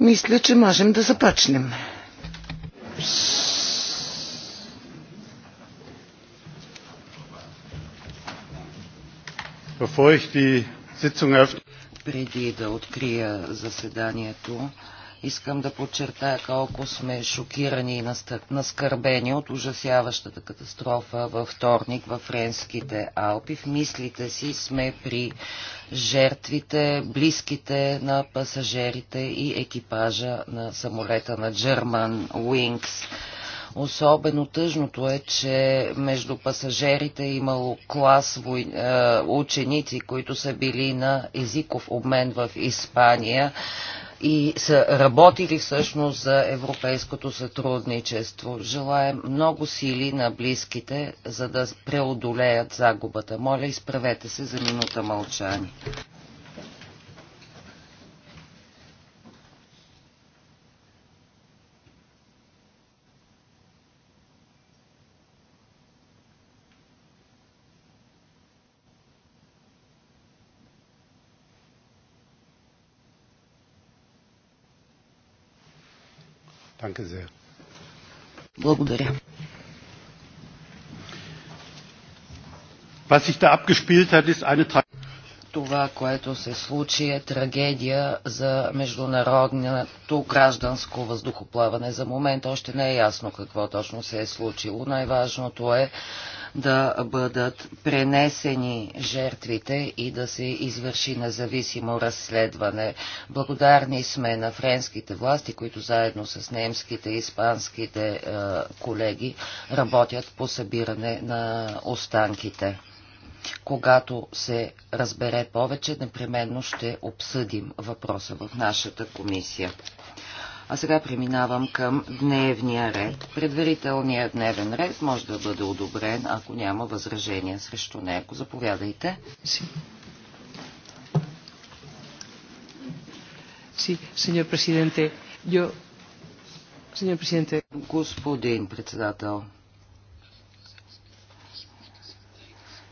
Мисля, че можем да започнем. преди да открия заседанието, Искам да подчертая колко сме шокирани и наскърбени от ужасяващата катастрофа във вторник във Френските Алпи. В мислите си сме при жертвите, близките на пасажерите и екипажа на самолета на German Wings. Особено тъжното е, че между пасажерите е имало клас е, ученици, които са били на езиков обмен в Испания и са работили всъщност за европейското сътрудничество. Желаем много сили на близките, за да преодолеят загубата. Моля, изправете се за минута мълчание. Danke Зея. Благодаря. Was sich da abgespielt hat, ist eine Tragödie това, което се случи, е трагедия за международното гражданско въздухоплаване. За момент още не е ясно какво точно се е случило. Най-важното е да бъдат пренесени жертвите и да се извърши независимо разследване. Благодарни сме на френските власти, които заедно с немските и испанските е, колеги работят по събиране на останките. Когато се разбере повече, непременно ще обсъдим въпроса в нашата комисия. А сега преминавам към дневния ред. Предварителният дневен ред може да бъде одобрен, ако няма възражения срещу него. Заповядайте. Господин председател,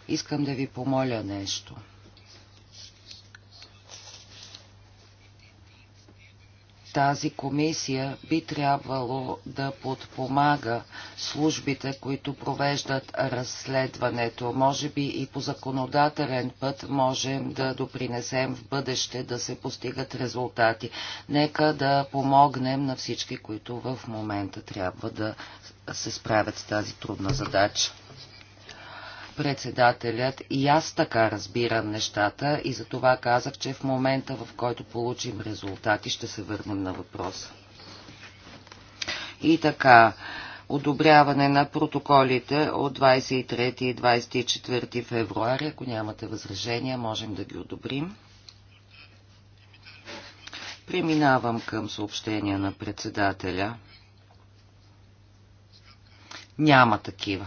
Искам да ви помоля нещо. Тази комисия би трябвало да подпомага службите, които провеждат разследването. Може би и по законодателен път можем да допринесем в бъдеще да се постигат резултати. Нека да помогнем на всички, които в момента трябва да се справят с тази трудна задача. Председателят и аз така разбирам нещата и за това казах, че в момента, в който получим резултати, ще се върнем на въпроса. И така, одобряване на протоколите от 23 и 24 февруари. Ако нямате възражения, можем да ги одобрим. Преминавам към съобщения на председателя. Няма такива.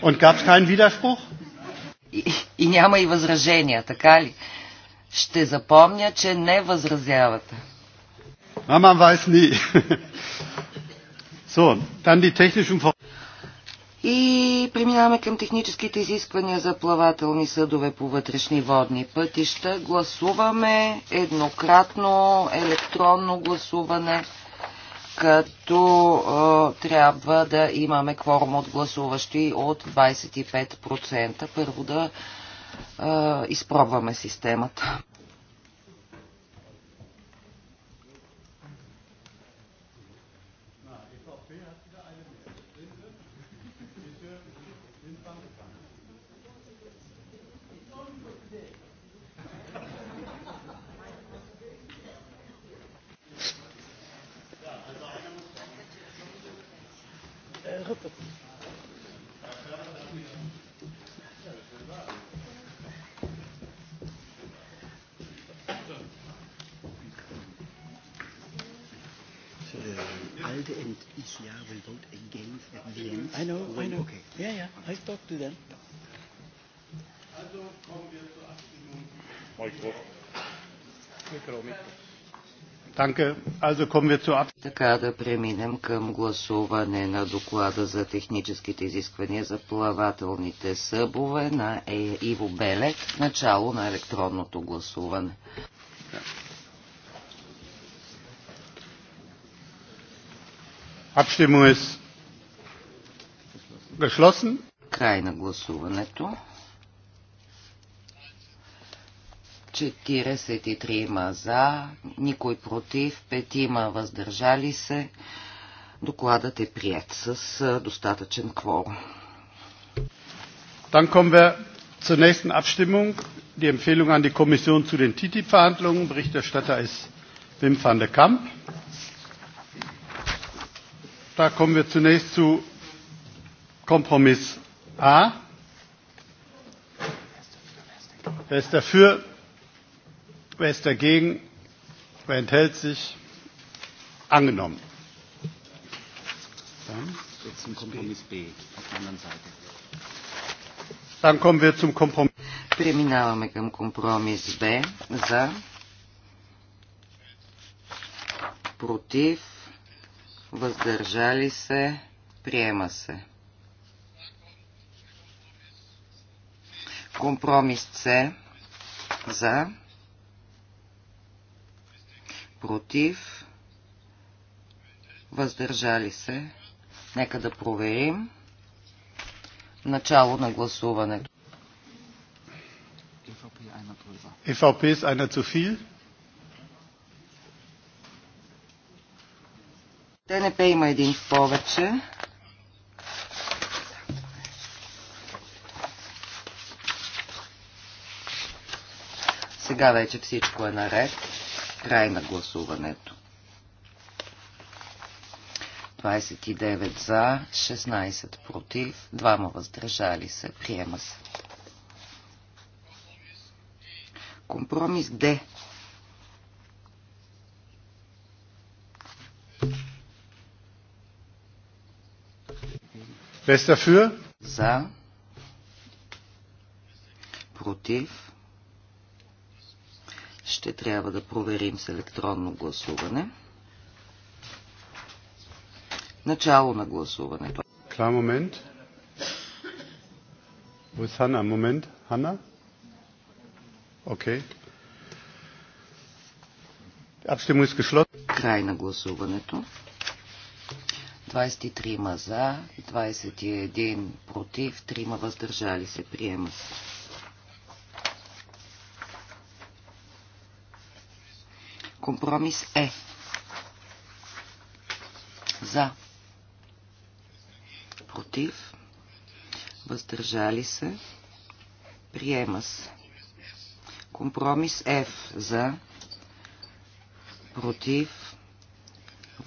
Und es keinen Widerspruch? И, и няма и възражения, така ли? Ще запомня, че не възразявате. Мама weiß nie. so, dann die technischen и преминаваме към техническите изисквания за плавателни съдове по вътрешни водни пътища. Гласуваме еднократно електронно гласуване като а, трябва да имаме кворум от гласуващи от 25%. Първо да а, изпробваме системата. I will vote against at the end. I know, I know. Okay. Yeah, yeah. I talked to them. Така да преминем към гласуване на доклада за техническите изисквания за плавателните събове на е- Иво Белек, начало на електронното гласуване. Yeah. Abstimmung ist geschlossen. Край на гласуването. 43 за, никой против, 5 въздържали се. Докладът е прият с достатъчен кворум. Dann kommen wir zur nächsten Abstimmung. Die Empfehlung an die Kommission zu den TTIP-Verhandlungen. Berichterstatter ist Wim van der Kamp. Da kommen wir zunächst zu Kompromiss A. Wer ist dafür? Wer ist dagegen? Wer enthält sich? Angenommen. Dann jetzt zum Kompromiss B auf der anderen Seite. Dann kommen wir zum Kompromiss. Преминаваме към компромис Б за против въздържали се, приема се. Компромис С за, против, въздържали се. Нека да проверим начало на гласуването. EVP ist einer zu viel. ТНП има един повече. Сега вече всичко е наред. Край на гласуването. 29 за, 16 против, 2 въздържали се. Приема се. Компромис Д. Wer ist dafür? За. Против. Ще трябва да проверим с електронно гласуване. Начало на гласуването. Клар момент. Wo ist Hanna? Moment. Hanna? Okay. Abstimmung ist geschlossen. Край на гласуването. 23 за, 21 против, 3 въздържали се. Приема се. Компромис е. За. Против. Въздържали се. Приема се. Компромис F за. Против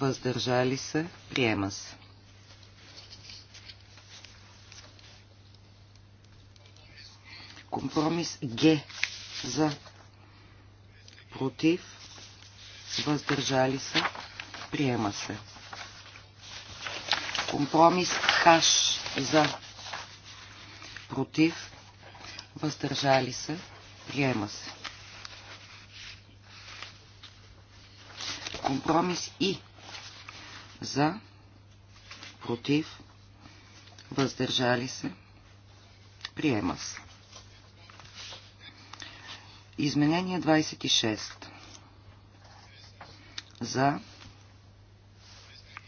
въздържали се, приема се. Компромис Г за против, въздържали се, приема се. Компромис Хаш за против, въздържали се, приема се. Компромис И за, против, въздържали се, приема се. Изменение 26. За,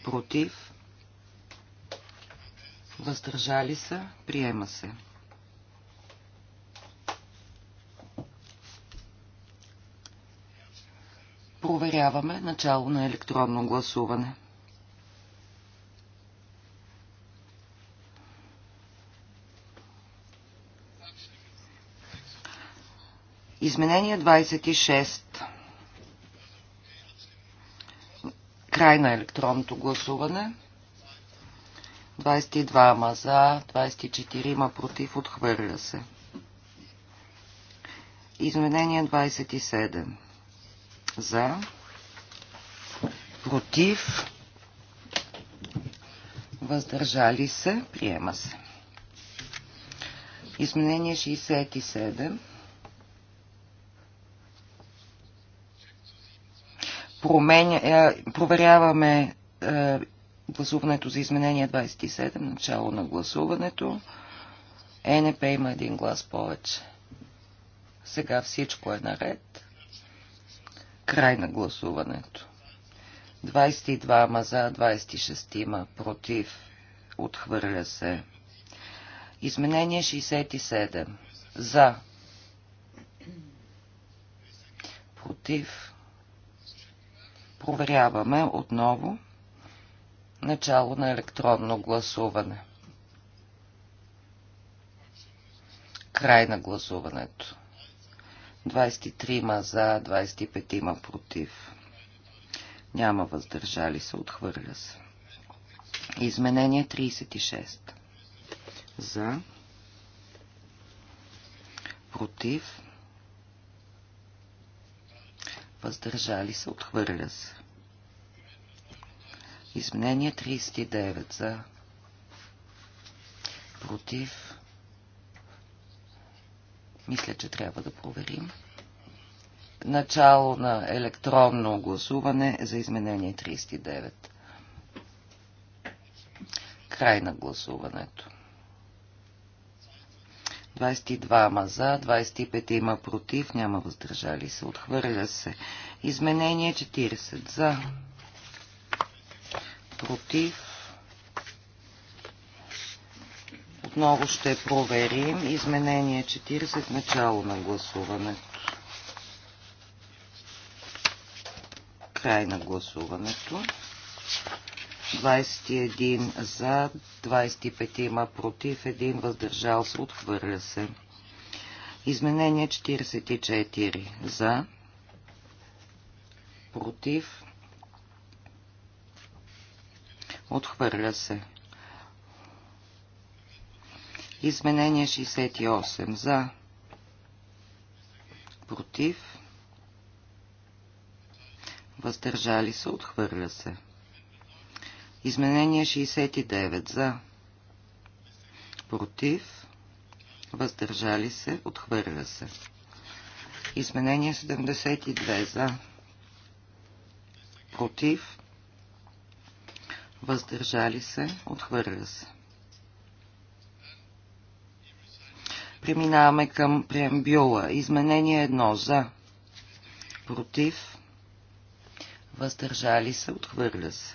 против, въздържали се, приема се. Проверяваме начало на електронно гласуване. Изменение 26. Край на електронното гласуване. 22 ма за, 24 има против, отхвърля се. Изменение 27. За, против, въздържали се, приема се. Изменение 67 променя, е, проверяваме е, гласуването за изменение 27, начало на гласуването. ЕНП има един глас повече. Сега всичко е наред. Край на гласуването. 22 ма за, 26 има против. Отхвърля се. Изменение 67. За. Против Проверяваме отново начало на електронно гласуване. Край на гласуването. 23 за, 25 против. Няма въздържали се, отхвърля се. Изменение 36. За. Против въздържали се, отхвърля се. Изменение 39 за против. Мисля, че трябва да проверим. Начало на електронно гласуване за изменение 39. Край на гласуването. 22 ма за, 25 има против, няма въздържали се, отхвърля се. Изменение 40 за, против. Отново ще проверим. Изменение 40, начало на гласуването. Край на гласуването. 21 за, 25 има против, 1 въздържал се, отхвърля се. Изменение 44 за, против, отхвърля се. Изменение 68 за, против, въздържали се, отхвърля се. Изменение 69 за. Против. Въздържали се. Отхвърля се. Изменение 72 за. Против. Въздържали се. Отхвърля се. Преминаваме към преамбюла. Изменение 1 за. Против. Въздържали се. Отхвърля се.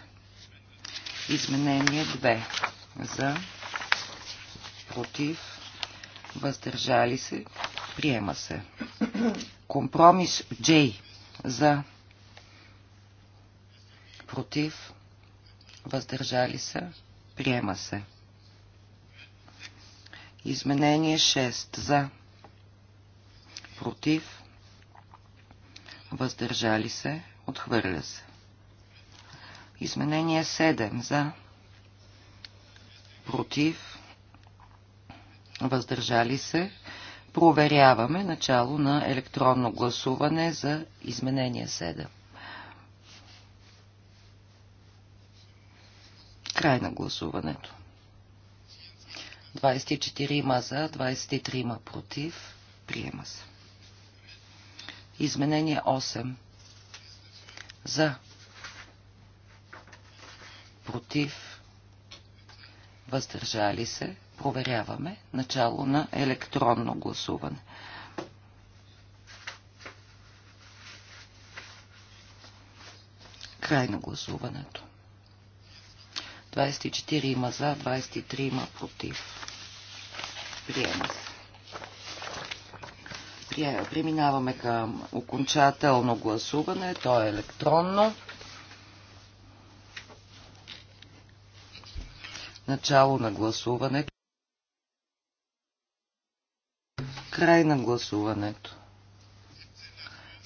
Изменение 2. За. Против. Въздържали се. Приема се. Компромис J. За. Против. Въздържали се. Приема се. Изменение 6. За. Против. Въздържали се. Отхвърля се. Изменение 7 за против въздържали се. Проверяваме начало на електронно гласуване за изменение 7. Край на гласуването. 24 има за, 23 има против. Приема се. Изменение 8. За против, въздържали се, проверяваме начало на електронно гласуване. Край на гласуването. 24 има за, 23 има против. Приема се. Преминаваме към окончателно гласуване. То е електронно. Начало на гласуването. Край на гласуването.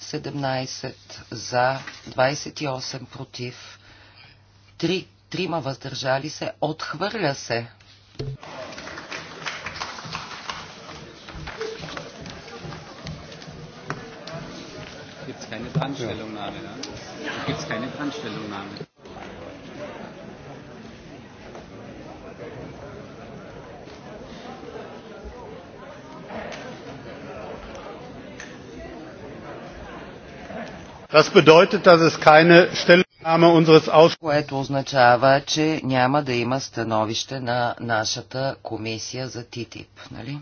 17 за, 28 против, 3 трима въздържали се, отхвърля се. Gibt es keine Brandstellungnahme, Gibt es keine Brandstellungnahme. Das bedeutet, dass es keine Stellungnahme unseres Ausschusses означава, че няма да има становище на нашата комисия за ТИТИП, нали?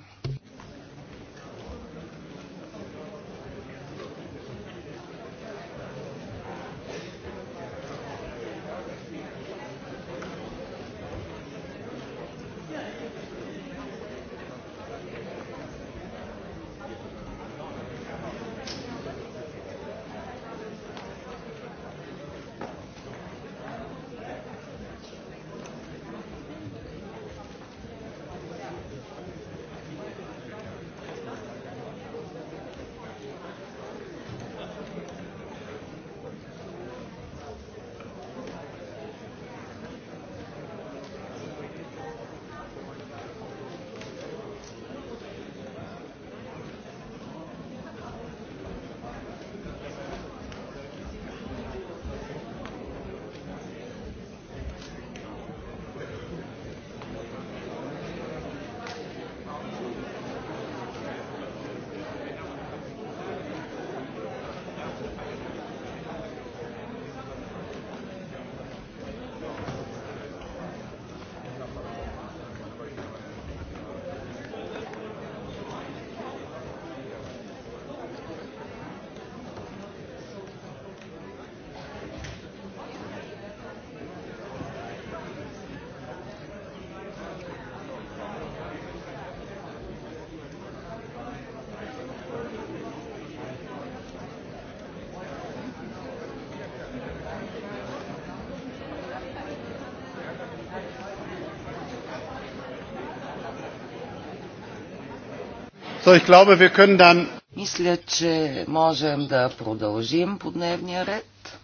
Мисля, че можем да продължим по дневния ред.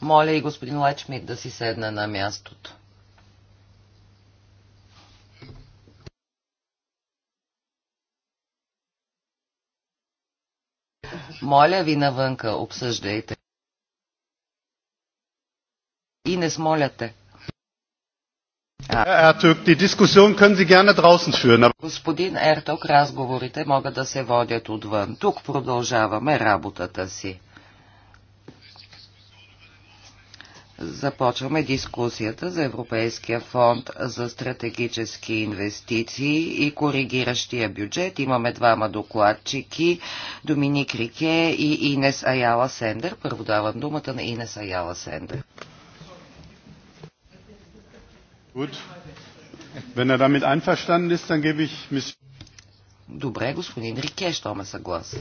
Моля и господин Лечмит да си седне на мястото. Моля ви навънка, обсъждайте. не смоляте. Господин Ерток, разговорите могат да се водят отвън. Тук продължаваме работата си. Започваме дискусията за Европейския фонд за стратегически инвестиции и коригиращия бюджет. Имаме двама докладчики, Доминик Рике и Инес Аяла Сендер. Първо давам думата на Инес Аяла Сендер. Gut. Wenn er damit einverstanden ist, dann gebe ich Miss... Добре, господин Рике, щом ме съглас.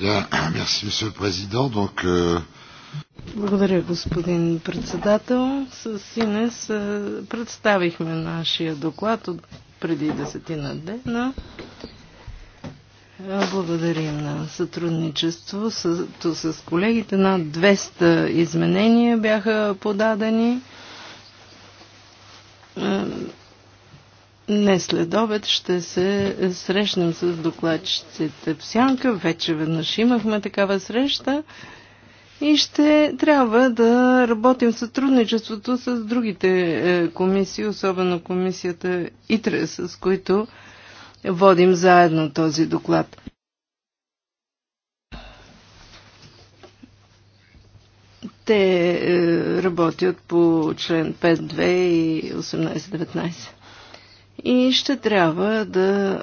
merci, monsieur le président. Donc, euh... Благодаря, господин председател. С Инес е, представихме нашия доклад от преди десетина дена. Е, благодарим на сътрудничество с колегите. Над 200 изменения бяха подадени. Не след обед ще се срещнем с докладчиците в Сянка. Вече веднъж имахме такава среща и ще трябва да работим в сътрудничеството с другите е, комисии, особено комисията ИТРЕ, с които водим заедно този доклад. Те е, работят по член 5.2 и 18.19 и ще трябва да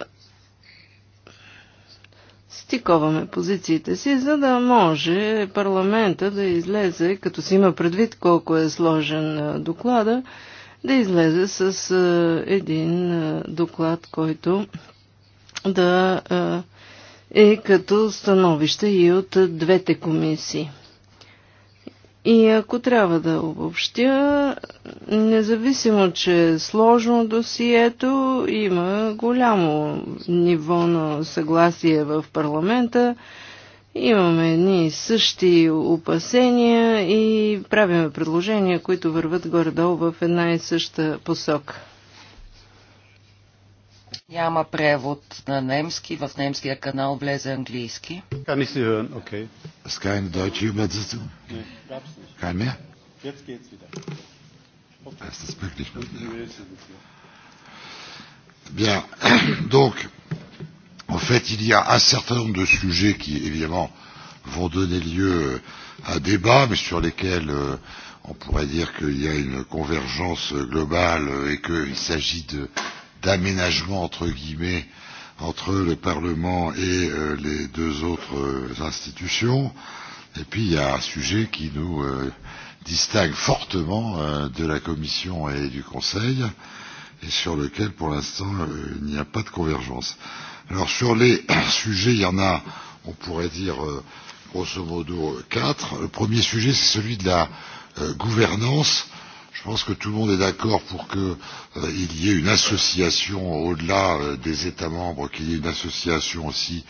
стиковаме позициите си, за да може парламента да излезе, като си има предвид колко е сложен доклада, да излезе с един доклад, който да е като становище и от двете комисии. И ако трябва да обобщя, независимо, че е сложно досието, има голямо ниво на съгласие в парламента, имаме едни същи опасения и правиме предложения, които върват горе-долу в една и съща посока. Няма превод на немски. В немския канал влезе английски. Kann ich Sie hören? Okay. Ist keine deutsche Übersetzung? Nee, gab's nicht. Kein mehr? Jetzt geht's wieder. Okay. Ist das wirklich möglich? Bien. Donc, en fait, il y a un certain nombre de sujets qui, évidemment, vont donner lieu à débat, mais sur lesquels euh, on pourrait dire qu'il y a une convergence globale et qu'il s'agit de d'aménagement entre guillemets entre le Parlement et euh, les deux autres euh, institutions. Et puis il y a un sujet qui nous euh, distingue fortement euh, de la Commission et du Conseil et sur lequel pour l'instant euh, il n'y a pas de convergence. Alors sur les sujets, il y en a, on pourrait dire euh, grosso modo quatre. Le premier sujet, c'est celui de la euh, gouvernance Je pense que tout le monde est d'accord pour qu'il euh, y ait une association au-delà euh, des États membres, qu'il y ait une association aussi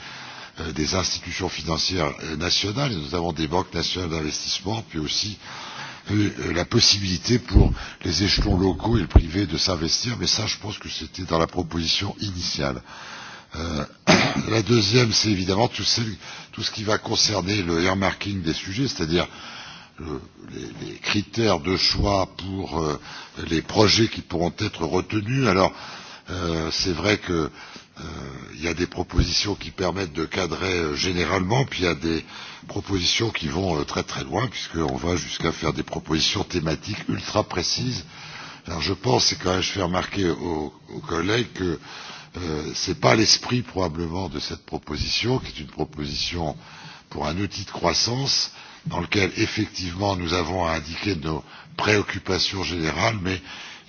euh, des institutions financières euh, nationales, et notamment des banques nationales d'investissement, puis aussi euh, la possibilité pour les échelons locaux et le privé de s'investir. Mais ça, je pense que c'était dans la proposition initiale. Euh, la deuxième, c'est évidemment tout, celle, tout ce qui va concerner le earmarking des sujets, c'est-à-dire euh, euh, les, les critères de choix pour euh, les projets qui pourront être retenus. Alors, euh, c'est vrai que euh, y a des propositions qui permettent de cadrer généralement, puis il y a des propositions qui vont très très loin, puisqu'on va jusqu'à faire des propositions thématiques ultra précises. Alors je pense, et quand même je fais remarquer aux, aux collègues que euh, ce n'est pas l'esprit probablement de cette proposition, qui est une proposition pour un outil de croissance, dans lequel effectivement nous avons à indiquer nos préoccupations générales, mais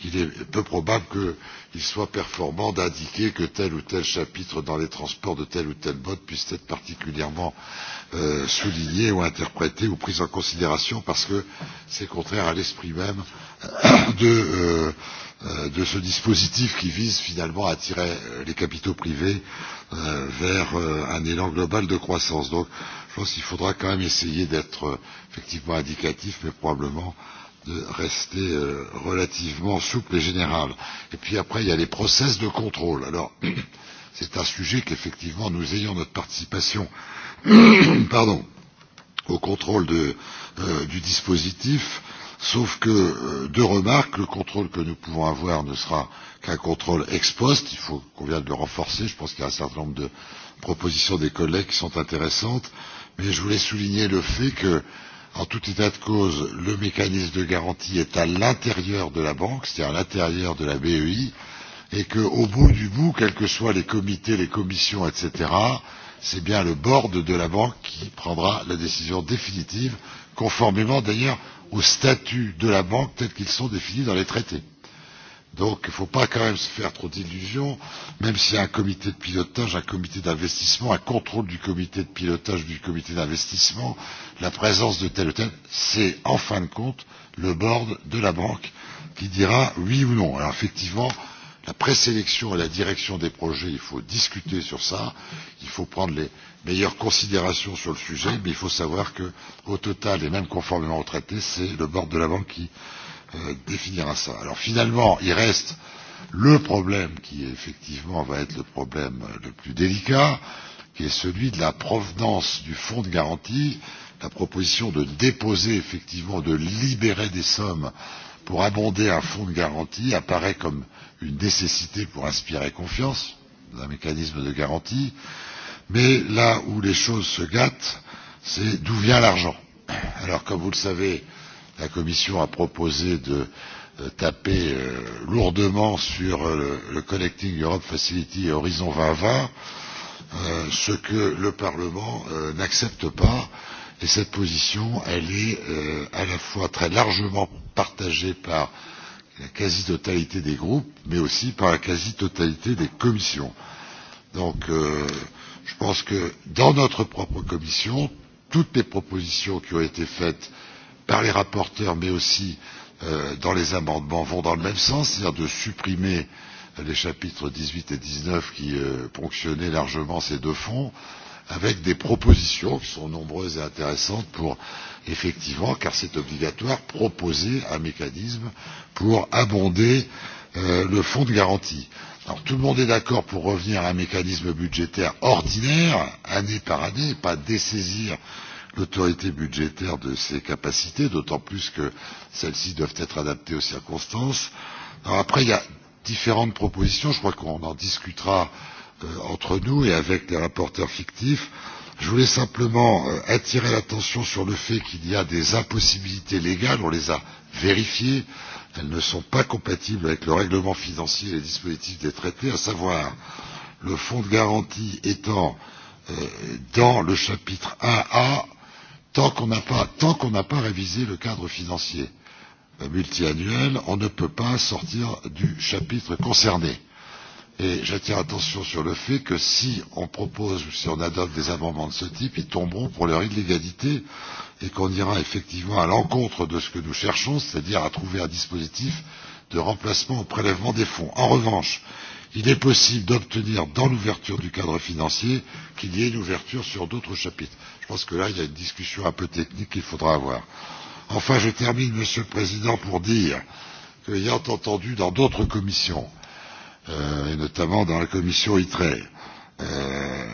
il est peu probable qu'il soit performant d'indiquer que tel ou tel chapitre dans les transports de tel ou tel mode puisse être particulièrement euh, souligné ou interprété ou pris en considération parce que c'est contraire à l'esprit même de, euh, de ce dispositif qui vise finalement à attirer les capitaux privés euh, vers euh, un élan global de croissance. Donc Je pense qu'il faudra quand même essayer d'être effectivement indicatif, mais probablement de rester relativement souple et général. Et puis après, il y a les process de contrôle. Alors, c'est un sujet qu'effectivement nous ayons notre participation pardon, au contrôle de, euh, du dispositif, sauf que euh, deux remarques le contrôle que nous pouvons avoir ne sera qu'un contrôle ex post, il faut qu'on vienne le renforcer, je pense qu'il y a un certain nombre de propositions des collègues qui sont intéressantes, mais je voulais souligner le fait que, en tout état de cause, le mécanisme de garantie est à l'intérieur de la banque, c'est-à-dire à, à l'intérieur de la BEI, et qu'au bout du bout, quels que soient les comités, les commissions, etc., c'est bien le board de la banque qui prendra la décision définitive, conformément d'ailleurs au statut de la banque tels qu'ils sont définis dans les traités. Donc il ne faut pas quand même se faire trop d'illusions, même s'il y a un comité de pilotage, un comité d'investissement, un contrôle du comité de pilotage, du comité d'investissement, la présence de tel ou tel, c'est en fin de compte le board de la banque qui dira oui ou non. Alors effectivement, la présélection et la direction des projets, il faut discuter sur ça, il faut prendre les meilleures considérations sur le sujet, mais il faut savoir qu'au total, et même conformément au traité, c'est le board de la banque qui euh, définira ça. Alors finalement, il reste le problème qui effectivement va être le problème le plus délicat, qui est celui de la provenance du fonds de garantie, la proposition de déposer effectivement, de libérer des sommes pour abonder un fonds de garantie apparaît comme une nécessité pour inspirer confiance d'un mécanisme de garantie. Mais là où les choses se gâtent, c'est d'où vient l'argent. Alors, comme vous le savez, euh, la Commission a proposé de taper lourdement sur le Connecting Europe Facility et Horizon deux mille vingt, ce que le Parlement n'accepte pas. Et cette position, elle est à la fois très largement partagée par la quasi-totalité des groupes, mais aussi par la quasi-totalité des commissions. Donc, je pense que dans notre propre commission, toutes les propositions qui ont été faites par les rapporteurs, mais aussi euh, dans les amendements, vont dans le même sens, c'est-à-dire de supprimer les chapitres 18 et 19 qui euh, ponctionnaient largement ces deux fonds, avec des propositions qui sont nombreuses et intéressantes pour, effectivement, car c'est obligatoire, proposer un mécanisme pour abonder euh, le fonds de garantie. Alors tout le monde est d'accord pour revenir à un mécanisme budgétaire ordinaire, année par année, et pas dessaisir euh, l'autorité budgétaire de ses capacités, d'autant plus que celles-ci doivent être adaptées aux circonstances. Alors après, il y a différentes propositions, je crois qu'on en discutera euh, entre nous et avec les rapporteurs fictifs. Je voulais simplement euh, attirer l'attention sur le fait qu'il y a des impossibilités légales, on les a vérifiées, elles ne sont pas compatibles avec le règlement financier et les dispositifs des traités, à savoir le fonds de garantie étant euh, dans le chapitre 1A Tant qu'on n'a pas, tant qu'on n'a pas révisé le cadre financier multiannuel, on ne peut pas sortir du chapitre concerné. Et j'attire attention sur le fait que si on propose ou si on adopte des amendements de ce type, ils tomberont pour leur illégalité et qu'on ira effectivement à l'encontre de ce que nous cherchons, c'est-à-dire à trouver un dispositif de remplacement au prélèvement des fonds. En revanche, il est possible d'obtenir dans l'ouverture du cadre financier qu'il y ait une ouverture sur d'autres chapitres. Je pense que là, il y a une discussion un peu technique qu'il faudra avoir. Enfin, je termine, Monsieur le Président, pour dire que, ayant entendu dans d'autres commissions, euh, et notamment dans la commission ITRE, euh,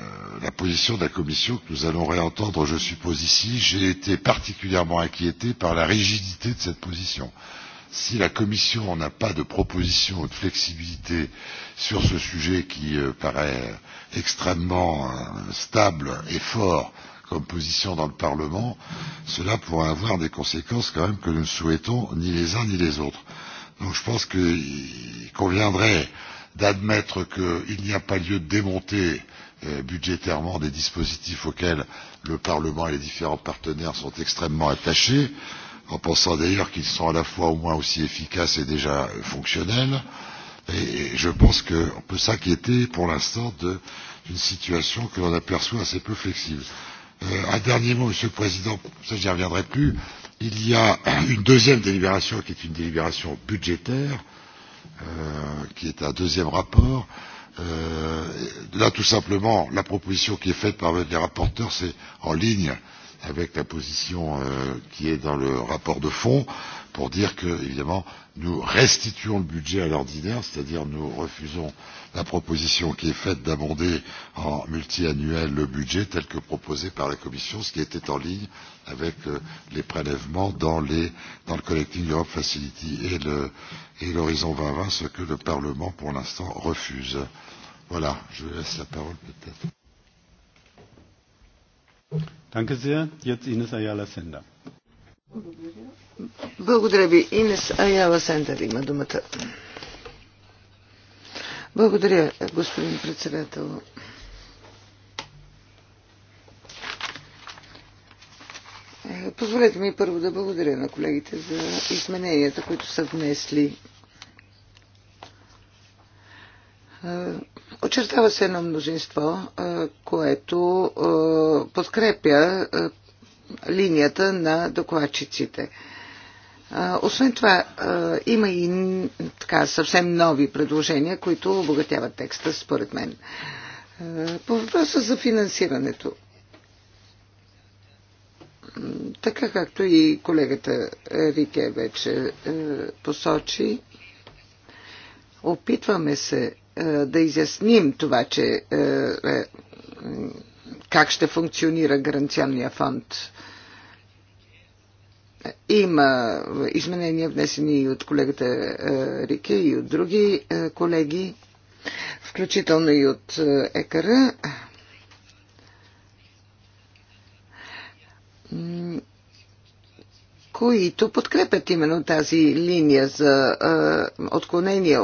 la position de la commission que nous allons réentendre, je suppose, ici, j'ai été particulièrement inquiété par la rigidité de cette position. Si la commission n'a pas de proposition ou de flexibilité sur ce sujet qui euh, paraît extrêmement euh, stable et fort, euh, comme position dans le Parlement, cela pourrait avoir des conséquences quand même que nous ne souhaitons ni les uns ni les autres. Donc je pense qu'il conviendrait d'admettre qu'il n'y a pas lieu de démonter budgétairement des dispositifs auxquels le Parlement et les différents partenaires sont extrêmement attachés, en pensant d'ailleurs qu'ils sont à la fois au moins aussi efficaces et déjà fonctionnels. Et je pense qu'on peut s'inquiéter pour l'instant d'une situation que l'on aperçoit assez peu flexible. Euh, un dernier mot, Monsieur le Président, ça j'y reviendrai plus. Il y a une deuxième délibération qui est une délibération budgétaire, euh, qui est un deuxième rapport. Euh, là, tout simplement, la proposition qui est faite par les rapporteurs, c'est en ligne avec la position euh, qui est dans le rapport de fond, pour dire que, évidemment, nous restituons le budget à l'ordinaire, c'est-à-dire nous refusons euh, la proposition qui est faite d'abonder en multiannuel le budget tel que proposé par la Commission, ce qui était en ligne avec les prélèvements dans, les, dans le Collecting Europe Facility et l'Horizon 2020, ce que le Parlement pour l'instant refuse. Voilà, je laisse la parole peut-être. Danke sehr. Jetzt Ines Ayala Sender. Благодаря ви. Инес Аяла Сендер има думата. Благодаря, господин председател. Е, позволете ми първо да благодаря на колегите за измененията, които са внесли. Е, очертава се едно мнозинство, е, което подкрепя линията на докладчиците. Освен това, има и така, съвсем нови предложения, които обогатяват текста, според мен. По въпроса за финансирането. Така както и колегата Рике вече е, посочи, опитваме се е, да изясним това, че е, как ще функционира гаранционния фонд има изменения внесени и от колегата е, Рике и от други е, колеги, включително и от е, ЕКР. които подкрепят именно тази линия за а, отклонение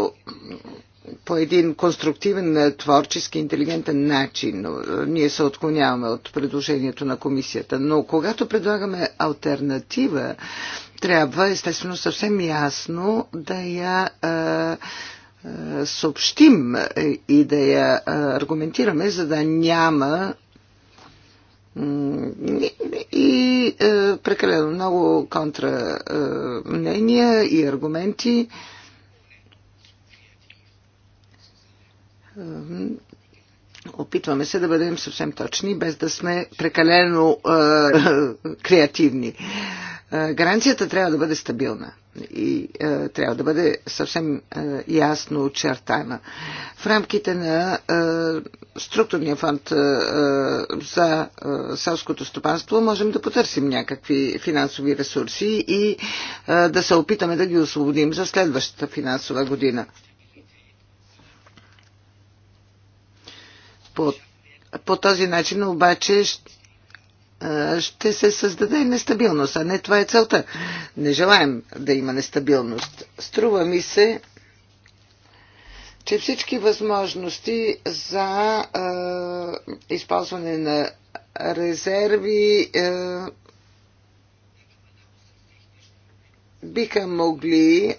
по един конструктивен, е, творчески, интелигентен начин. Е, ние се отклоняваме от предложението на комисията. Но когато предлагаме альтернатива, трябва естествено съвсем ясно да я е, съобщим и да я аргументираме, за да няма и прекалено много контра мнения и аргументи. Опитваме се да бъдем съвсем точни, без да сме прекалено е, креативни. Е, гаранцията трябва да бъде стабилна и е, трябва да бъде съвсем е, ясно очертана. В рамките на е, структурния фонд е, е за е, селското стопанство можем да потърсим някакви финансови ресурси и е, да се опитаме да ги освободим за следващата финансова година. По, по този начин обаче ще се създаде нестабилност, а не това е целта. Не желаем да има нестабилност. Струва ми се, че всички възможности за е, използване на резерви е, биха могли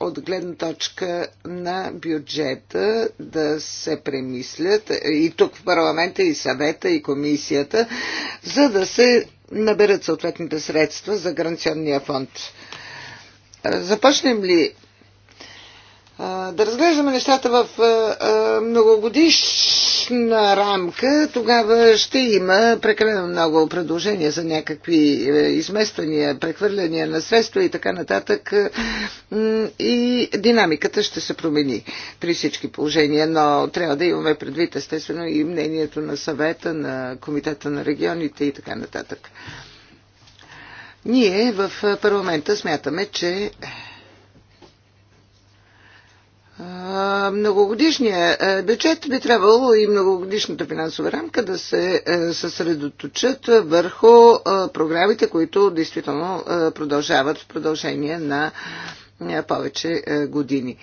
от гледна точка на бюджета да се премислят и тук в парламента, и съвета, и комисията, за да се наберат съответните средства за гаранционния фонд. Започнем ли да разглеждаме нещата в многогодиш годишна рамка, тогава ще има прекалено много предложения за някакви е, измествания, прехвърляния на средства и така нататък. И динамиката ще се промени при всички положения, но трябва да имаме предвид естествено и мнението на съвета, на комитета на регионите и така нататък. Ние в парламента смятаме, че Многогодишния бюджет би трябвало и многогодишната финансова рамка да се е, съсредоточат върху програмите, които действително продължават в продължение на е, повече е, години.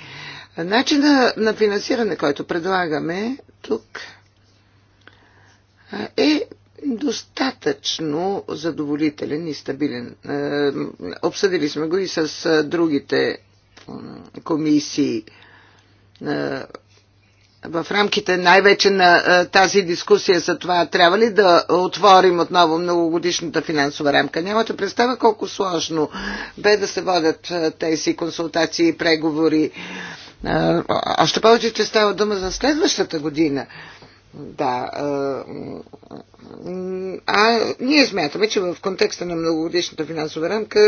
Начина на финансиране, който предлагаме тук, е достатъчно задоволителен и стабилен. Обсъдили сме го и с другите комисии. Е, в рамките най-вече на е, тази дискусия за това, трябва ли да отворим отново многогодишната финансова рамка. Нямате представа колко сложно бе да се водят е, тези консултации и преговори. Още повече, че става дума за следващата година. Да. А ние смятаме, че в контекста на многогодишната финансова рамка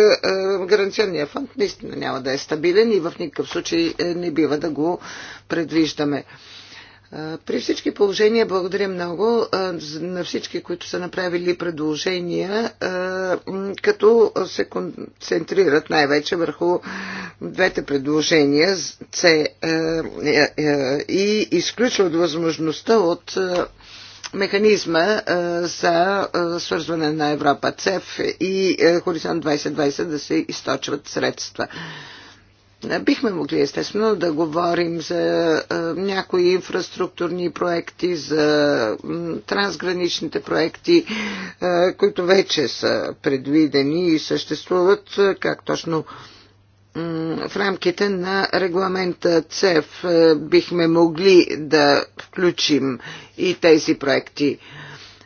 гаранционният фонд наистина няма да е стабилен и в никакъв случай е, не бива да го предвиждаме. При всички положения благодаря много на всички, които са направили предложения, като се концентрират най-вече върху двете предложения C е, е, е, и изключват възможността от механизма за свързване на Европа ЦЕФ и Хоризонт 2020 да се източват средства. Бихме могли естествено да говорим за някои инфраструктурни проекти, за трансграничните проекти, които вече са предвидени и съществуват, как точно в рамките на регламента ЦЕФ бихме могли да включим и тези проекти.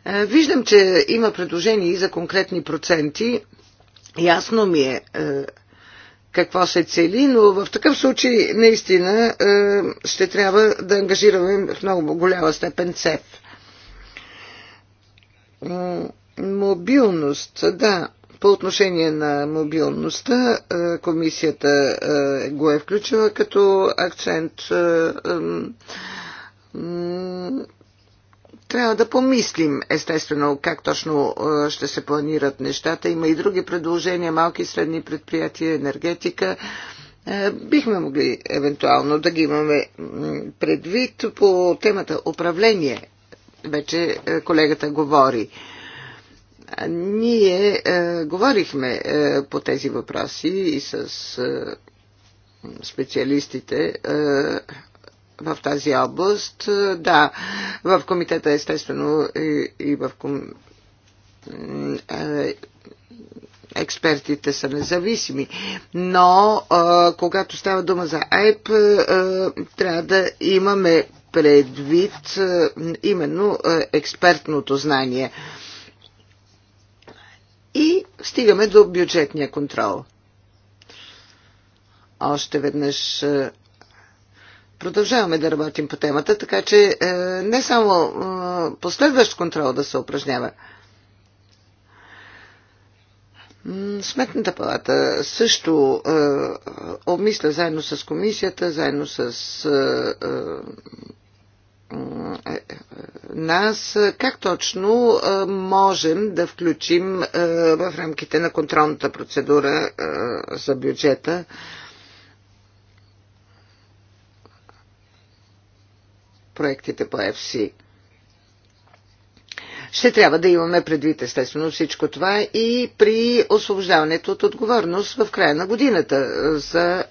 Виждам, че има предложения и за конкретни проценти. Ясно ми е какво се цели, но в такъв случай наистина е, ще трябва да ангажираме в много голяма степен ЦЕФ. Мобилност, да. По отношение на мобилността, е, комисията е, го е включила като акцент трябва да помислим, естествено, как точно е, ще се планират нещата. Има и други предложения, малки и средни предприятия, енергетика. Е, бихме могли евентуално да ги имаме предвид по темата управление. Вече е, колегата говори. Ние говорихме по тези въпроси и с специалистите в тази област. Да, в комитета естествено и, и в ком... Е, експертите са независими, но когато става дума за АЕП, трябва да имаме предвид именно експертното знание. И стигаме до бюджетния контрол. Още веднъж Продължаваме да работим по темата, така че е, не само е, последващ контрол да се упражнява. Сметната палата също е, обмисля заедно с комисията, заедно с е, е, е, нас, как точно е, можем да включим е, в рамките на контролната процедура е, за бюджета е, проектите по FC. Ще трябва да имаме предвид естествено всичко това и при освобождаването от отговорност в края на годината е, за е,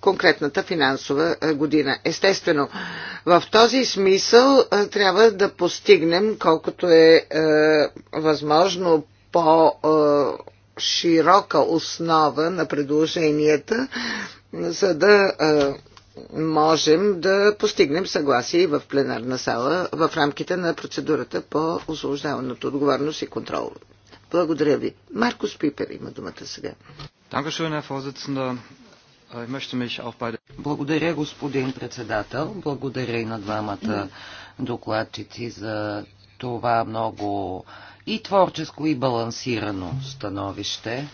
конкретната финансова е, година. Естествено, в този смисъл е, трябва да постигнем колкото е, е възможно по е, широка основа на предложенията, за да е, можем да постигнем съгласие в пленарна сала в рамките на процедурата по освобождаването отговорност и контрол. Благодаря ви. Маркус Пипер има думата сега. Äh, Благодаря, господин председател. Благодаря и на двамата докладчици за това много и творческо и балансирано становище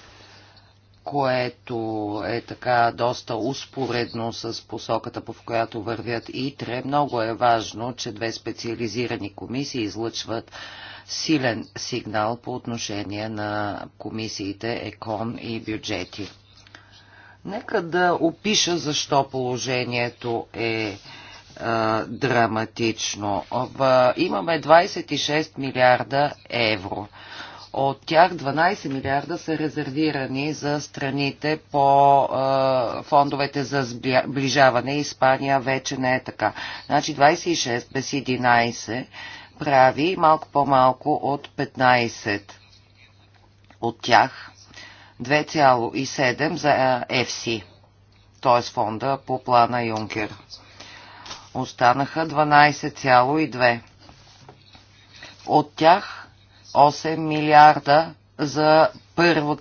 което е така доста успоредно с посоката, по която вървят ИТРЕ. Много е важно, че две специализирани комисии излъчват силен сигнал по отношение на комисиите ЕКОН и бюджети. Нека да опиша защо положението е, е драматично. имаме 26 милиарда евро. От тях 12 милиарда са резервирани за страните по фондовете за сближаване. Испания вече не е така. Значи 26 без 11 прави малко по-малко от 15 от тях 2,7 за FC, т.е. фонда по плана Юнкер. Останаха 12,2. От тях 8 милиарда за, първо,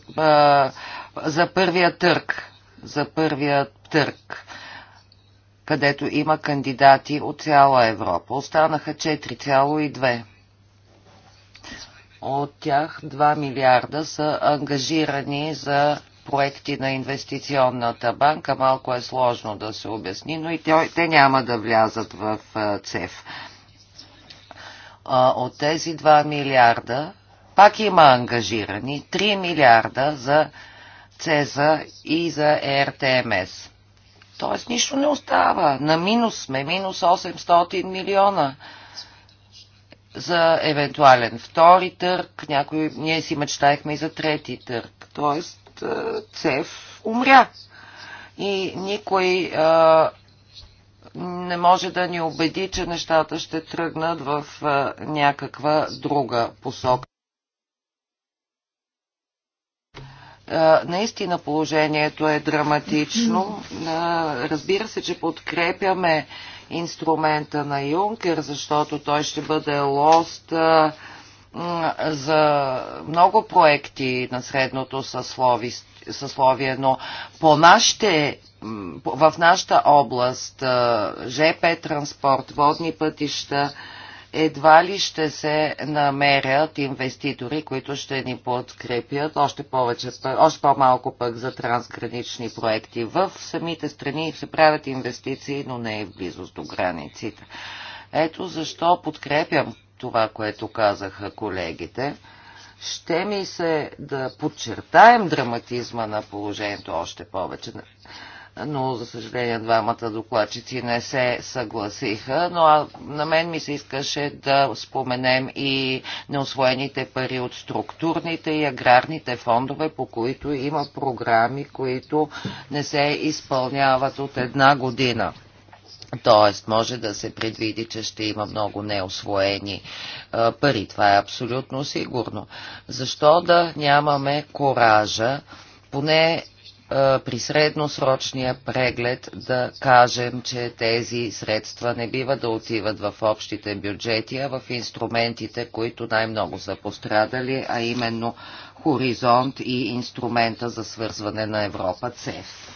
за първия търг. За първия търг където има кандидати от цяла Европа. Останаха 4,2. От тях 2 милиарда са ангажирани за проекти на инвестиционната банка. Малко е сложно да се обясни, но и те няма да влязат в ЦЕФ а, от тези 2 милиарда пак има ангажирани 3 милиарда за ЦЕЗА и за РТМС. Тоест нищо не остава. На минус сме, минус 800 милиона за евентуален втори търг. Някой, ние си мечтаехме и за трети търг. Тоест ЦЕВ умря. И никой а, не може да ни убеди, че нещата ще тръгнат в някаква друга посока. Наистина положението е драматично. Разбира се, че подкрепяме инструмента на Юнкер, защото той ще бъде лост за много проекти на средното съсловие съсловие, но по нашите в нашата област ЖП транспорт, водни пътища, едва ли ще се намерят инвеститори, които ще ни подкрепят още, повече, още по-малко пък за трансгранични проекти. В самите страни се правят инвестиции, но не и е в близост до границите. Ето защо подкрепям това, което казаха колегите. Ще ми се да подчертаем драматизма на положението още повече. Но, за съжаление, двамата докладчици не се съгласиха, но а, на мен ми се искаше да споменем и неосвоените пари от структурните и аграрните фондове, по които има програми, които не се изпълняват от една година. Тоест, може да се предвиди, че ще има много неосвоени а, пари. Това е абсолютно сигурно. Защо да нямаме коража, поне а, при средносрочния преглед да кажем, че тези средства не бива да отиват в общите бюджети, а в инструментите, които най-много са пострадали, а именно Хоризонт и инструмента за свързване на Европа ЦЕФ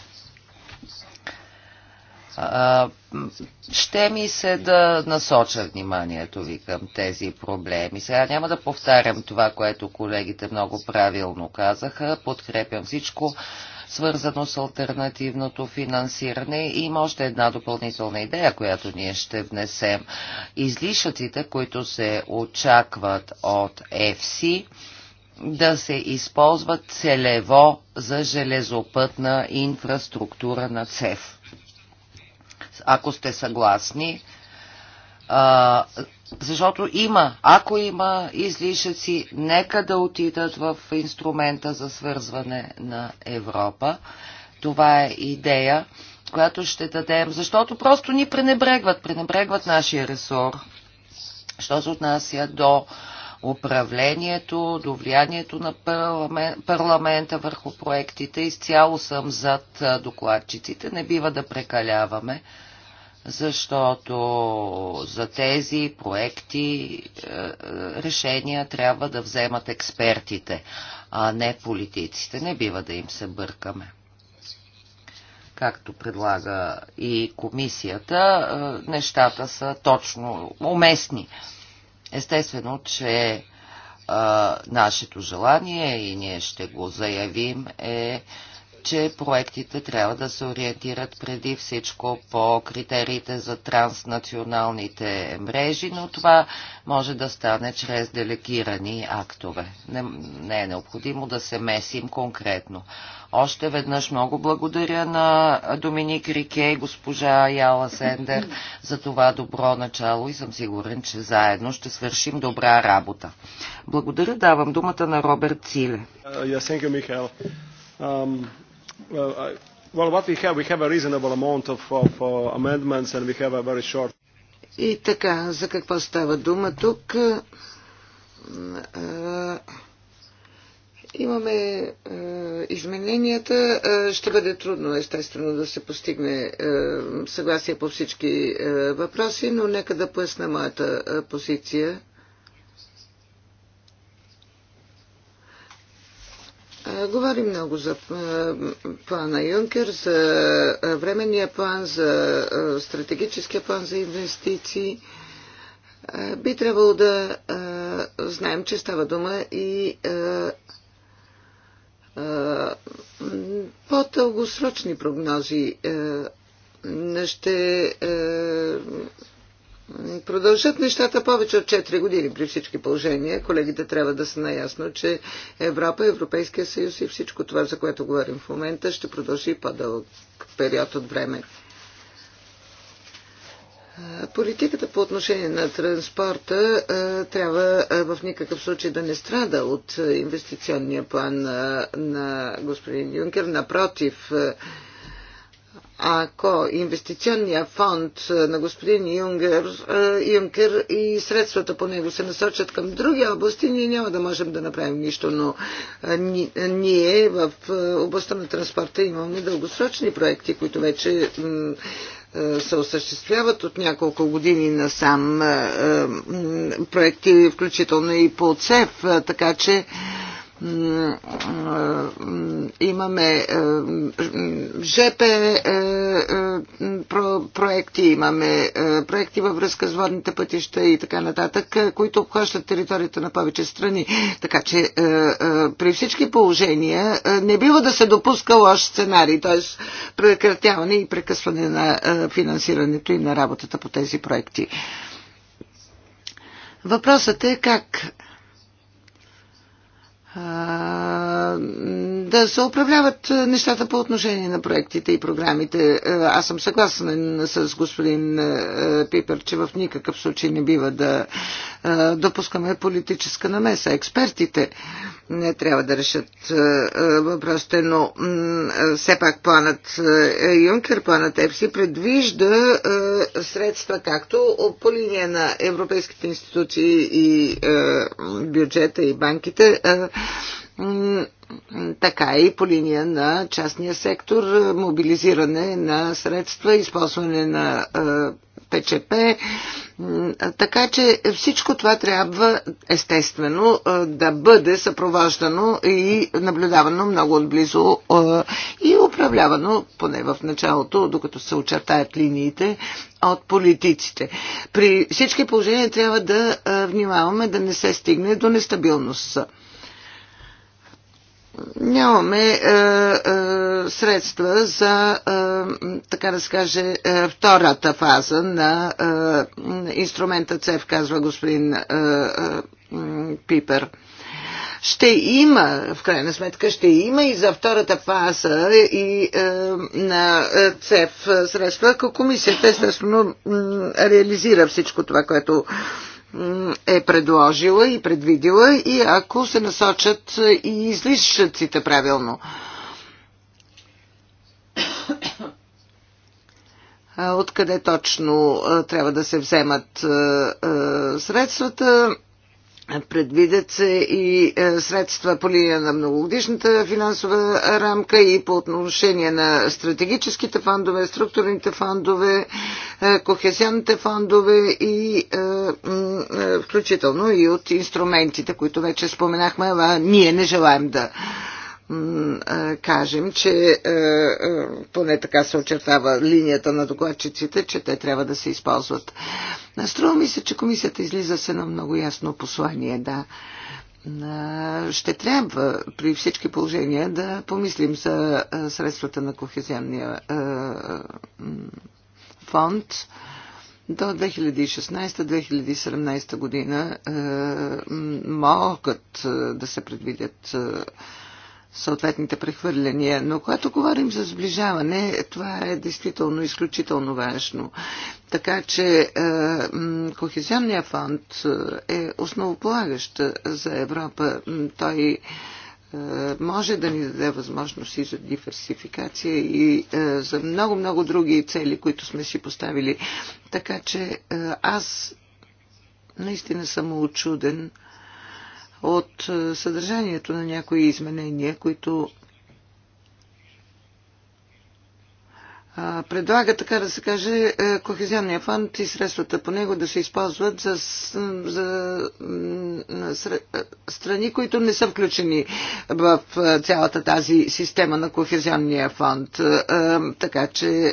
ще ми се да насоча вниманието ви към тези проблеми. Сега няма да повтарям това, което колегите много правилно казаха. Подкрепям всичко свързано с альтернативното финансиране. И има още една допълнителна идея, която ние ще внесем. Излишъците, които се очакват от ЕФСИ, да се използват целево за железопътна инфраструктура на ЦЕФ ако сте съгласни. А, защото има, ако има излишъци, нека да отидат в инструмента за свързване на Европа. Това е идея, която ще дадем, защото просто ни пренебрегват, пренебрегват нашия ресор. Що се отнася до управлението, до влиянието на парламент, парламента върху проектите, изцяло съм зад докладчиците, не бива да прекаляваме защото за тези проекти е, е, решения трябва да вземат експертите, а не политиците. Не бива да им се бъркаме. Както предлага и комисията, е, нещата са точно уместни. Естествено, че нашето желание и ние ще го заявим е че проектите трябва да се ориентират преди всичко по критериите за транснационалните мрежи, но това може да стане чрез делегирани актове. Не, не е необходимо да се месим конкретно. Още веднъж много благодаря на Доминик Рике и госпожа Яла Сендер за това добро начало и съм сигурен, че заедно ще свършим добра работа. Благодаря, давам думата на Роберт Циле. Uh, yeah, thank you, Well, I, well, what we have, we have a reasonable amount of, of uh, amendments and we have a very short... И така, за какво става дума тук? Имаме е, измененията. Е, ще бъде трудно, естествено, да се постигне е, съгласие по всички е, въпроси, но нека да поясна моята е, позиция. Говори много за плана Юнкер, за временния план, за стратегическия план за инвестиции. Би трябвало да знаем, че става дума и по-дългосрочни прогнози ще продължат нещата повече от 4 години при всички положения, колегите трябва да са наясно, че Европа, Европейския съюз и всичко това, за което говорим в момента, ще продължи по-дълъг период от време. Политиката по отношение на транспорта трябва в никакъв случай да не страда от инвестиционния план на господин Юнкер. Напротив, ако инвестиционния фонд на господин Юнгер, е, Юнкер и средствата по него се насочат към други области, ние няма да можем да направим нищо, но е, е, ние в областта на транспорта имаме дългосрочни проекти, които вече се осъществяват от няколко години насам проекти, включително и по ЦЕФ, така че имаме ЖП е, е, проекти, имаме е, проекти във връзка с водните пътища и така нататък, които обхващат територията на повече страни. Така че при всички положения не бива да се допуска лош сценарий, т.е. прекратяване и прекъсване на финансирането и на работата по тези проекти. Въпросът е как да се управляват нещата по отношение на проектите и програмите. Аз съм съгласен с господин Пипер, че в никакъв случай не бива да допускаме политическа намеса. Експертите не трябва да решат е, е, въпросите, но е, все пак планът Юнкер, планът ЕПСИ предвижда средства както по линия на европейските институции и бюджета и банките, така и по линия на частния сектор, мобилизиране на средства, използване на ПЧП. Така че всичко това трябва естествено да бъде съпровождано и наблюдавано много отблизо и управлявано, поне в началото, докато се очертаят линиите от политиците. При всички положения трябва да внимаваме да не се стигне до нестабилност нямаме е, е, средства за, е, така да се каже, е, втората фаза на е, инструмента ЦЕВ, казва господин е, е, Пипер. Ще има, в крайна сметка, ще има и за втората фаза и е, на е, ЦЕФ средства, ако комисията естествено реализира всичко това, което е, е предложила и предвидила и ако се насочат и излишъците правилно. Откъде точно трябва да се вземат средствата? Предвидят се и е, средства по линия на многогодишната финансова рамка и по отношение на стратегическите фондове, структурните фондове, е, кохезионните фондове и е, включително и от инструментите, които вече споменахме, а ние не желаем да кажем, че поне така се очертава линията на докладчиците, че те трябва да се използват. Струва ми се, че комисията излиза с едно много ясно послание, да. Ще трябва при всички положения да помислим за средствата на кохезионния фонд до 2016-2017 година могат да се предвидят съответните прехвърляния. Но когато говорим за сближаване, това е действително изключително важно. Така че е, Кохезионния фонд е, е основополагащ за Европа. Той е, може да ни даде възможност и за диверсификация и е, за много-много други цели, които сме си поставили. Така че е, аз наистина съм очуден от е, съдържанието на някои изменения, които предлага, така да се каже, е, Кохезионния фонд и средствата по него да се използват за, за е, страни, които не са включени в цялата тази система на Кохезионния фонд. Така че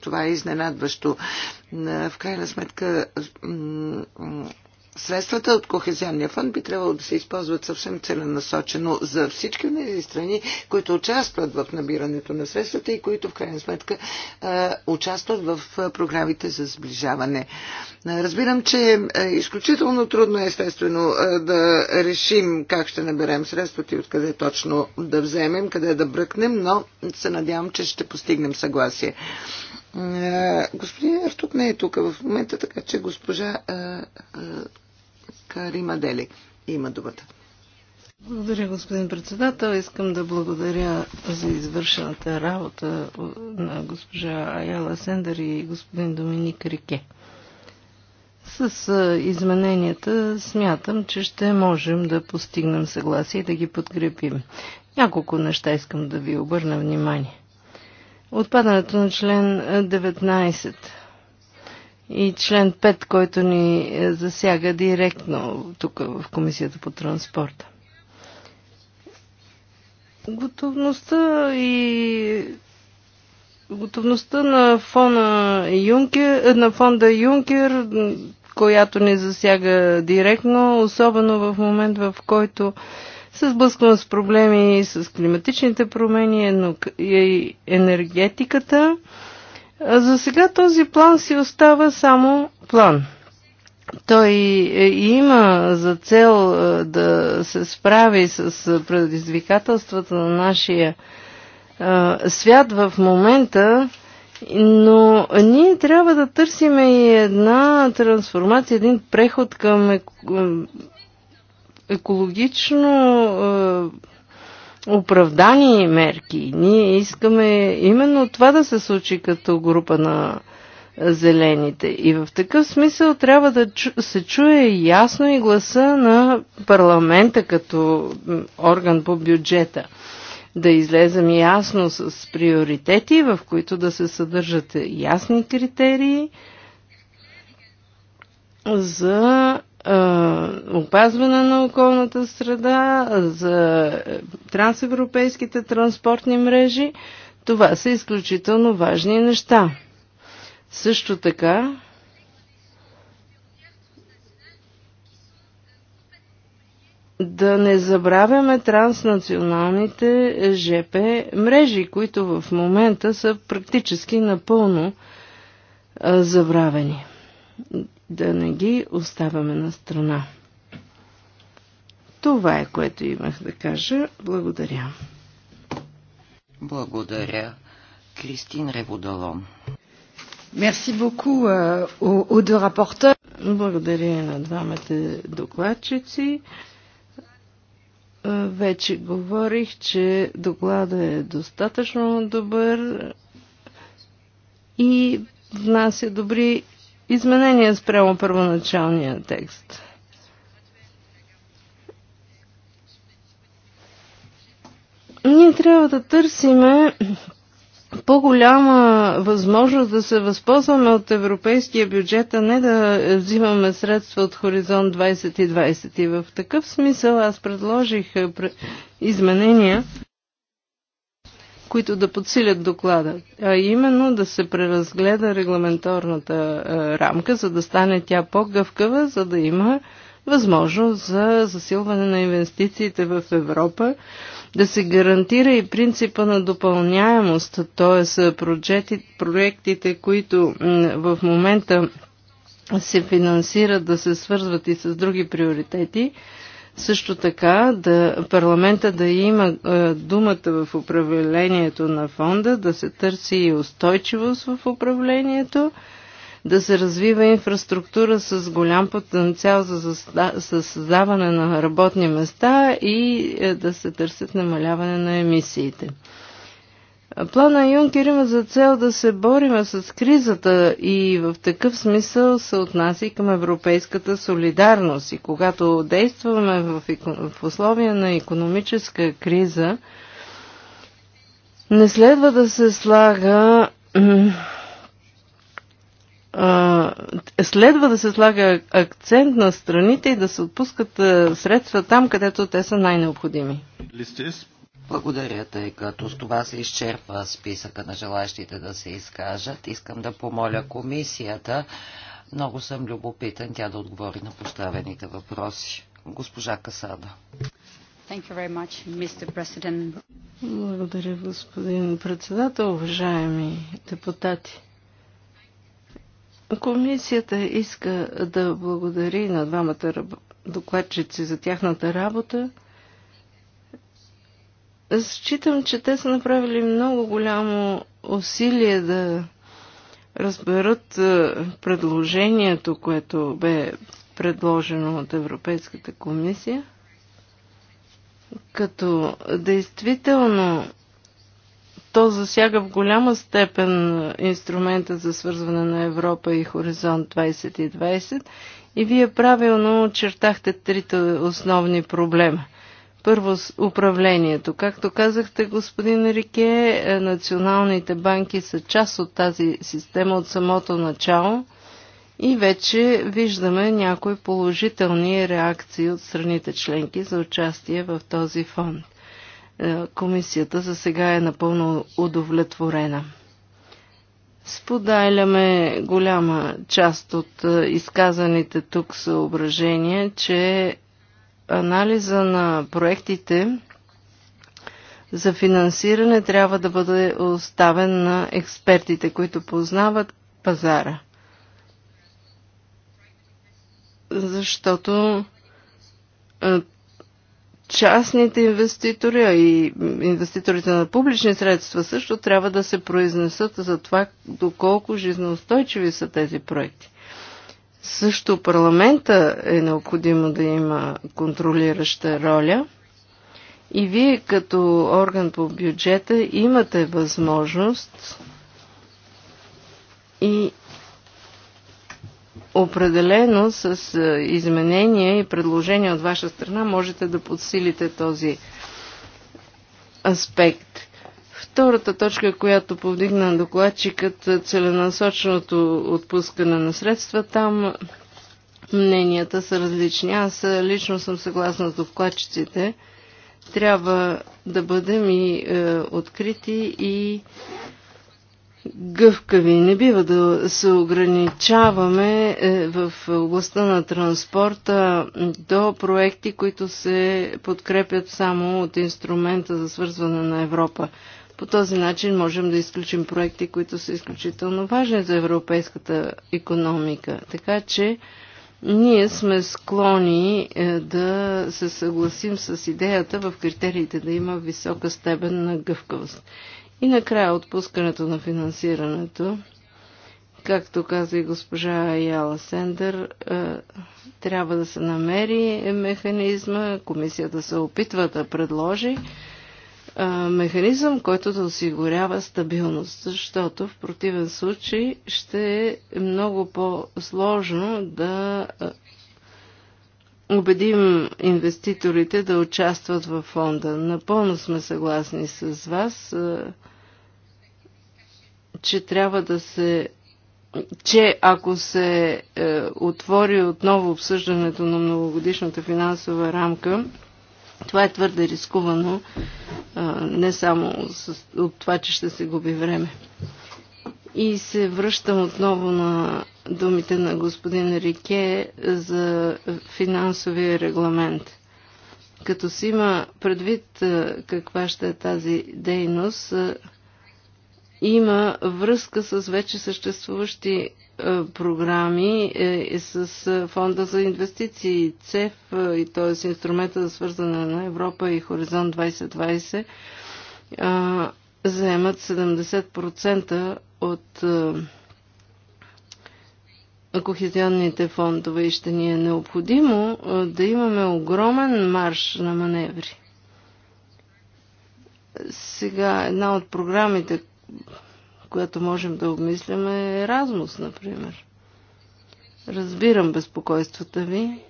това е изненадващо. В крайна сметка средствата от Кохезионния фонд би трябвало да се използват съвсем целенасочено за всички от тези страни, които участват в набирането на средствата и които в крайна сметка участват в програмите за сближаване. Разбирам, че е изключително трудно е естествено да решим как ще наберем средствата и откъде точно да вземем, къде да бръкнем, но се надявам, че ще постигнем съгласие. Господин Артук не е тук в момента, така че госпожа Карима Дели има думата. Благодаря, господин председател. Искам да благодаря за извършената работа на госпожа Аяла Сендър и господин Доминик Рике. С измененията смятам, че ще можем да постигнем съгласие и да ги подкрепим. Няколко неща искам да ви обърна внимание. Отпадането на член 19 и член 5, който ни е, засяга директно тук в Комисията по транспорта. Готовността и готовността на фона Юнкер, е, на фонда Юнкер, която ни засяга директно, особено в момент в който се сблъскваме с проблеми с климатичните промени и енергетиката. За сега този план си остава само план. Той е, има за цел е, да се справи с е, предизвикателствата на нашия свят в момента, но ние трябва да търсим и една трансформация, един преход към екологично е, оправдани мерки. Ние искаме именно това да се случи като група на зелените. И в такъв смисъл трябва да чу, се чуе ясно и гласа на парламента като орган по бюджета. Да излезем ясно с приоритети, в които да се съдържат ясни критерии за опазване на околната среда, за трансевропейските транспортни мрежи. Това са изключително важни неща. Също така, да не забравяме транснационалните ЖП мрежи, които в момента са практически напълно забравени да не ги оставаме на страна. Това е което имах да кажа. Благодаря. Благодаря. Кристин Реводалон. Мерси Боку от deux Благодаря на двамата докладчици. Е, вече говорих, че доклада е достатъчно добър и внася добри изменение спрямо първоначалния текст. Ние трябва да търсиме по-голяма възможност да се възползваме от европейския бюджет, а не да взимаме средства от Хоризонт 2020. И в такъв смисъл аз предложих изменения които да подсилят доклада, а именно да се преразгледа регламенторната рамка, за да стане тя по-гъвкава, за да има възможност за засилване на инвестициите в Европа, да се гарантира и принципа на допълняемост, т.е. проектите, които в момента се финансират да се свързват и с други приоритети, също така да, парламента да има е, думата в управлението на фонда, да се търси и устойчивост в управлението, да се развива инфраструктура с голям потенциал за създаване на работни места и е, да се търсят намаляване на емисиите. Плана Юнкер има за цел да се бориме с кризата и в такъв смисъл се отнася и към европейската солидарност. И когато действаме в, в условия на економическа криза, не следва да се слага следва да се слага акцент на страните и да се отпускат средства там, където те са най-необходими. Благодаря, тъй като с това се изчерпва списъка на желащите да се изкажат. Искам да помоля комисията. Много съм любопитен тя да отговори на поставените въпроси. Госпожа Касада. Much, Благодаря, господин председател, уважаеми депутати. Комисията иска да благодари на двамата докладчици за тяхната работа Считам, че те са направили много голямо усилие да разберат е, предложението, което бе предложено от Европейската комисия, като действително то засяга в голяма степен инструмента за свързване на Европа и Хоризонт 2020 и вие правилно очертахте трите основни проблема – първо с управлението. Както казахте, господин Рике, е, националните банки са част от тази система от самото начало и вече виждаме някои положителни реакции от страните членки за участие в този фонд. Е, комисията за сега е напълно удовлетворена. Споделяме голяма част от е, изказаните тук съображения, че анализа на проектите за финансиране трябва да бъде оставен на експертите, които познават пазара. Защото частните инвеститори, и инвеститорите на публични средства също трябва да се произнесат за това доколко жизнеустойчиви са тези проекти. Също парламента е необходимо да има контролираща роля. И вие като орган по бюджета имате възможност и определено с е, изменения и предложения от ваша страна можете да подсилите този аспект. Втората точка, която повдигна докладчикът, е целенасоченото отпускане на средства, там мненията са различни. Аз е, лично съм съгласна с докладчиците. Трябва да бъдем и е, открити и гъвкави. Не бива да се ограничаваме е, в областта на транспорта до проекти, които се подкрепят само от инструмента за свързване на Европа. По този начин можем да изключим проекти, които са изключително важни за европейската економика. Така че ние сме склони е, да се съгласим с идеята в критериите да има висока степен на гъвкавост. И накрая отпускането на финансирането, както каза и госпожа Яла Сендер, е, трябва да се намери механизма, комисията се опитва да предложи механизъм, който да осигурява стабилност, защото в противен случай ще е много по-сложно да убедим инвеститорите да участват във фонда. Напълно сме съгласни с вас, че трябва да се че ако се е, отвори отново обсъждането на многогодишната финансова рамка, това е твърде рискувано, не само от това, че ще се губи време. И се връщам отново на думите на господин Рике за финансовия регламент. Като си има предвид каква ще е тази дейност, има връзка с вече съществуващи е, програми е, и с е, фонда за инвестиции ЦЕФ и т.е. инструмента за свързане на Европа и Хоризонт 2020 заемат 70% от кохезионните фондове и ще ни е необходимо да имаме огромен марш на маневри. Сега една от програмите, която можем да обмисляме е Еразмус, например. Разбирам безпокойствата ви.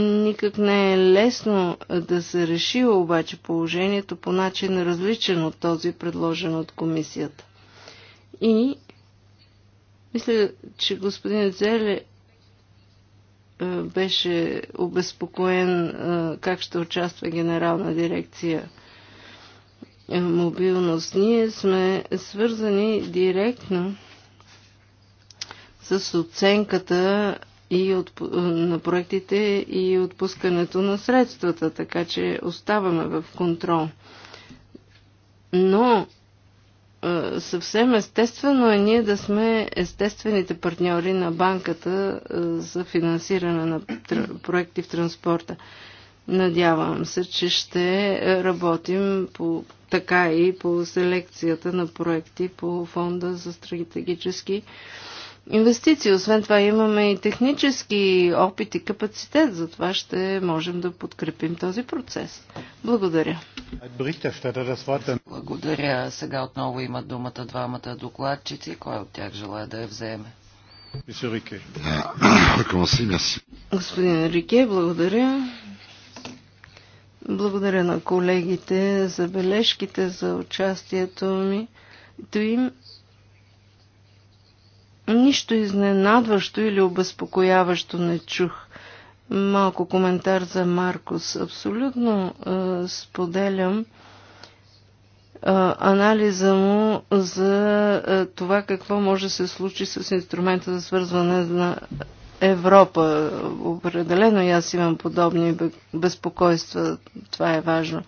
Никак не е лесно да се реши обаче положението по начин различен от този предложен от комисията. И мисля, че господин Зеле е, беше обезпокоен е, как ще участва генерална дирекция – е, мобилност. Ние сме свързани директно с оценката и от, на проектите и отпускането на средствата, така че оставаме в контрол. Но е, съвсем естествено е ние да сме естествените партньори на банката е, за финансиране на проекти в транспорта. Надявам се, че ще работим по, така и по селекцията на проекти по фонда за стратегически инвестиции. Освен това имаме и технически опит и капацитет, затова ще можем да подкрепим този процес. Благодаря. Благодаря. Сега отново имат думата двамата докладчици. Кой от тях желая да я вземе? Господин Рике, благодаря. Благодаря на колегите за бележките, за участието ми. То им нищо изненадващо или обезпокояващо не чух. Малко коментар за Маркус. Абсолютно е, споделям е, анализа му за е, това какво може да се случи с инструмента за свързване на Европа. Определено и аз имам подобни безпокойства. Това е важно.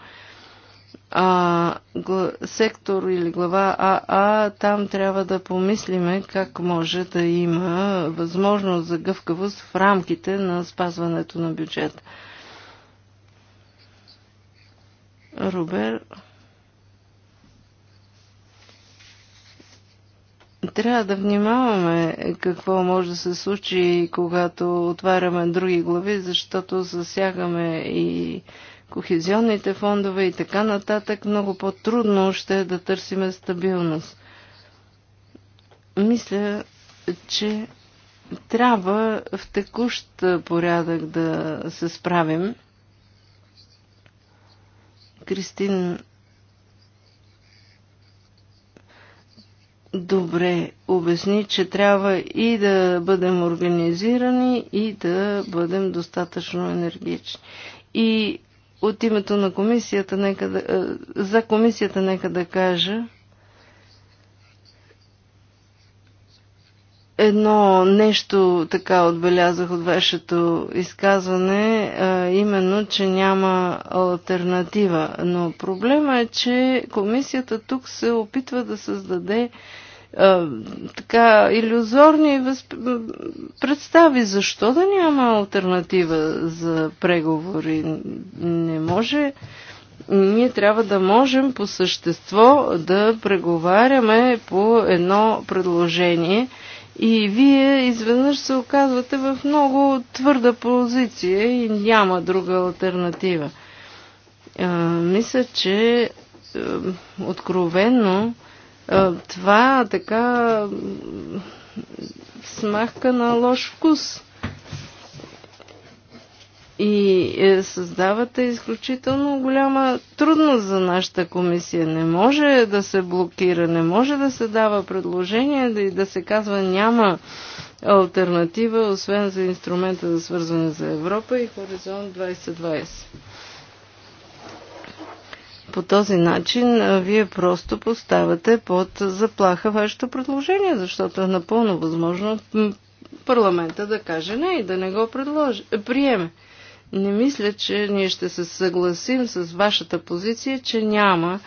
А, сектор или глава АА, там трябва да помислиме как може да има възможност за гъвкавост в рамките на спазването на бюджета. Робер. Трябва да внимаваме какво може да се случи, когато отваряме други глави, защото засягаме и кохезионните фондове и така нататък. Много по-трудно ще е да търсиме стабилност. Мисля, че трябва в текущ порядък да се справим. Кристин добре обясни, че трябва и да бъдем организирани, и да бъдем достатъчно енергични. И от името на комисията, нека да, е, за комисията нека да кажа, едно нещо така отбелязах от вашето изказване, е, именно, че няма альтернатива. Но проблема е, че комисията тук се опитва да създаде така иллюзорни възп... представи. Защо да няма альтернатива за преговори? Не може. Ние трябва да можем по същество да преговаряме по едно предложение и вие изведнъж се оказвате в много твърда позиция и няма друга альтернатива. А, мисля, че а, откровенно а, това така смахка на лош вкус. И е, създавате изключително голяма трудност за нашата комисия. Не може да се блокира, не може да се дава предложение да и да се казва няма альтернатива, освен за инструмента за свързване за Европа и Хоризонт 2020. По този начин вие просто поставяте под заплаха вашето предложение, защото е напълно възможно парламента да каже не и да не го предложи, е, приеме. Не мисля, че ние ще се съгласим с вашата позиция, че няма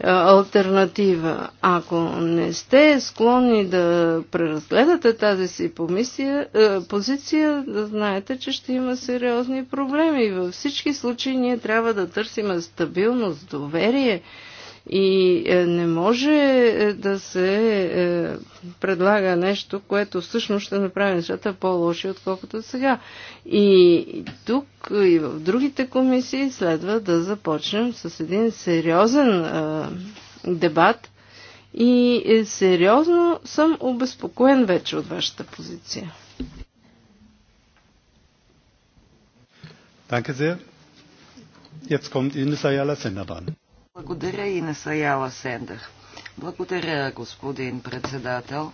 е, альтернатива. Ако не сте склонни да преразгледате тази си помисия, е, позиция, да знаете, че ще има сериозни проблеми. Във всички случаи ние трябва да търсим стабилност, доверие, и е, не може е, да се е, предлага нещо, което всъщност ще направи нещата по-лоши, отколкото сега. И тук и в другите комисии следва да започнем с един сериозен дебат. И сериозно съм обезпокоен вече от вашата позиция. Danke sehr. Jetzt kommt Ines Ayala Sender благодаря и на Саяла Сендър. Благодаря, господин председател.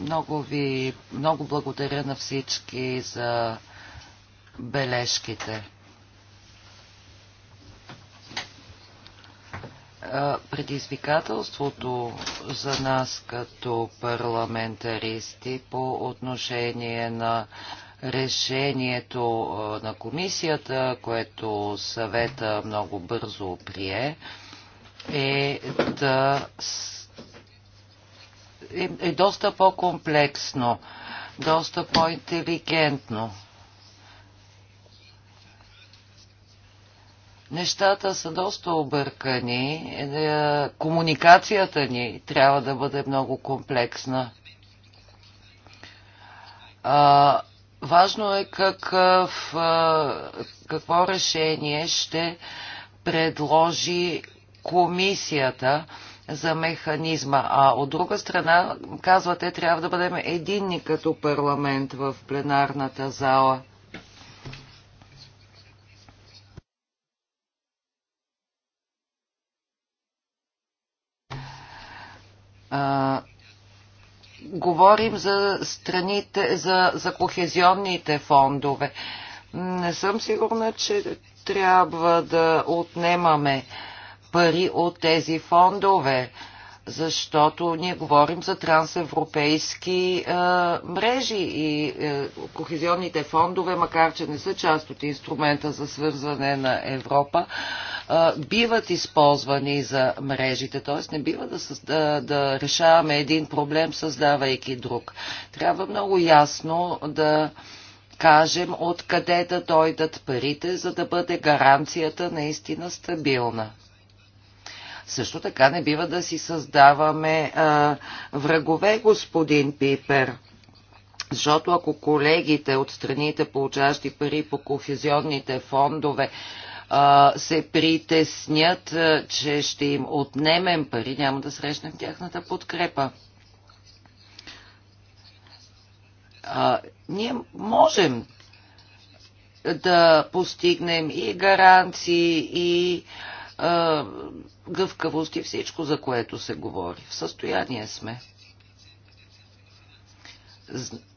Много ви, много благодаря на всички за бележките. предизвикателството за нас като парламентаристи по отношение на решението на комисията, което съвета много бързо прие, е да е, е доста по-комплексно, доста по-интелигентно. Нещата са доста объркани. Е, е, комуникацията ни трябва да бъде много комплексна. А, Важно е какъв, какво решение ще предложи комисията за механизма. А от друга страна, казвате, трябва да бъдем единни като парламент в пленарната зала. А, говорим за страните, за, за кохезионните фондове. Не съм сигурна, че трябва да отнемаме пари от тези фондове защото ние говорим за трансевропейски е, мрежи и е, кохезионните фондове, макар че не са част от инструмента за свързване на Европа, е, биват използвани за мрежите. Т.е. не бива да, да, да решаваме един проблем, създавайки друг. Трябва много ясно да кажем откъде да дойдат парите, за да бъде гаранцията наистина стабилна. Също така не бива да си създаваме а, врагове, господин Пипер. Защото ако колегите от страните, получаващи пари по кофизионните фондове, се притеснят, че ще им отнемем пари, няма да срещнем тяхната подкрепа. А, ние можем да постигнем и гаранции, и а, а, гъвкавост и всичко, за което се говори. В състояние сме.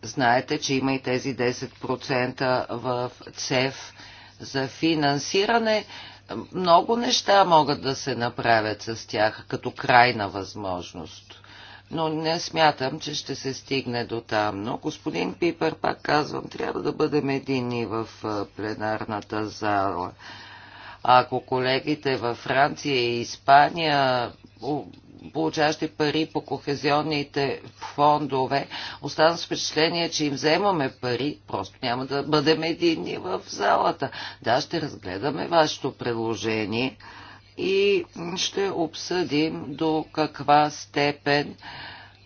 Знаете, че има и тези 10% в ЦЕФ за финансиране. Много неща могат да се направят с тях като крайна възможност но не смятам, че ще се стигне до там. Но господин Пипер, пак казвам, трябва да бъдем единни в пленарната зала. Ако колегите във Франция и Испания получаващи пари по кохезионните фондове, остана с впечатление, че им вземаме пари, просто няма да бъдем единни в залата. Да, ще разгледаме вашето предложение и ще обсъдим до каква степен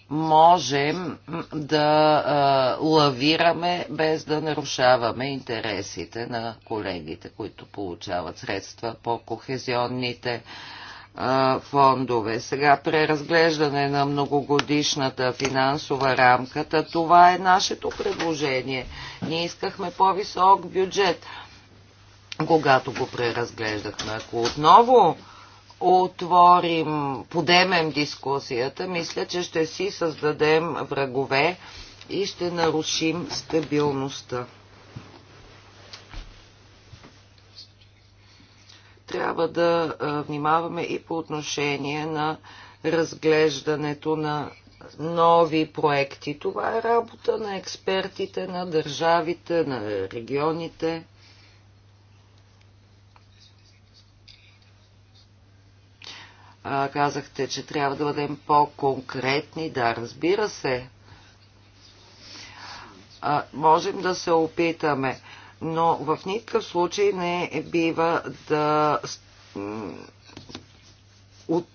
можем да а, лавираме без да нарушаваме интересите на колегите, които получават средства по кохезионните а, фондове. Сега преразглеждане на многогодишната финансова рамката, това е нашето предложение. Ние искахме по-висок бюджет, когато го преразглеждахме. Ако отново отворим, подемем дискусията, мисля, че ще си създадем врагове и ще нарушим стабилността. Трябва да внимаваме и по отношение на разглеждането на нови проекти. Това е работа на експертите, на държавите, на регионите. А, казахте, че трябва да бъдем по-конкретни. Да, разбира се. А, можем да се опитаме, но в никакъв случай не бива да от,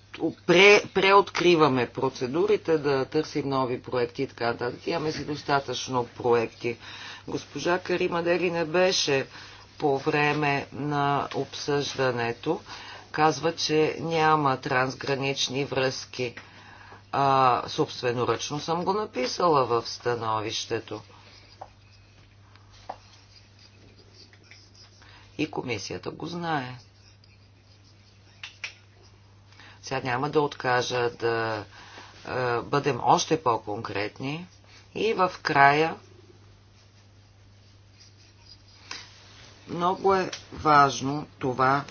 пре, преоткриваме процедурите, да търсим нови проекти и така нататък. Имаме си достатъчно проекти. Госпожа Карима Дели не беше по време на обсъждането казва, че няма трансгранични връзки. А, собственоръчно съм го написала в становището. И комисията го знае. Сега няма да откажа да а, бъдем още по-конкретни. И в края много е важно това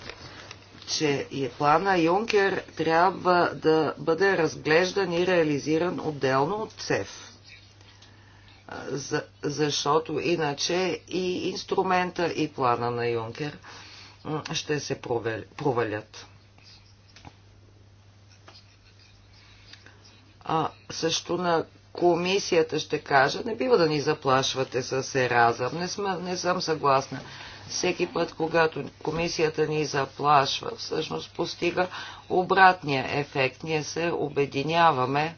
че и плана Юнкер трябва да бъде разглеждан и реализиран отделно от ЦЕФ. За, защото иначе и инструмента, и плана на Юнкер ще се провалят. А, също на комисията ще кажа, не бива да ни заплашвате с еразъм. Не, сме, не съм съгласна всеки път, когато комисията ни заплашва, всъщност постига обратния ефект. Ние се обединяваме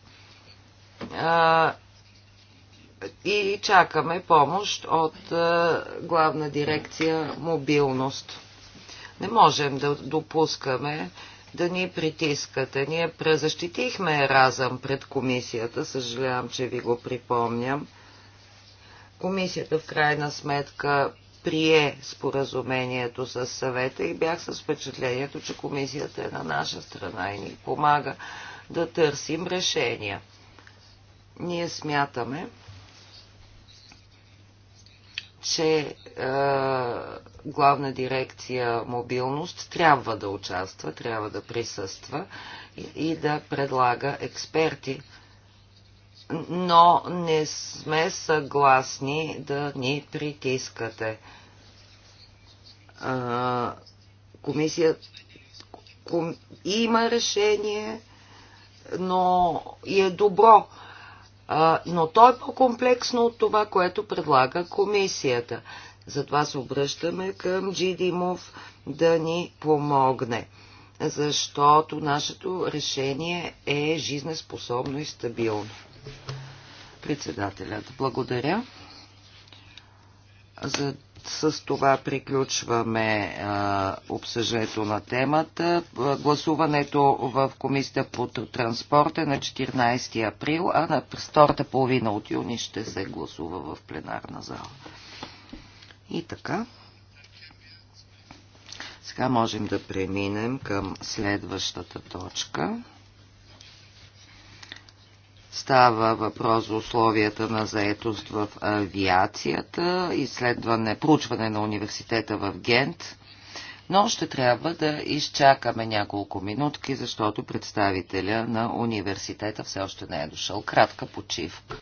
а, и чакаме помощ от а, главна дирекция мобилност. Не можем да допускаме да ни притискате. Ние презащитихме разъм пред комисията, съжалявам, че ви го припомням. Комисията в крайна сметка прие споразумението с съвета и бях с впечатлението, че комисията е на наша страна и ни помага да търсим решения. Ние смятаме, че е, главна дирекция мобилност трябва да участва, трябва да присъства и, и да предлага експерти, но не сме съгласни да ни притискате а, комисия ком, има решение, но и е добро. А, но то е по-комплексно от това, което предлага комисията. Затова се обръщаме към Джидимов да ни помогне, защото нашето решение е жизнеспособно и стабилно. Председателят, благодаря за с това приключваме а, обсъждането на темата. Гласуването в комисията по транспорт е на 14 април, а на втората половина от юни ще се гласува в пленарна зала. И така. Сега можем да преминем към следващата точка. Става въпрос за условията на заетост в авиацията, изследване, проучване на университета в Гент. Но ще трябва да изчакаме няколко минутки, защото представителя на университета все още не е дошъл. Кратка почивка.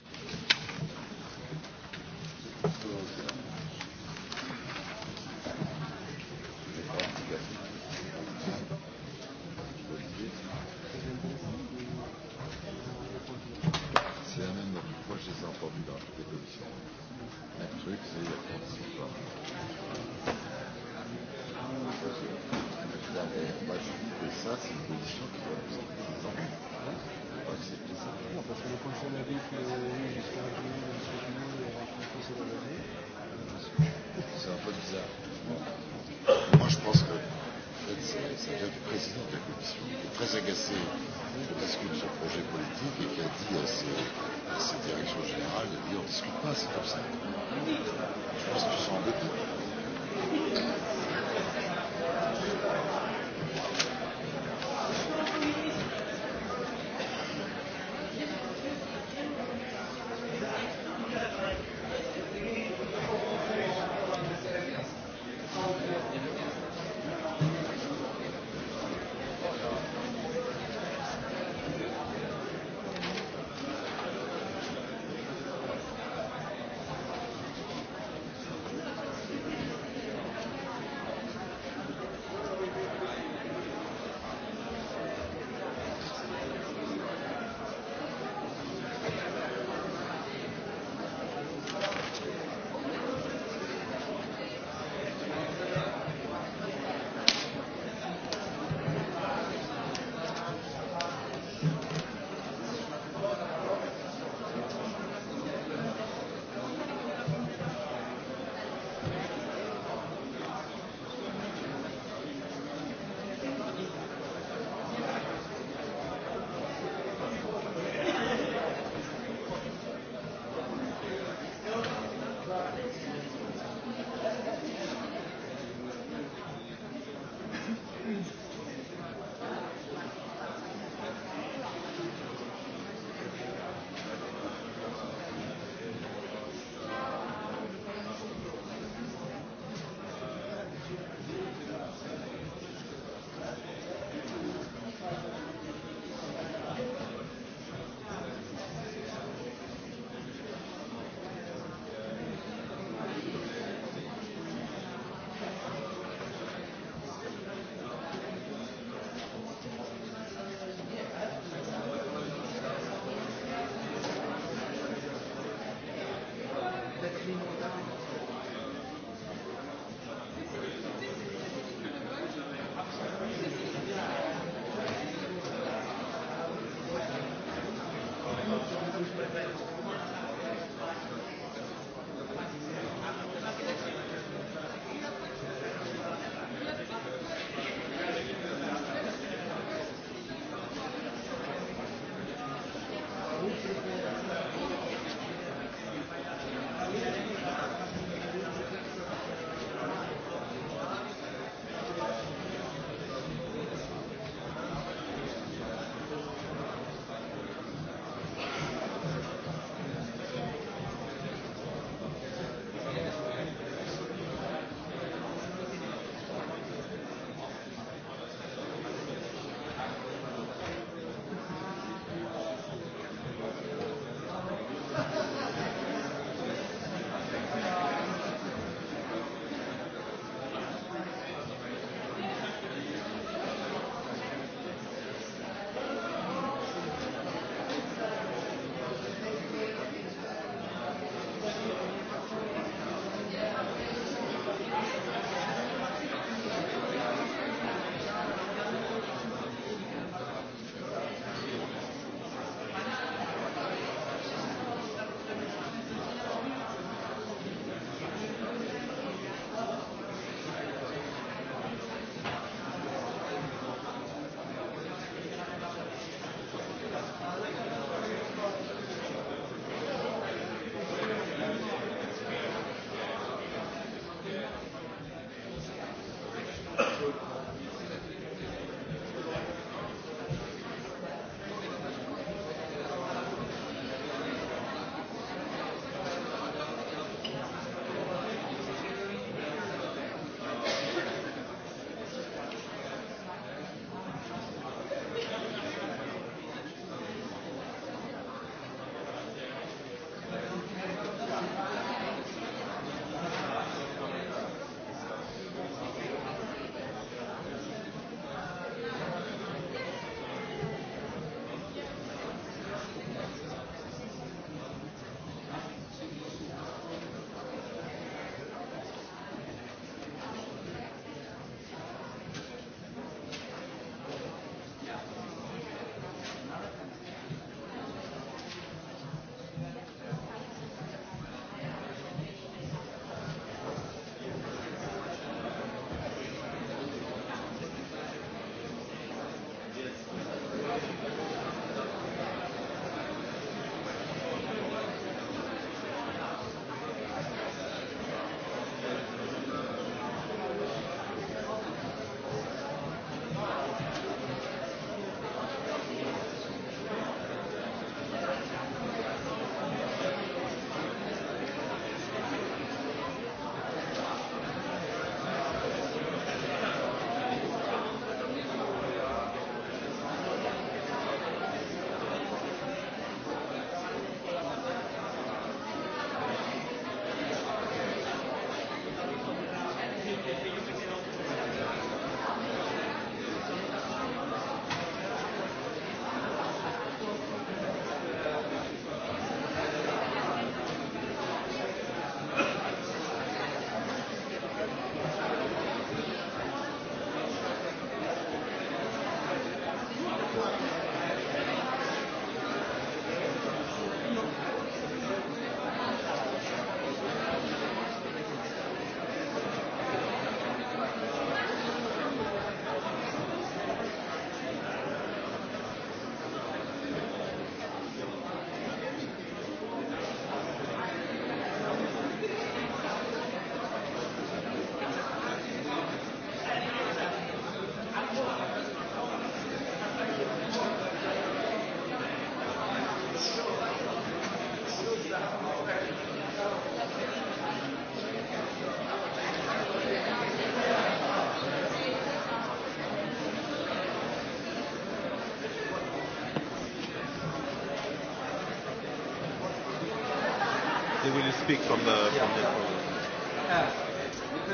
speak from the yeah. from the.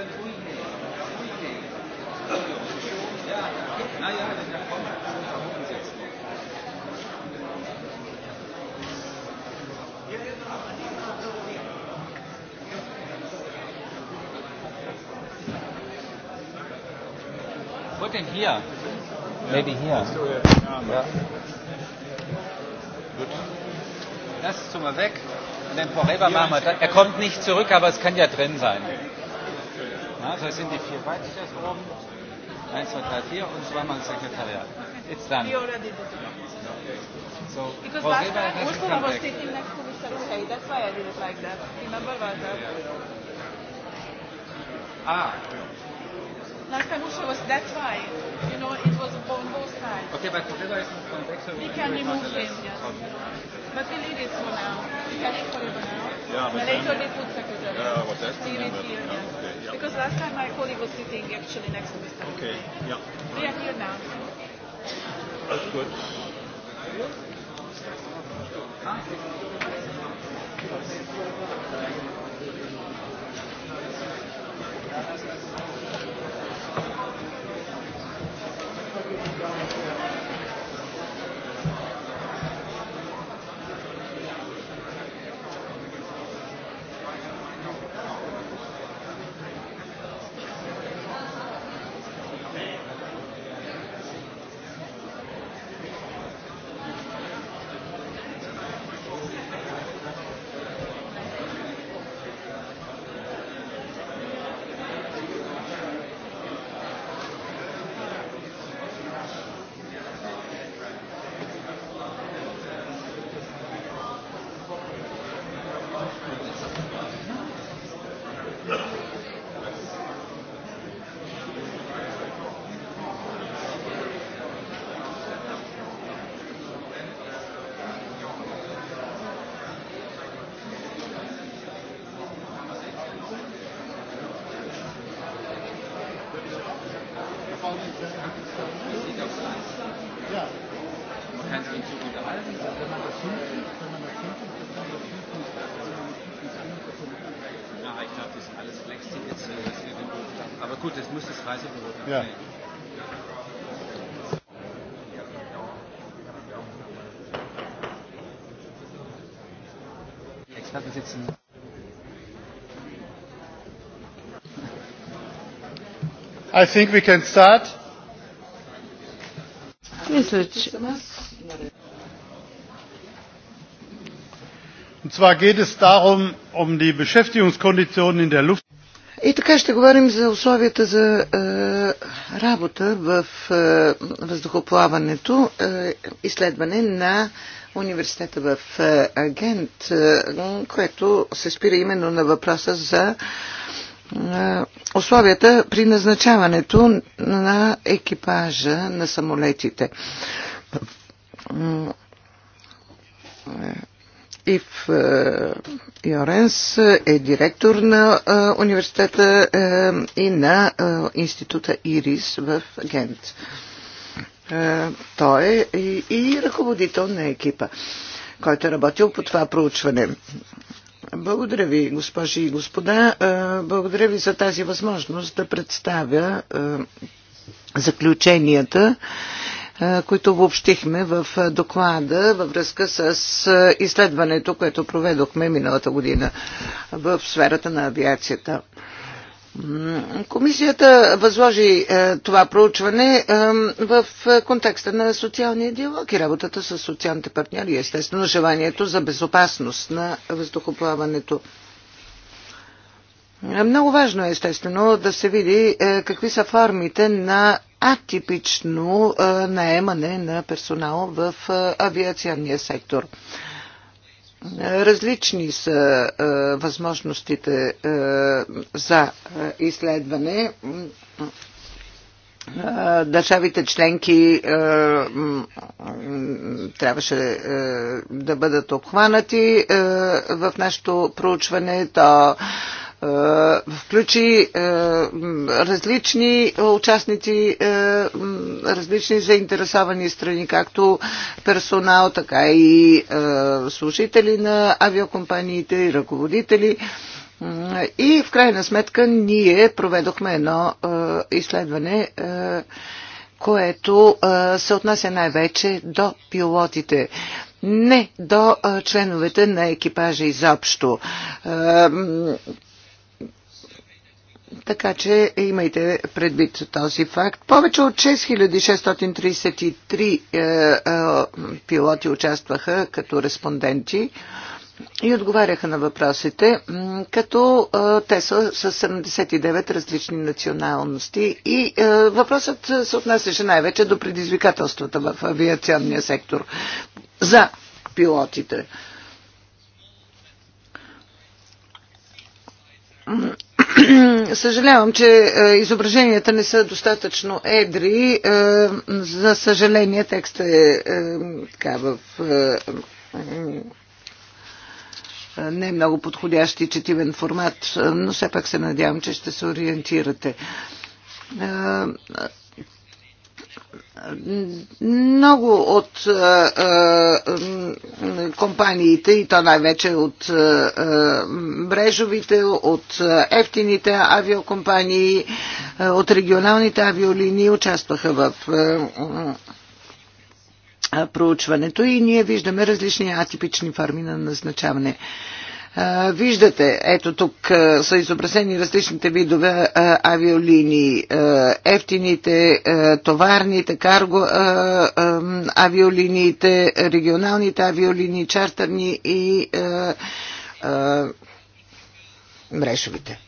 From Yeah. Put him here. Maybe here. Yeah. Gut. Lass es mal weg den Forever machen wir dann. Er kommt nicht zurück, aber es kann ja drin sein. Also es sind die vier Weitsichers oben. Eins, zwei, drei, vier und zweimal Sekretariat. It's done. So, Because last time Ursula was sitting next to Mr. Okay, that's why I did it like that. Remember what Ah. Last time Ursula was, that's why. You know, it was on both sides. Okay, but Forever is not convex. We can remove him, yes. But we leave it for now. We can it for now. Yeah, but later then, we secretary. Yeah, what that's leave it here. Yeah. Okay, yeah. Because last time my colleague was sitting actually next to the Mr. Okay. Yeah. We are here now. That's good. Huh? Ja, ich glaube, das ist alles Aber gut, das muss das Reisebüro Ja. Die Experten sitzen. I think we can start. Мисля, Und zwar geht es darum, um die Beschäftigungskonditionen in der Luft. И така ще говорим за условията за е, работа в е, въздухоплаването, е, изследване на университета в е, Агент, е, което се спира именно на въпроса за е, условията при назначаването на екипажа на самолетите е, Ив е, Йоренс е директор на е, университета е, и на института ИРИС в Гент. Той е и ръководител на екипа, който е работил по това проучване. Благодаря ви, госпожи и господа. Благодаря ви за тази възможност да представя заключенията които обобщихме в доклада във връзка с изследването, което проведохме миналата година в сферата на авиацията. Комисията възложи е, това проучване е, в контекста на социалния диалог и работата с социалните партньори и естествено желанието за безопасност на въздухоплаването. Много важно е естествено да се види е, какви са формите на атипично наемане на персонал в авиационния сектор. Различни са възможностите за изследване. Държавите членки трябваше да бъдат обхванати в нашето проучване. То е, е, включи е, различни участници, е, различни заинтересовани страни, както персонал, така и служители на авиокомпаниите и ръководители. И в крайна сметка ние проведохме едно изследване, което се отнася най-вече до пилотите не до членовете на екипажа изобщо. Така че имайте предвид този факт. Повече от 6633 е, е, пилоти участваха като респонденти и отговаряха на въпросите, като е, те са с 79 различни националности и въпросът се отнасяше най-вече до предизвикателствата в авиационния сектор за пилотите. Съжалявам, че е, изображенията не са достатъчно едри. Е, за съжаление, текстът е, е така в не много подходящ и четивен формат, но все пак се надявам, че ще се ориентирате много от е, е, компаниите, и то най-вече от е, брежовите, мрежовите, от ефтините авиокомпании, от регионалните авиолинии участваха в проучването и ние виждаме различни атипични форми на назначаване. Виждате, ето тук са изобразени различните видове авиолинии. Ефтините, товарните, карго авиолиниите, регионалните авиолинии, чартерни и мрешовите.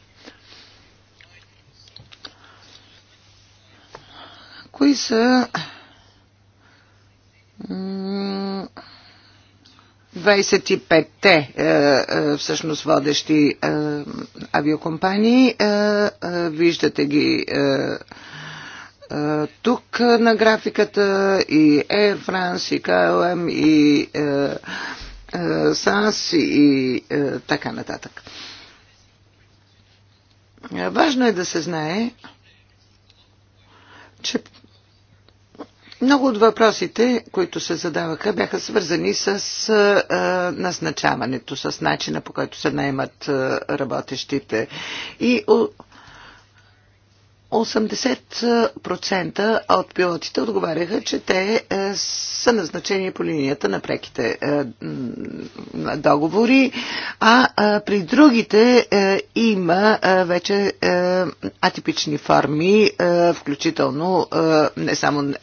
Кои са 25-те е, е, всъщност водещи е, авиокомпании. Виждате ги тук на графиката и Air France, и KLM, и SAS, и така нататък. Важно е да се знае, че много от въпросите, които се задаваха, бяха свързани с а, назначаването, с начина по който се наемат работещите. И 80% от пилотите отговаряха, че те е, са назначени по линията на преките е, договори, а при другите е, има вече атипични форми, включително не само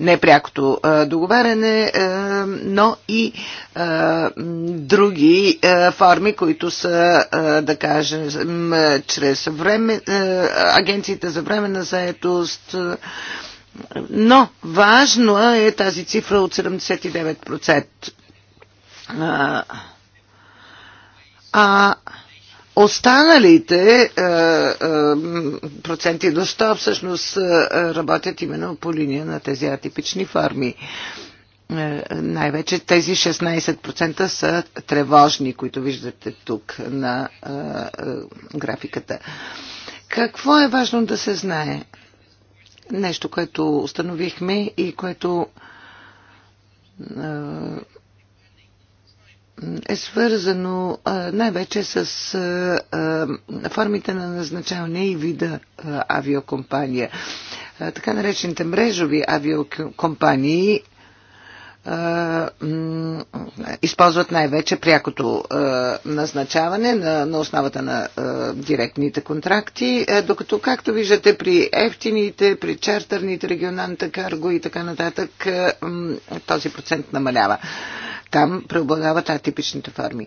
непрякото договаряне, но и други форми, които са, да кажем, чрез време, агенциите за на заетост, но важно е тази цифра от 79%. А, а Останалите е, е, проценти до 100 всъщност е, работят именно по линия на тези атипични форми. Най-вече тези 16% са тревожни, които виждате тук на графиката. Какво е важно да се знае? Нещо, което установихме и което е свързано най-вече с формите на назначаване и вида авиокомпания. Така наречените мрежови авиокомпании използват най-вече прякото назначаване на, на основата на директните контракти, докато, както виждате, при ефтините, при чартерните, регионалната карго и така нататък, този процент намалява. Там преобладават атипичните форми.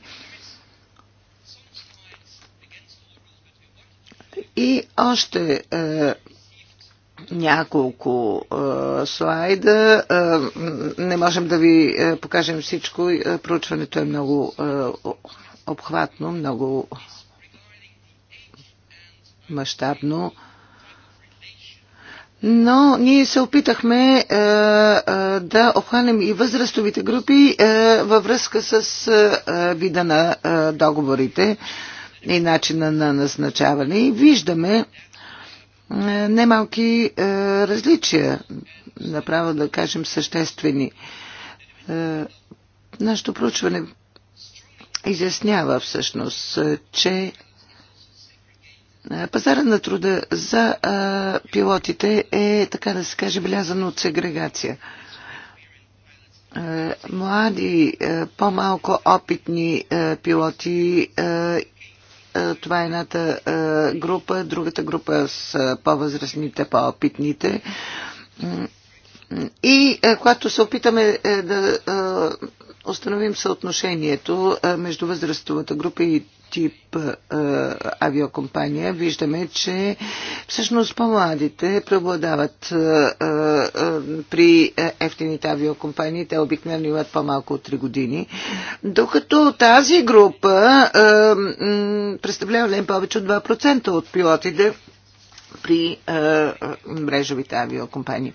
И още е, няколко е, слайда. Е, не можем да ви е, покажем всичко. Е, проучването е много е, обхватно, много мащабно. Е, но ние се опитахме е, е, да обхванем и възрастовите групи е, във връзка с е, е, вида на е, договорите и начина на назначаване. И виждаме е, немалки е, различия, направо да кажем съществени. Е, нашето проучване изяснява всъщност, е, че е, пазара на труда за а, пилотите е, така да се каже, белязан от сегрегация. А, е, млади, а, е, по-малко опитни а, пилоти, а, а, това е едната а, група, другата група с по-възрастните, по-опитните. И а, когато се опитаме а, да. А, установим съотношението между възрастовата група и тип а, авиокомпания, виждаме, че всъщност по-младите преобладават а, а, при ефтините авиокомпании. Те обикновено имат по-малко от 3 години. Докато тази група м- представлява лен повече от 2% от пилотите при а, мрежовите авиокомпании.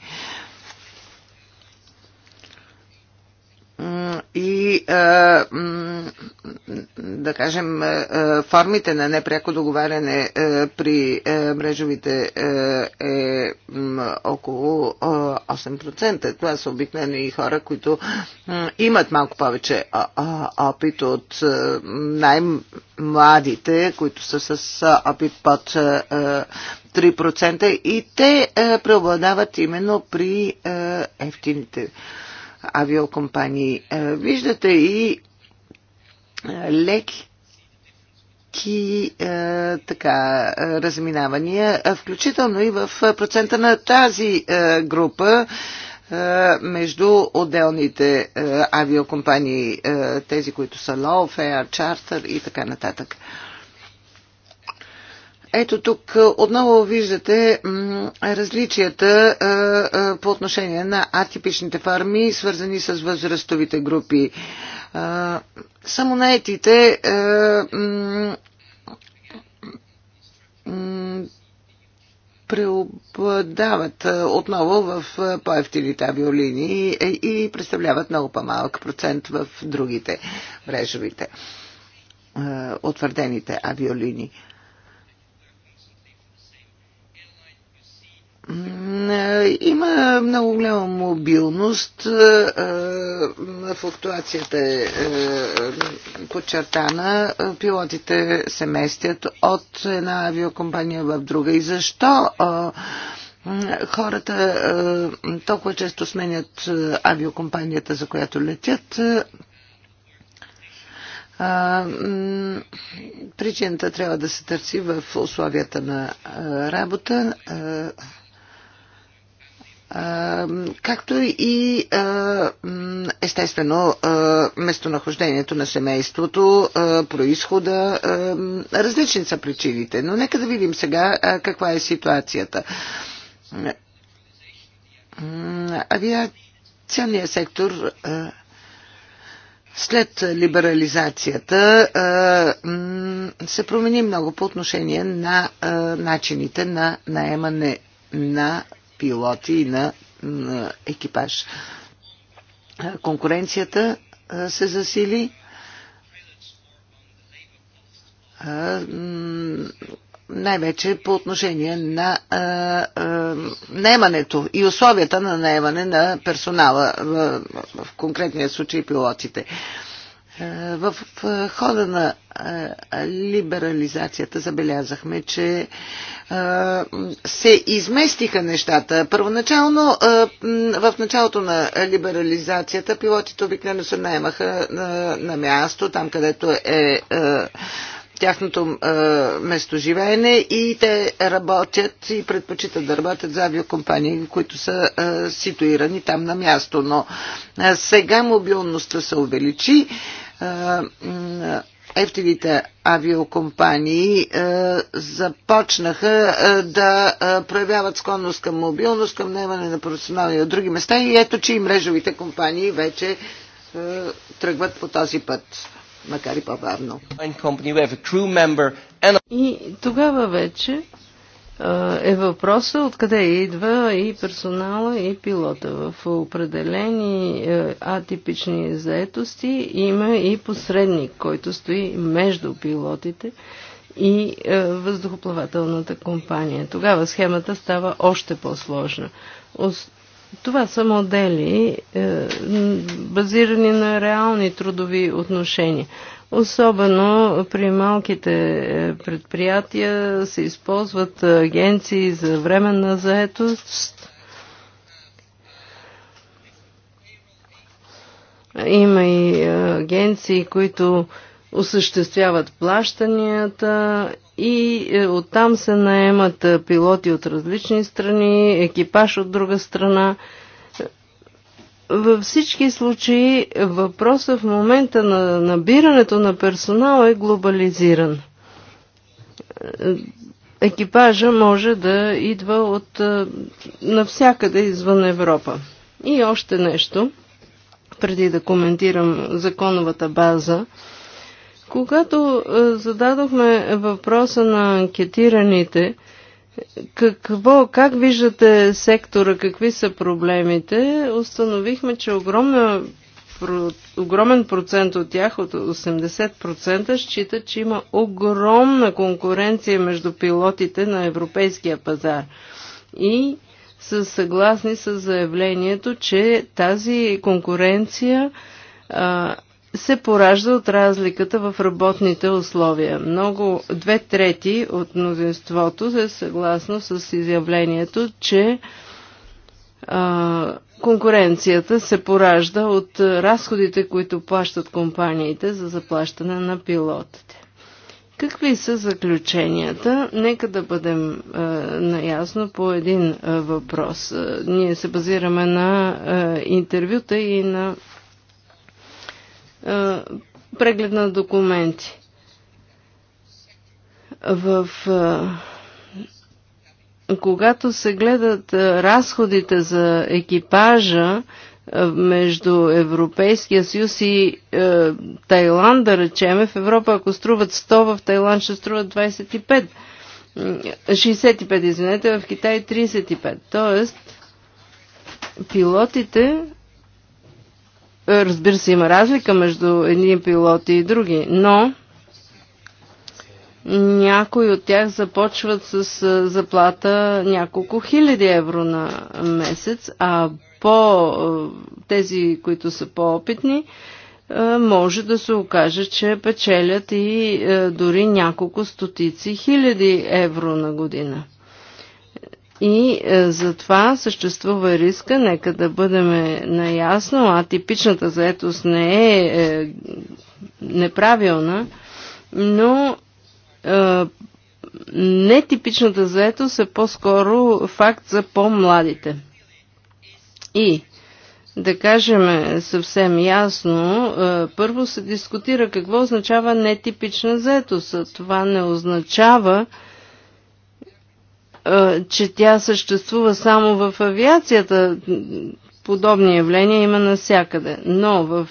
и да кажем формите на непряко договаряне при мрежовите е около 8%. Това са обикновено и хора, които имат малко повече опит от най-младите, които са с опит под 3% и те преобладават именно при ефтините авиокомпании. Е, виждате и е, леки е, така, разминавания, е, включително и в процента на тази е, група е, между отделните е, авиокомпании, е, тези, които са Low Fair, Charter и така нататък. Ето тук е, отново виждате различията е, е, по отношение на атипичните фарми, свързани с възрастовите групи. Само наетите преобладават отново в по-ефтините авиолини и представляват много по-малък процент в другите мрежовите, утвърдените авиолинии. Е, има много голяма мобилност. Е, е, флуктуацията е подчертана. Пилотите се местят от една авиокомпания в друга. И защо хората толкова често сменят авиокомпанията, за която летят? Причината трябва да се търси в условията на работа както и естествено местонахождението на семейството, происхода, различни са причините. Но нека да видим сега каква е ситуацията. Авиационният сектор след либерализацията се промени много по отношение на начините на наемане на пилоти и на, на екипаж. Конкуренцията се засили. Най-вече по отношение на наемането и условията на наемане на персонала, в конкретния случай пилотите. А, е, в хода на е, либерализацията забелязахме, че е, се изместиха нещата. Първоначално, в началото на либерализацията, пилотите обикновено се наемаха на място, там където е тяхното место местоживеене и те работят и предпочитат да работят за авиокомпании, които са ситуирани там на място. Но сега мобилността се увеличи ефтините авиокомпании започнаха да проявяват склонност към мобилност, към наемане на професионални от други места и ето, че и мрежовите компании вече тръгват по този път макар и по-бавно. И тогава вече е въпроса откъде идва и персонала, и пилота. В определени е, атипични заетости има и посредник, който стои между пилотите и е, въздухоплавателната компания. Тогава схемата става още по-сложна. Това са модели, е, базирани на реални трудови отношения. Особено при малките е, предприятия се използват агенции за временна заетост. Има и агенции, които осъществяват плащанията и е, оттам се наемат е, пилоти от различни страни, екипаж от друга страна – във всички случаи въпросът в момента на набирането на персонал е глобализиран. Екипажа може да идва от навсякъде извън Европа. И още нещо, преди да коментирам законовата база. Когато зададохме въпроса на анкетираните, какво, как виждате сектора, какви са проблемите? Установихме, че огромна, про, огромен процент от тях, от 80%, считат, че има огромна конкуренция между пилотите на европейския пазар. И са съгласни с заявлението, че тази конкуренция а, се поражда от разликата в работните условия. Много две трети от мнозинството се е съгласно с изявлението, че а, конкуренцията се поражда от разходите, които плащат компаниите за заплащане на пилотите. Какви са заключенията? Нека да бъдем а, наясно по един а, въпрос. А, ние се базираме на а, интервюта и на е, преглед на документи. В е, когато се гледат е, разходите за екипажа между Европейския съюз и а, Тайланд, да речеме, в Европа ако струват 100, в Тайланд ще струват 25. 65, извинете, в Китай 35. Тоест, пилотите Разбира се, има разлика между едни пилоти и други, но някои от тях започват с заплата няколко хиляди евро на месец, а по тези, които са по-опитни, може да се окаже, че печелят и дори няколко стотици хиляди евро на година. И е, затова съществува риска, нека да бъдем наясно, а типичната заетост не е, е неправилна, но е, нетипичната заетост е по-скоро факт за по-младите. И да кажем съвсем ясно, е, първо се дискутира какво означава нетипична заетост. Това не означава, че тя съществува само в авиацията. Подобни явления има навсякъде. Но в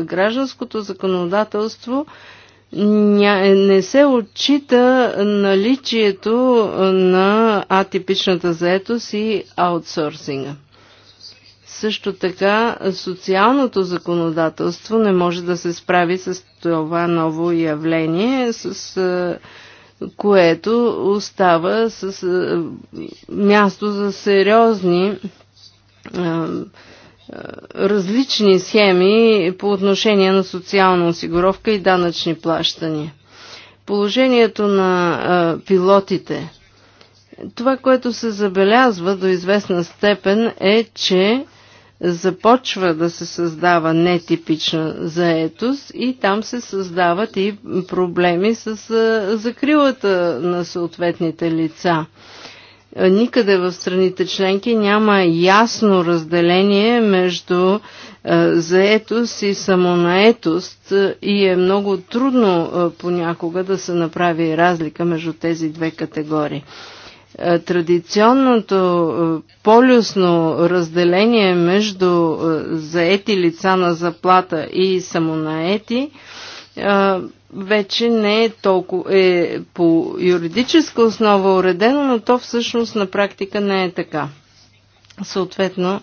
гражданското законодателство не се отчита наличието на атипичната заетост и аутсорсинга. Също така социалното законодателство не може да се справи с това ново явление, с което остава с е, място за сериозни е, е, различни схеми по отношение на социална осигуровка и данъчни плащания. Положението на пилотите. Това, което се забелязва до известна степен е, че започва да се създава нетипична заетост и там се създават и проблеми с закрилата на съответните лица. Никъде в страните членки няма ясно разделение между заетост и самонаетост и е много трудно понякога да се направи разлика между тези две категории. Е, традиционното е, полюсно разделение между е, заети лица на заплата и самонаети вече не е толкова е по юридическа основа уредено, но то всъщност на практика не е така. Съответно,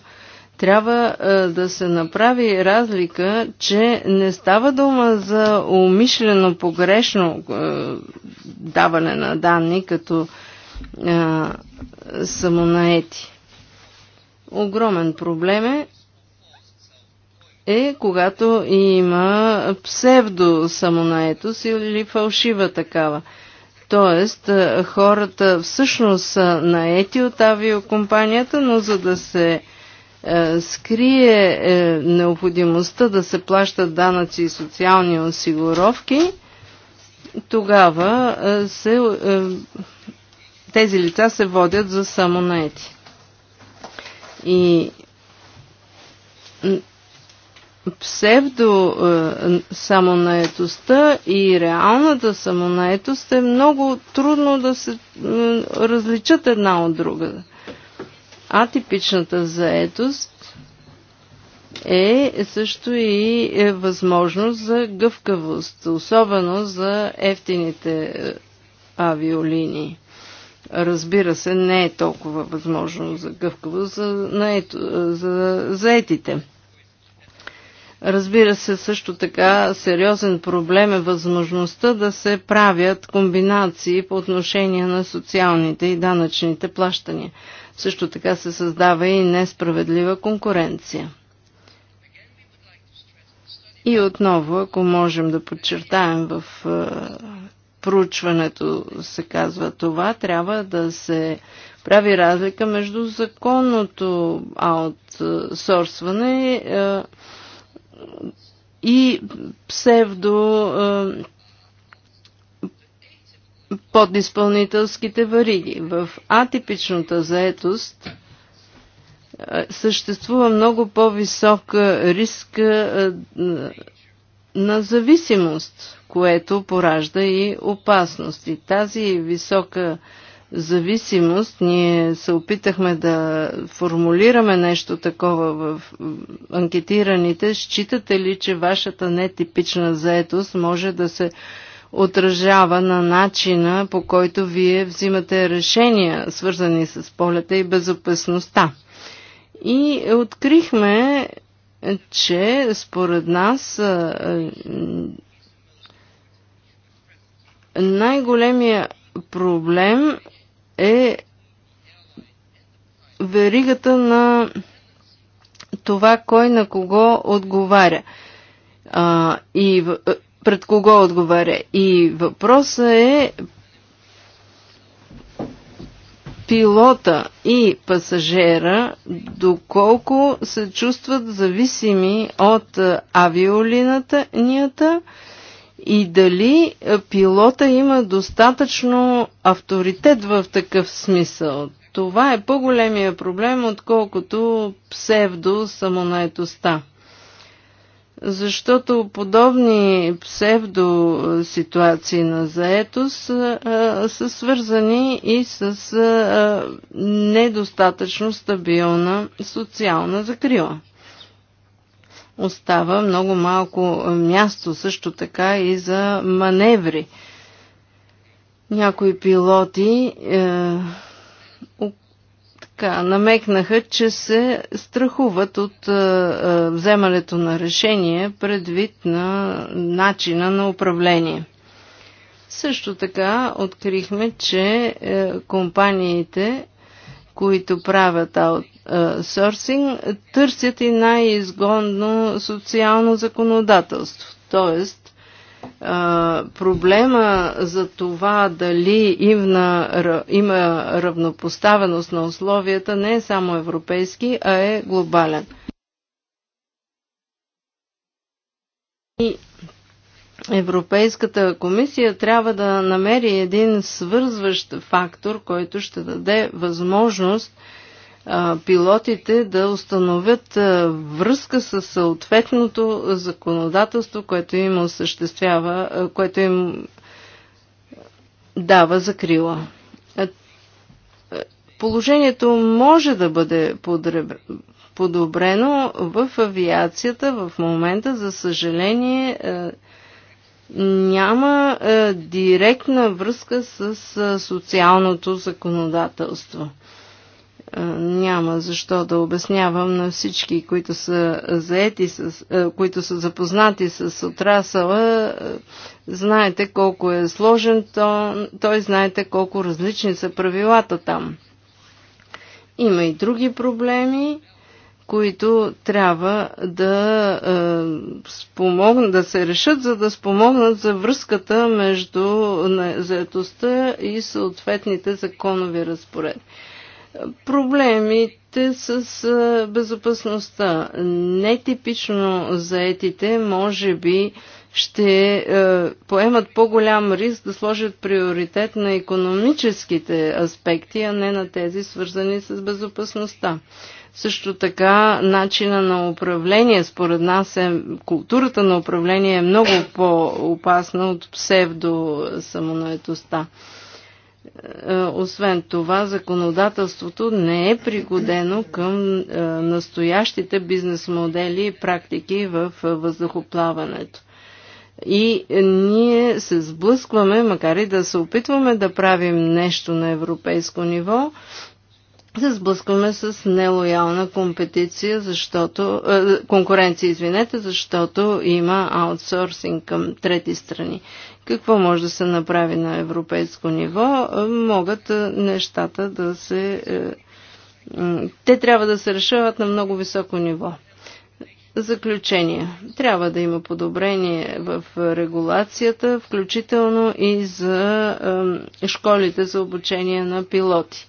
трябва да се направи разлика, че не става дума за умишлено погрешно даване на данни, като а, самонаети. Огромен проблем е, е когато има псевдо самонаетост или фалшива такава. Тоест, хората всъщност са наети от авиокомпанията, но за да се е, скрие е, необходимостта да се плащат данъци и социални осигуровки, тогава е, се е, тези лица се водят за самонаети. И псевдо е, самонаетостта и реалната самонаетост е много трудно да се различат една от друга. Атипичната заетост е също и е възможност за гъвкавост, особено за ефтините е, авиолинии. Разбира се, не е толкова възможно за гъвкаво за, наето, за заетите. Разбира се, също така сериозен проблем е възможността да се правят комбинации по отношение на социалните и данъчните плащания. Също така се създава и несправедлива конкуренция. И отново, ако можем да подчертаем в е, проучването се казва това, трябва да се прави разлика между законното аутсорсване е, и псевдо е, подиспълнителските вариги. В атипичната заетост е, съществува много по-висок риск на зависимост, което поражда и опасности. Тази висока зависимост, ние се опитахме да формулираме нещо такова в анкетираните. Считате ли, че вашата нетипична заетост може да се отражава на начина, по който вие взимате решения, свързани с полета и безопасността? И открихме че според нас най-големия проблем е веригата на това кой на кого отговаря. А, и пред кого отговаря. И въпросът е пилота и пасажера, доколко се чувстват зависими от авиолинията и дали пилота има достатъчно авторитет в такъв смисъл. Това е по-големия проблем, отколкото псевдо самонаетостта защото подобни псевдоситуации на заетост са свързани и с недостатъчно стабилна социална закрила. Остава много малко място също така и за маневри. Някои пилоти е, така намекнаха, че се страхуват от а, а, вземането на решение предвид на начина на управление. Също така открихме, че а, е, компаниите, които правят аутсорсинг, търсят и най-изгодно социално законодателство. Тоест, проблема за това дали има, има равнопоставеност на условията не е само европейски, а е глобален. И Европейската комисия трябва да намери един свързващ фактор, който ще даде възможност пилотите да установят връзка с съответното законодателство, което им осъществява, което им дава закрила. Положението може да бъде подобрено в авиацията в момента, за съжаление, няма директна връзка с социалното законодателство. Е, няма защо да обяснявам на всички, които са заети, с, е, които са запознати с отрасъла, е, знаете колко е сложен, то, той знаете колко различни са правилата там. Има и други проблеми, които трябва да, е, спомогнат, да се решат, за да спомогнат за връзката между заетостта и съответните законови разпоредби. Проблемите с безопасността. Нетипично заетите, може би, ще поемат по-голям риск да сложат приоритет на економическите аспекти, а не на тези свързани с безопасността. Също така, начина на управление, според нас, е, културата на управление е много по-опасна от псевдо самонаетостта. Е, освен това, законодателството не е пригодено към е, настоящите бизнес модели и практики в е, въздухоплаването. И ние се сблъскваме, макар и да се опитваме да правим нещо на европейско ниво, се сблъскваме с нелоялна компетиция, защото, конкуренция, извинете, защото има аутсорсинг към трети страни. Какво може да се направи на европейско ниво? Е, могат е, нещата да се. Е, те трябва да се решават на много високо ниво. Заключение. Трябва да има подобрение в регулацията, включително и за школите за обучение на пилоти.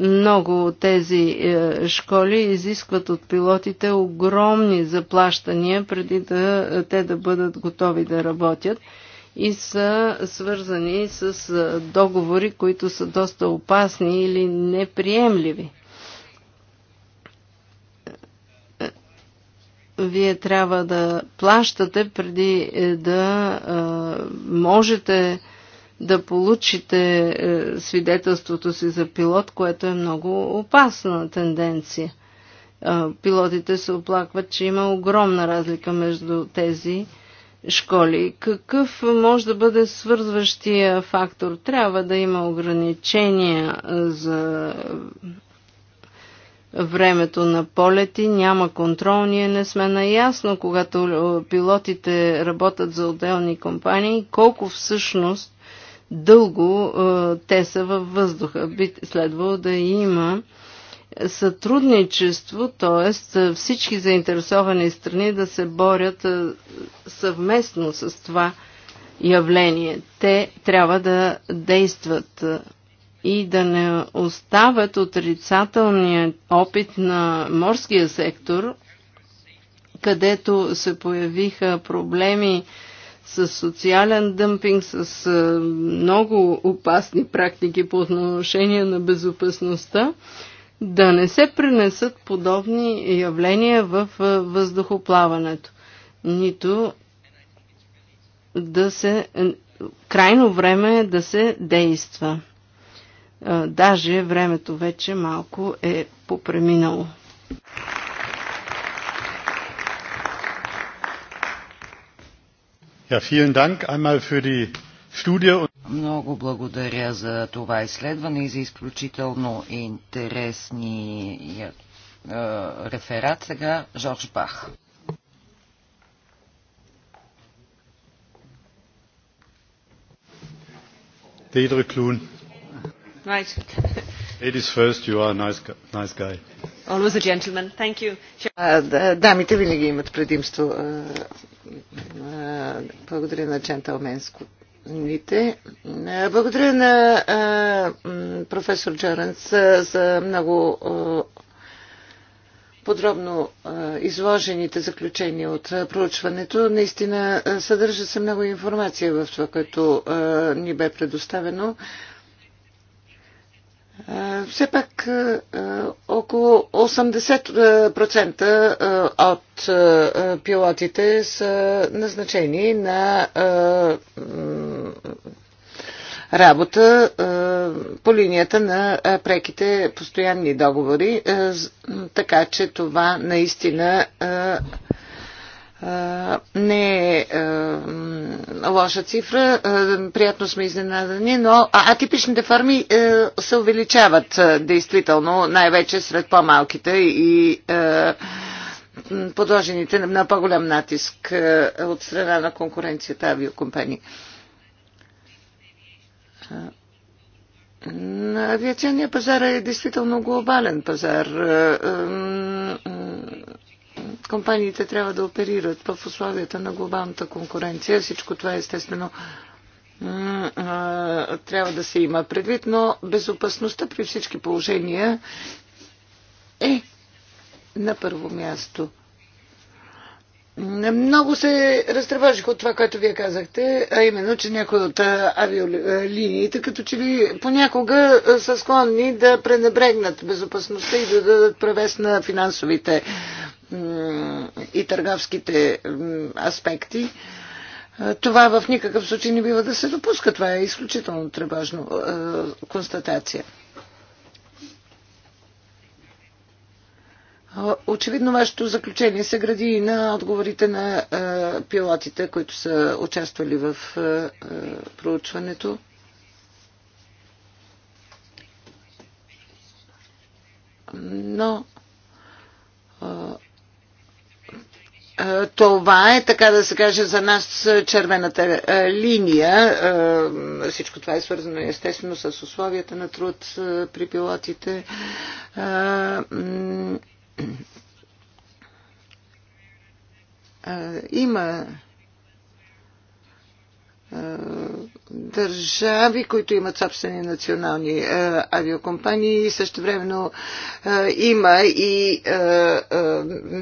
Много от тези школи изискват от пилотите огромни заплащания преди да те да бъдат готови да работят и са свързани с договори, които са доста опасни или неприемливи. Вие трябва да плащате преди е, да можете да получите е, свидетелството си за пилот, което е много опасна тенденция. Пилотите се оплакват, че има огромна разлика между тези школи. Какъв може да бъде свързващия фактор? Трябва да има ограничения за времето на полети, няма контрол, ние не сме наясно, когато пилотите работят за отделни компании, колко всъщност дълго е, те са във въздуха. Би следвало да има сътрудничество, т.е. всички заинтересовани страни да се борят съвместно с това явление. Те трябва да действат и да не оставят отрицателния опит на морския сектор, където се появиха проблеми с социален дъмпинг, с много опасни практики по отношение на безопасността да не се принесат подобни явления в въздухоплаването, нито да се. Е, крайно време е да се действа. Даже времето вече малко е попреминало. Ja, vielen Dank einmal für die студия. Много благодаря за това изследване и за изключително интересни е, реферат. Сега Жорж Бах. Deidre Клун. Дамите винаги имат предимство. Е, е, благодаря на джентълменското гражданите. Благодаря на професор Джоренс за много подробно изложените заключения от проучването. Наистина съдържа се много информация в това, което ни бе предоставено. Все пак около 80% от пилотите са назначени на работа е, по линията на е, преките постоянни договори, е, така че това наистина не е лоша цифра. Приятно сме изненадани, но атипичните форми се увеличават действително, най-вече сред по-малките и подложените на по-голям натиск от страна на конкуренцията авиокомпании. Авиационният пазар е действително глобален пазар. Е, е, компаниите трябва да оперират в условията на глобалната конкуренция. Всичко това естествено трябва да се има предвид, но безопасността при всички положения е на първо място. Много се разтревожих от това, което вие казахте, а именно, че някои от авиолиниите като че ли понякога са склонни да пренебрегнат безопасността и да дадат превес на финансовите и търговските аспекти. Това в никакъв случай не бива да се допуска. Това е изключително тревожно констатация. Очевидно вашето заключение се гради и на отговорите на пилотите, които са участвали в проучването. Но това е, така да се каже, за нас червената линия. Всичко това е свързано естествено с условията на труд при пилотите има държави, които имат собствени национални авиокомпании и също времено има и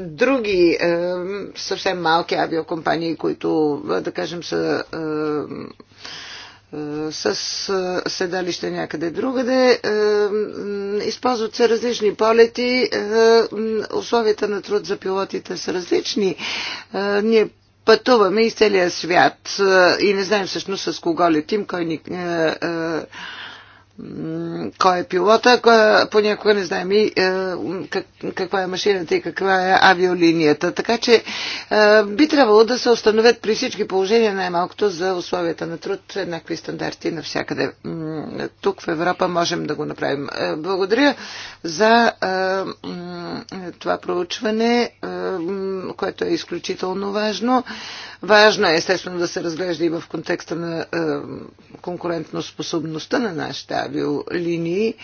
други съвсем малки авиокомпании, които, да кажем, са е, с е, седалище някъде другаде. Е, използват се различни полети. Условията на труд за пилотите са различни. Ние пътуваме из целия свят и не знаем всъщност с кого летим, кой ни кой е пилота, кой, понякога не знаем и е, как, каква е машината и каква е авиолинията. Така че е, би трябвало да се установят при всички положения най-малкото за условията на труд еднакви стандарти навсякъде. Тук в Европа можем да го направим. Е, благодаря за е, това проучване, е, което е изключително важно. Важно е естествено да се разглежда и в контекста на е, конкурентно способността на нашите авиолинии.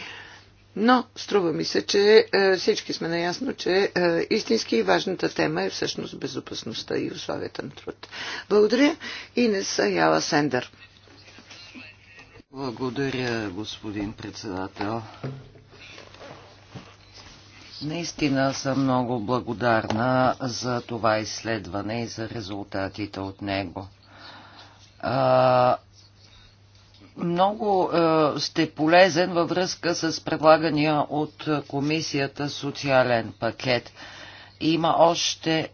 Но струва ми се, че е, всички сме наясно, че е, истински и важната тема е всъщност безопасността и условията на труд. Благодаря. Инес Яла Сендър. Благодаря, господин председател. Наистина съм много благодарна за това изследване и за резултатите от него. А, много а, сте полезен във връзка с предлагания от комисията социален пакет. Има още,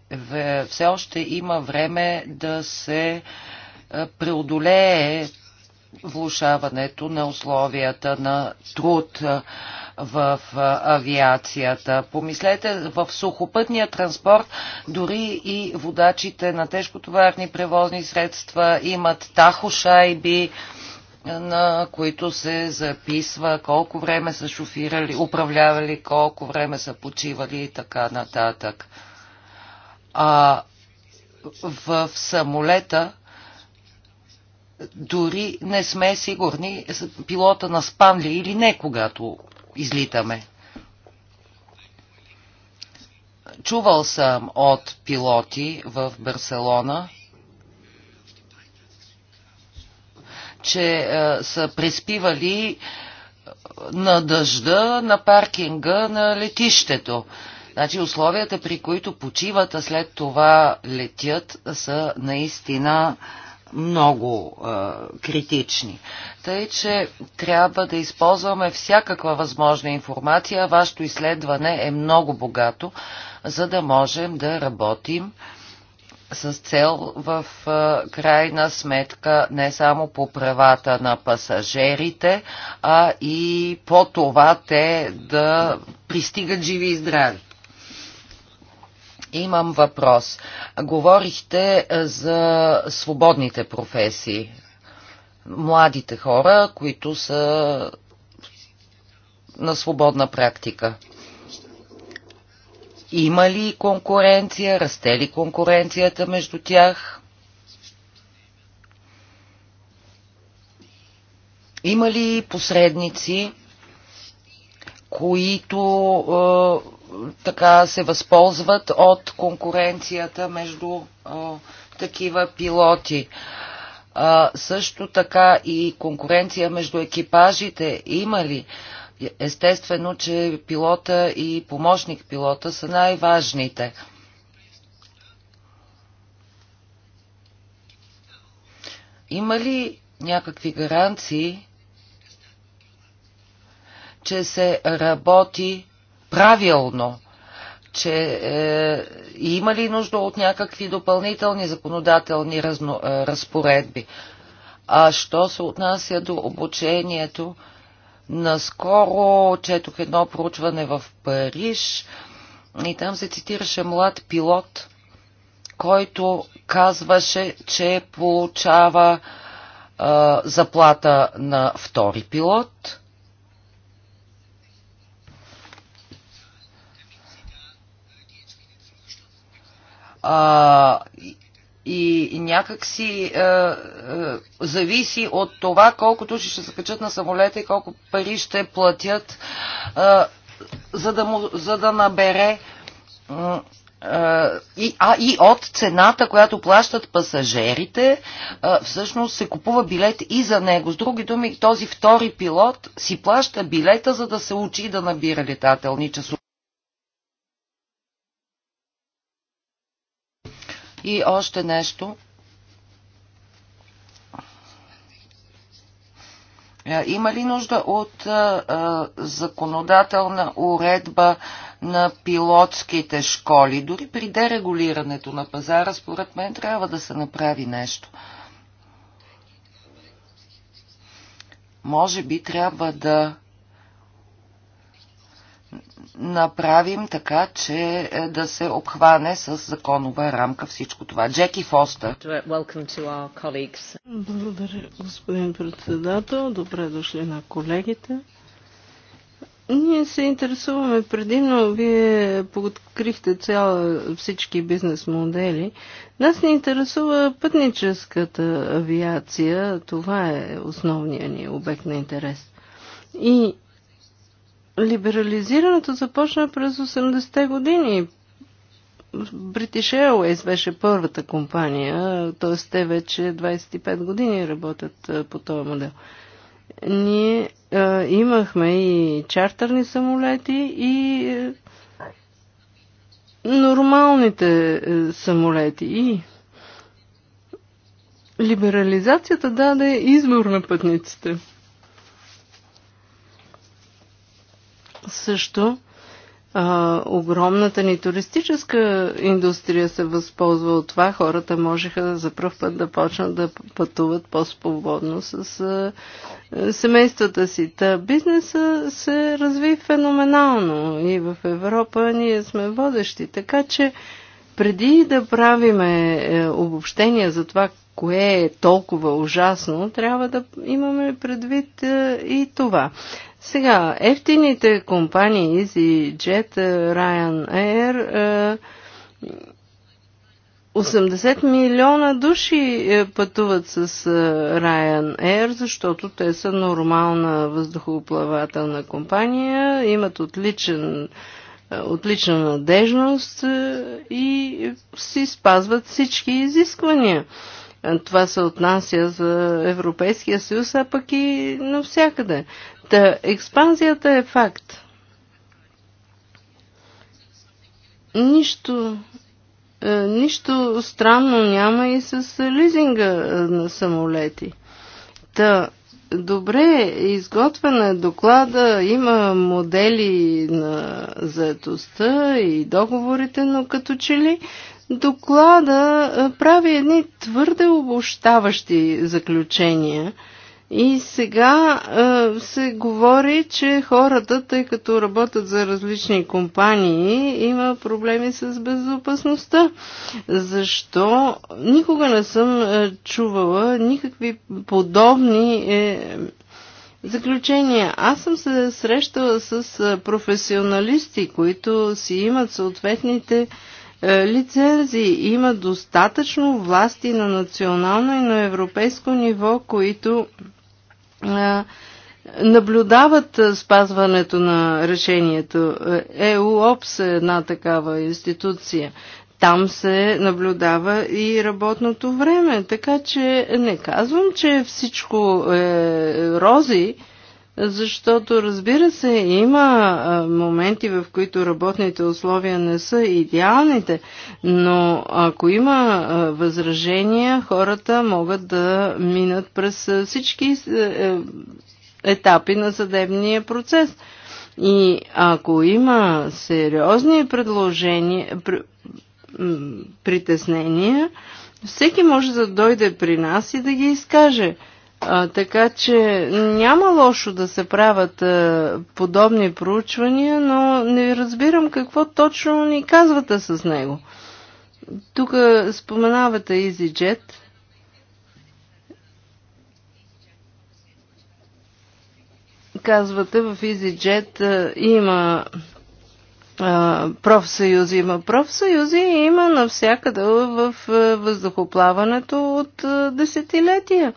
все още има време да се преодолее влушаването на условията на труд в авиацията. Помислете в сухопътния транспорт, дори и водачите на тежкотоварни превозни средства имат тахошайби, на които се записва колко време са шофирали, управлявали, колко време са почивали и така нататък. А в самолета дори не сме сигурни пилота на ли или не, когато излитаме. Чувал съм от пилоти в Барселона, че е, са преспивали е, на дъжда на паркинга на летището. Значи условията, при които почиват, а след това летят, са наистина е, много е, критични. Тъй, че трябва да използваме всякаква възможна информация. Вашето изследване е много богато, за да можем да работим с цел в е, крайна сметка не само по правата на пасажерите, а и по това те да пристигат живи и здрави. Имам въпрос. Говорихте е, за свободните професии. Младите хора, които са на свободна практика. Има ли конкуренция? Расте ли конкуренцията между тях? Има ли посредници, които е, така се възползват от конкуренцията между а, такива пилоти. А, също така и конкуренция между екипажите има ли? Естествено, че пилота и помощник пилота са най-важните. Има ли някакви гаранции, че се работи правилно, че е, има ли нужда от някакви допълнителни законодателни разно, е, разпоредби. А що се отнася до обучението, наскоро четох едно проучване в Париж и там се цитираше млад пилот, който казваше, че получава е, заплата на втори пилот а, и някак си а, е, а, е, зависи от това колко души ще се качат на самолета и колко пари ще платят, а, е, за, да му, за да набере. и, а и от цената, която плащат пасажирите, всъщност се купува билет и за него. С други думи, този втори пилот си плаща билета, за да се учи да набира летателни часове. И още нещо. Е, има ли нужда от а, е, е, законодателна уредба на пилотските школи? Дори при дерегулирането на пазара, според мен, трябва да се направи нещо. Може би трябва да направим така, че е, да се обхване с законова рамка всичко това. Джеки Фостър. Благодаря, господин председател. Добре дошли на колегите. Ние се интересуваме предимно, вие подкрихте цяла всички бизнес модели. Нас ни интересува пътническата авиация, това е основният ни обект на интерес. И Либерализирането започна през 80-те години. British Airways беше първата компания, т.е. те вече 25 години работят по този модел. Ние а, имахме и чартерни самолети и нормалните самолети. И либерализацията даде избор на пътниците. Също а, огромната ни туристическа индустрия се възползва от това. Хората можеха за първ път да почнат да пътуват по-свободно с а, семействата си. Та бизнеса се разви феноменално и в Европа ние сме водещи. Така че преди да правиме е, обобщения за това, кое е толкова ужасно, трябва да имаме предвид е, и това. Сега, ефтините компании EasyJet, е, Ryanair, 80 е, милиона души е, пътуват с Ryanair, защото те са нормална въздухоплавателна компания, имат отличен, отлична надежност и си спазват всички изисквания. Това се отнася за Европейския съюз, а пък и навсякъде. Та, е, експанзията е факт. Нищо, е, нищо странно няма и с лизинга е, на самолети. Та, добре, изготвена е доклада, има модели на заетостта и договорите, но като че ли доклада е, прави едни твърде обощаващи заключения – и сега се говори, че хората, тъй като работят за различни компании, има проблеми с безопасността. Защо? Никога не съм чувала никакви подобни е, заключения. Аз съм се срещала с професионалисти, които си имат съответните е, лицензии. Има достатъчно власти на национално и на европейско ниво, които наблюдават спазването на решението. Е, ЕУОПС е една такава институция. Там се наблюдава и работното време, така че не казвам, че всичко е рози, защото разбира се, има моменти, в които работните условия не са идеалните, но ако има възражения, хората могат да минат през всички е, е, етапи на съдебния процес. И ако има сериозни предложения, притеснения, всеки може да дойде при нас и да ги изкаже. А, така че няма лошо да се правят а, подобни проучвания, но не разбирам какво точно ни казвате с него. Тук споменавате EasyJet. Казвате в EasyJet а, има профсъюзи. Има профсъюзи и има навсякъде в въздухоплаването от десетилетия.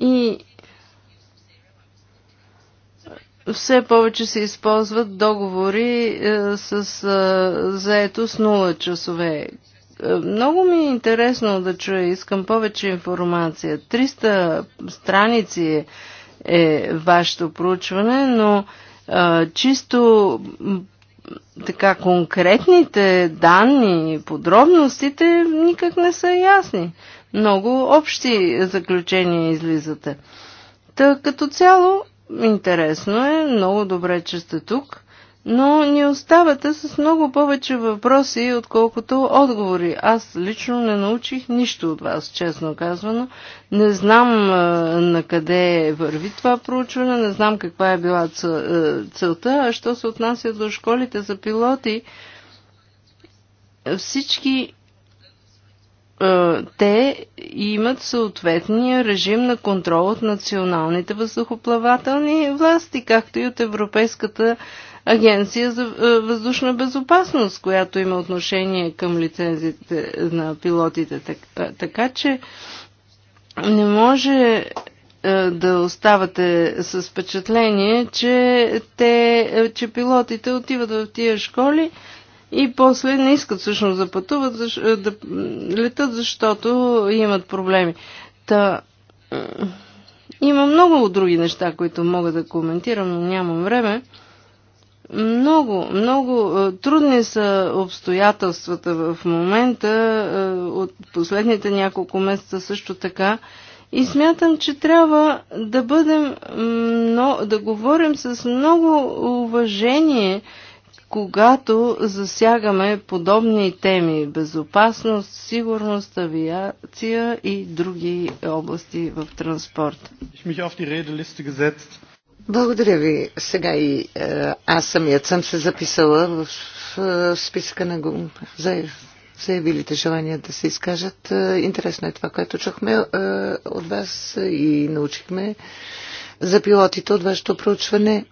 И все повече се използват договори е, с заето с 0 часове. Е, много ми е интересно да чуя, искам повече информация. 300 страници е, е вашето проучване, но а, чисто така конкретните данни и подробностите никак не са ясни много общи заключения излизате. Та като цяло, интересно е, много добре, че сте тук, но ни оставате с много повече въпроси, отколкото отговори. Аз лично не научих нищо от вас, честно казвано. Не знам е, на къде върви това проучване, не знам каква е била целта, а що се отнася до школите за пилоти, всички е, те имат съответния режим на контрол от националните въздухоплавателни власти, както и от Европейската агенция за е, въздушна безопасност, която има отношение към лицензите на пилотите. Е, така, че не може да оставате с впечатление, че, те, че пилотите отиват в тия школи, и после не искат всъщност да пътуват, е, да летат, защото имат проблеми. Та, има много други неща, които мога да коментирам, но нямам време. Много, много е, трудни са обстоятелствата в момента, е, от последните няколко месеца също така. И смятам, че трябва да бъдем, но, да говорим с много уважение когато засягаме подобни теми безопасност, сигурност, авиация и други области в транспорт. Благодаря ви. Сега и е, аз самият съм се записала в, списка списъка на заявилите желания да се изкажат. Е, интересно е това, което чухме е, от вас и научихме за пилотите от вашето проучване.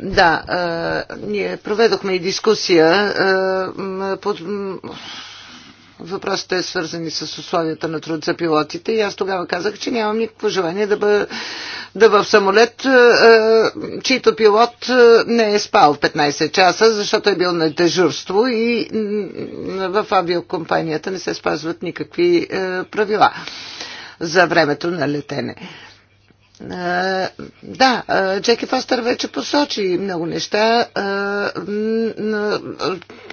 Да, а, е, ние проведохме и дискусия а, е, под въпросите е свързани с условията на труд за пилотите и аз тогава казах, че нямам никакво желание да, бъда да в самолет, е, чийто пилот не е спал 15 часа, защото е бил на дежурство и в авиокомпанията не се спазват никакви правила за времето на летене. Е, да, е, Джеки Фостър вече посочи много неща. Е,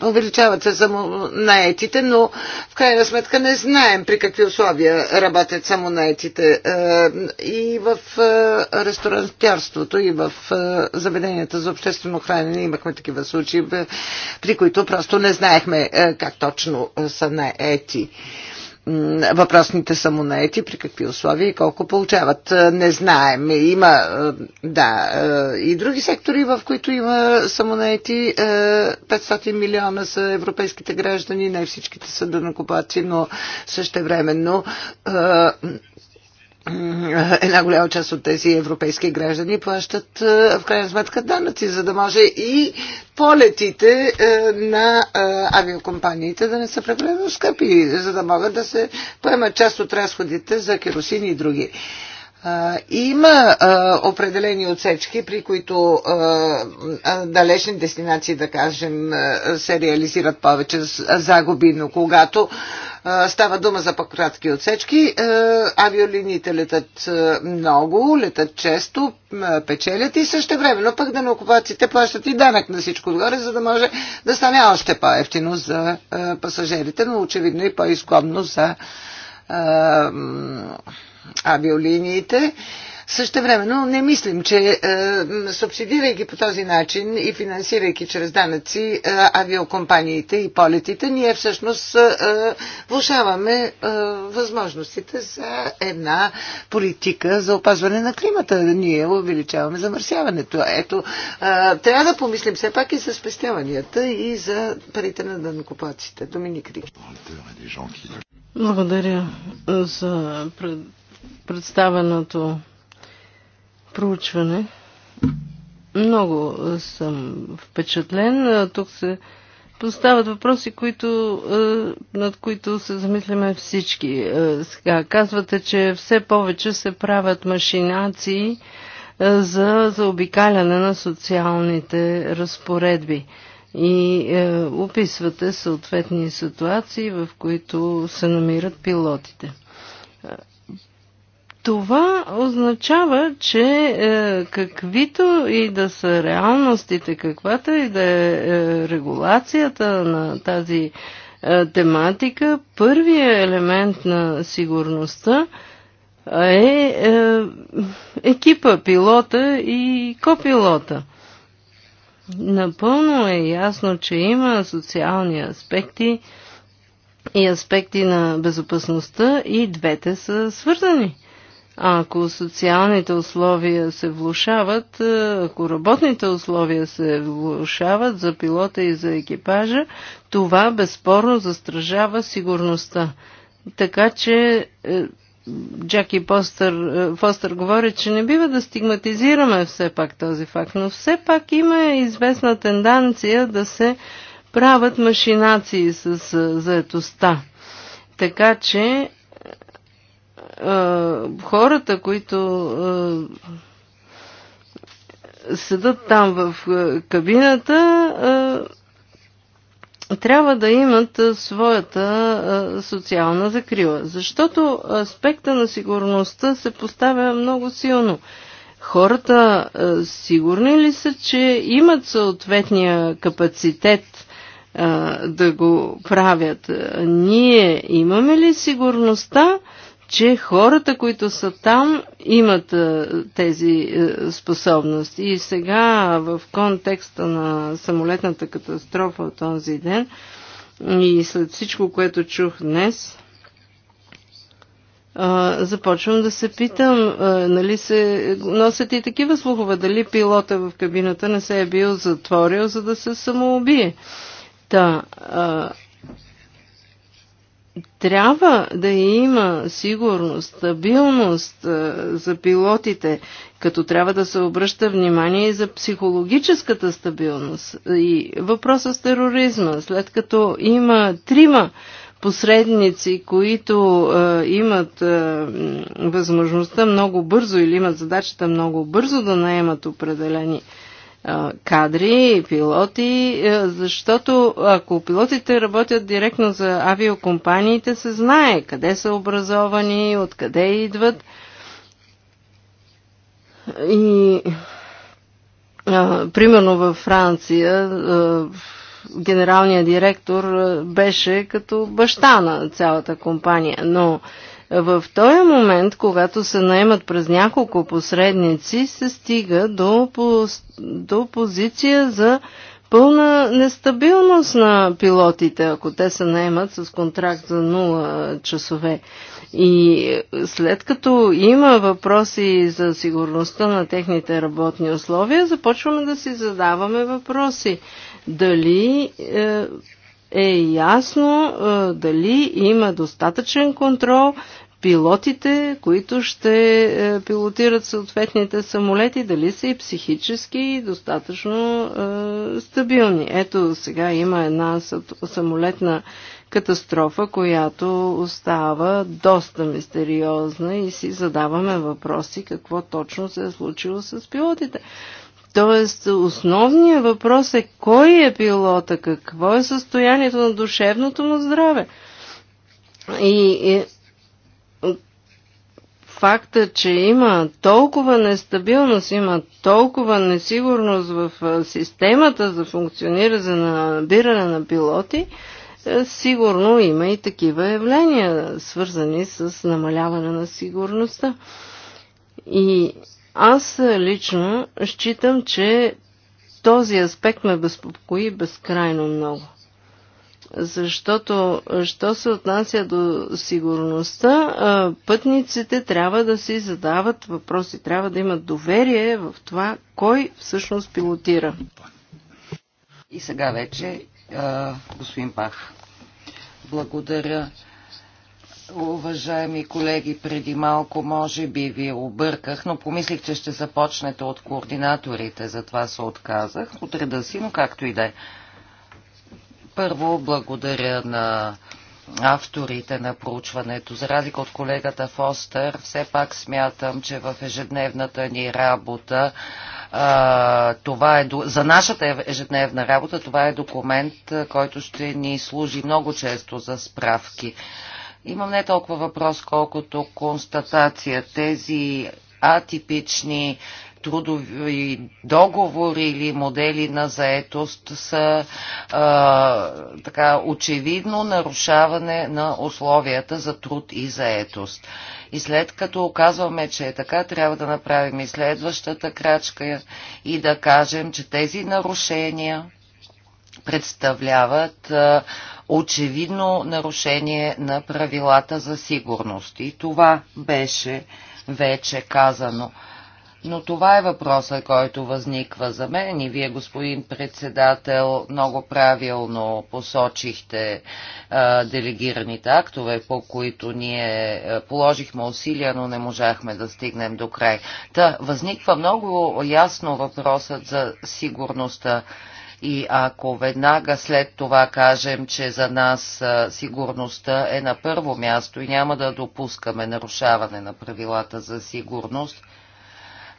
увеличават се само наетите, но в крайна сметка не знаем при какви условия работят само наетите. И в ресторантьорството, и в заведенията за обществено хранене имахме такива случаи, при които просто не знаехме как точно са наети въпросните самонаети, при какви условия и колко получават. Е, не знаем. Има, е, да, е, и други сектори, в които има самонаети. 500 милиона са европейските граждани, не всичките са данокопаци, но същевременно една голяма част от тези европейски граждани плащат е, в крайна сметка данъци, за да може и полетите е, на е, авиокомпаниите да не са прекалено скъпи, за да могат да се поемат част от разходите за керосин и други. Има а, определени отсечки, при които а, далечни дестинации, да кажем, се реализират повече загуби, но когато а, става дума за по-кратки отсечки, а, авиолиниите летат много, летат често, печелят и също време, но пък да на плащат и данък на всичко отгоре, за да може да стане още по-ефтино за а, пасажирите, но очевидно и по-изкомно за а, авиолиниите. Също но не мислим, че е, субсидирайки по този начин и финансирайки чрез данъци е, авиокомпаниите и полетите, ние всъщност е, влушаваме е, възможностите за една политика за опазване на климата. Ние увеличаваме замърсяването. Ето, е, трябва да помислим все пак и за спестяванията и за парите на данокопаците. Доминик Рик. Благодаря за пред представеното проучване. Много съм впечатлен. Тук се поставят въпроси, които, над които се замисляме всички. Сега, казвате, че все повече се правят машинации за заобикаляне на социалните разпоредби. И е, описвате съответни ситуации, в които се намират пилотите. Това означава, че е, каквито и да са реалностите, каквата и да е, е регулацията на тази е, тематика, първият елемент на сигурността е, е екипа, пилота и копилота. Напълно е ясно, че има социални аспекти и аспекти на безопасността и двете са свързани. Ако социалните условия се влушават, е, ако работните условия се влушават за пилота и за екипажа, това безспорно застражава сигурността. Така че е, Джаки Постър, е, Фостър говори, че не бива да стигматизираме все пак този факт, но все пак има известна тенденция да се правят машинации с заетостта. Така че хората, които седат там в кабината, трябва да имат своята социална закрила. Защото аспекта на сигурността се поставя много силно. Хората сигурни ли са, че имат съответния капацитет да го правят? Ние имаме ли сигурността? че хората, които са там, имат е, тези е, способности. И сега в контекста на самолетната катастрофа от този ден и след всичко, което чух днес, започвам да се питам, нали се носят и такива слухове, дали пилота в кабината не се е бил затворил, за да се самоубие. Та, да, трябва да има сигурност, стабилност е, за пилотите, като трябва да се обръща внимание и за психологическата стабилност. И въпроса с тероризма, след като има трима посредници, които е, имат е, възможността много бързо или имат задачата много бързо да наемат определени е, кадри, пилоти, защото ако пилотите работят директно за авиокомпаниите, се знае къде са образовани, откъде идват. И а, примерно във Франция а, генералният директор беше като баща на цялата компания, но а, в този момент, когато се наемат през няколко посредници, се стига до, до позиция за пълна нестабилност на пилотите, ако те се наемат с контракт за 0 часове. И е, след като има въпроси за сигурността на техните работни условия, започваме да си задаваме въпроси. Дали е, е ясно е, дали има достатъчен контрол пилотите, които ще е, пилотират съответните самолети, дали са и психически достатъчно а, е, стабилни. Ето сега има една самолетна катастрофа, която остава доста мистериозна и си задаваме въпроси какво точно се е случило с пилотите. Тоест, основният въпрос е кой е пилота, какво е състоянието на душевното му здраве. И, и факта, че има толкова нестабилност, има толкова несигурност в системата за функциониране за набиране на пилоти, е, сигурно има и такива явления, свързани с намаляване на сигурността. И аз е, лично считам, че този аспект ме безпокои безкрайно много. Защото, що се отнася до сигурността, пътниците трябва да си задават въпроси, трябва да имат доверие в това, кой всъщност пилотира. И сега вече, господин Пах, благодаря. Уважаеми колеги, преди малко може би ви обърках, но помислих, че ще започнете от координаторите, затова се отказах. Отреда си, но както и да е. Първо благодаря на авторите на проучването. За разлика от колегата Фостер. все пак смятам, че в ежедневната ни работа а, това е, за нашата ежедневна работа това е документ, който ще ни служи много често за справки. Имам не толкова въпрос, колкото констатация. Тези атипични трудови договори или модели на заетост са а, така очевидно нарушаване на условията за труд и заетост. И след като оказваме, че е така, трябва да направим и следващата крачка и да кажем, че тези нарушения представляват а, очевидно нарушение на правилата за сигурност. И това беше вече казано. Но това е въпросът, който възниква за мен и вие, господин председател, много правилно посочихте а, делегираните актове, по които ние положихме усилия, но не можахме да стигнем до край. Та възниква много ясно въпросът за сигурността и ако веднага след това кажем, че за нас сигурността е на първо място и няма да допускаме нарушаване на правилата за сигурност,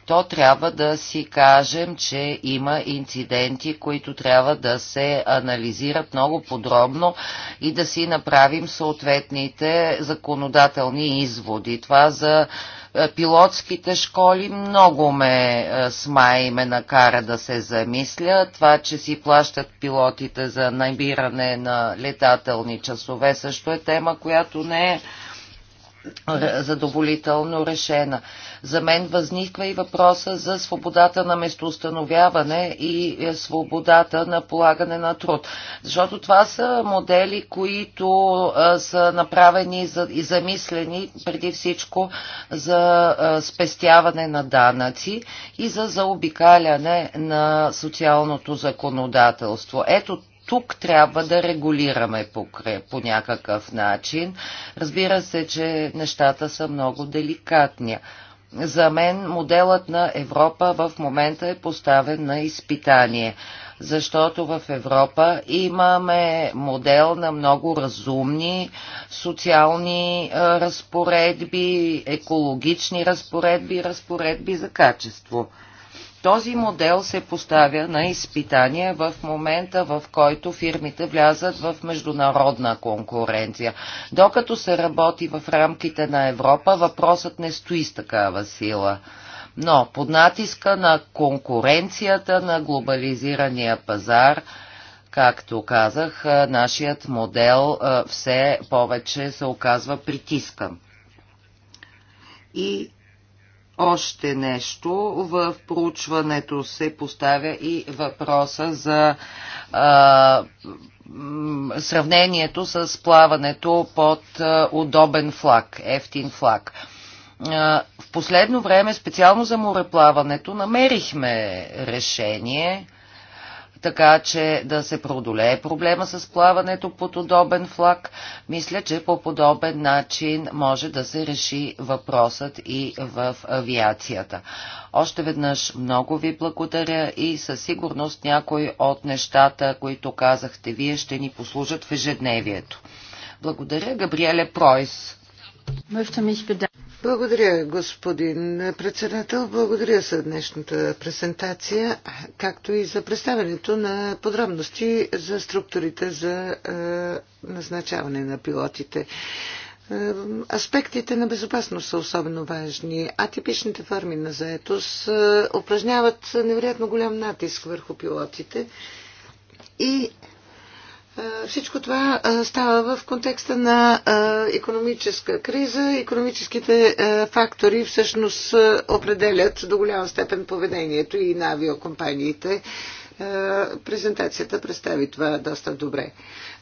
то трябва да си кажем, че има инциденти, които трябва да се анализират много подробно и да си направим съответните законодателни изводи. Това за е, пилотските школи много ме е, сма и ме накара да се замисля. Това, че си плащат пилотите за набиране на летателни часове, също е тема, която не е е, задоволително решена. За мен възниква и въпроса за свободата на местоустановяване и е, свободата на полагане на труд. Защото това са модели, които е, са направени и замислени преди всичко за спестяване на данъци и за заобикаляне на социалното законодателство. Ето тук трябва да регулираме по, по някакъв начин. Разбира се, че нещата са много деликатни. За мен моделът на Европа в момента е поставен на изпитание, защото в Европа имаме модел на много разумни социални е, разпоредби, екологични разпоредби, разпоредби за качество. Този модел се поставя на изпитание в момента, в който фирмите влязат в международна конкуренция. Докато се работи в рамките на Европа, въпросът не стои с такава сила. Но под натиска на конкуренцията на глобализирания пазар, както казах, нашият модел все повече се оказва притискан. И още нещо. В проучването се поставя и въпроса за а, сравнението с плаването под удобен флаг, ефтин флаг. В последно време, специално за мореплаването, намерихме решение така че да се продолее проблема с плаването под удобен флаг. Мисля, че по подобен начин може да се реши въпросът и в авиацията. Още веднъж много ви благодаря и със сигурност някои от нещата, които казахте вие, ще ни послужат в ежедневието. Благодаря, Габриеле Пройс. Благодаря, господин председател. Благодаря за днешната презентация, както и за представянето на подробности за структурите за е, назначаване на пилотите. Е, аспектите на безопасност са особено важни. Атипичните форми на заетост е, упражняват невероятно голям натиск върху пилотите и всичко това става в контекста на економическа криза. Економическите фактори всъщност определят до голяма степен поведението и на авиокомпаниите. Презентацията представи това доста добре.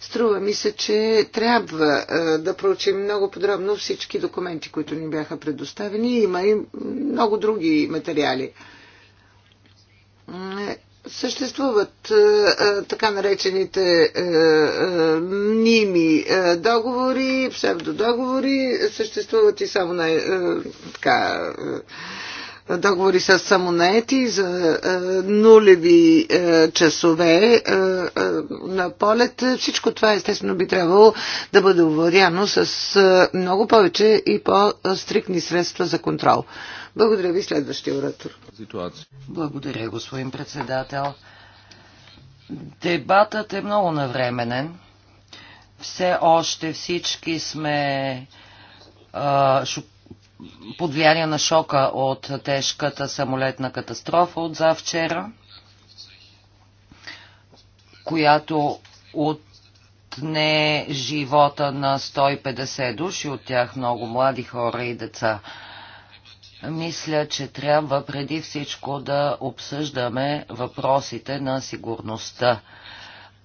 Струва ми се, че трябва да проучим много подробно всички документи, които ни бяха предоставени. Има и много други материали Съществуват е, е, така наречените мними е, договори, псевдодоговори, съществуват и само на така договори с самонаети за нулеви часове на полет. Всичко това естествено би трябвало да бъде уверяно с много повече и по-стрикни средства за контрол. Благодаря ви, следващия оратор. Ситуация. Благодаря, господин председател. Дебатът е много навременен. Все още всички сме а, под влияние на шока от тежката самолетна катастрофа от завчера, която не живота на 150 души, от тях много млади хора и деца. Мисля, че трябва преди всичко да обсъждаме въпросите на сигурността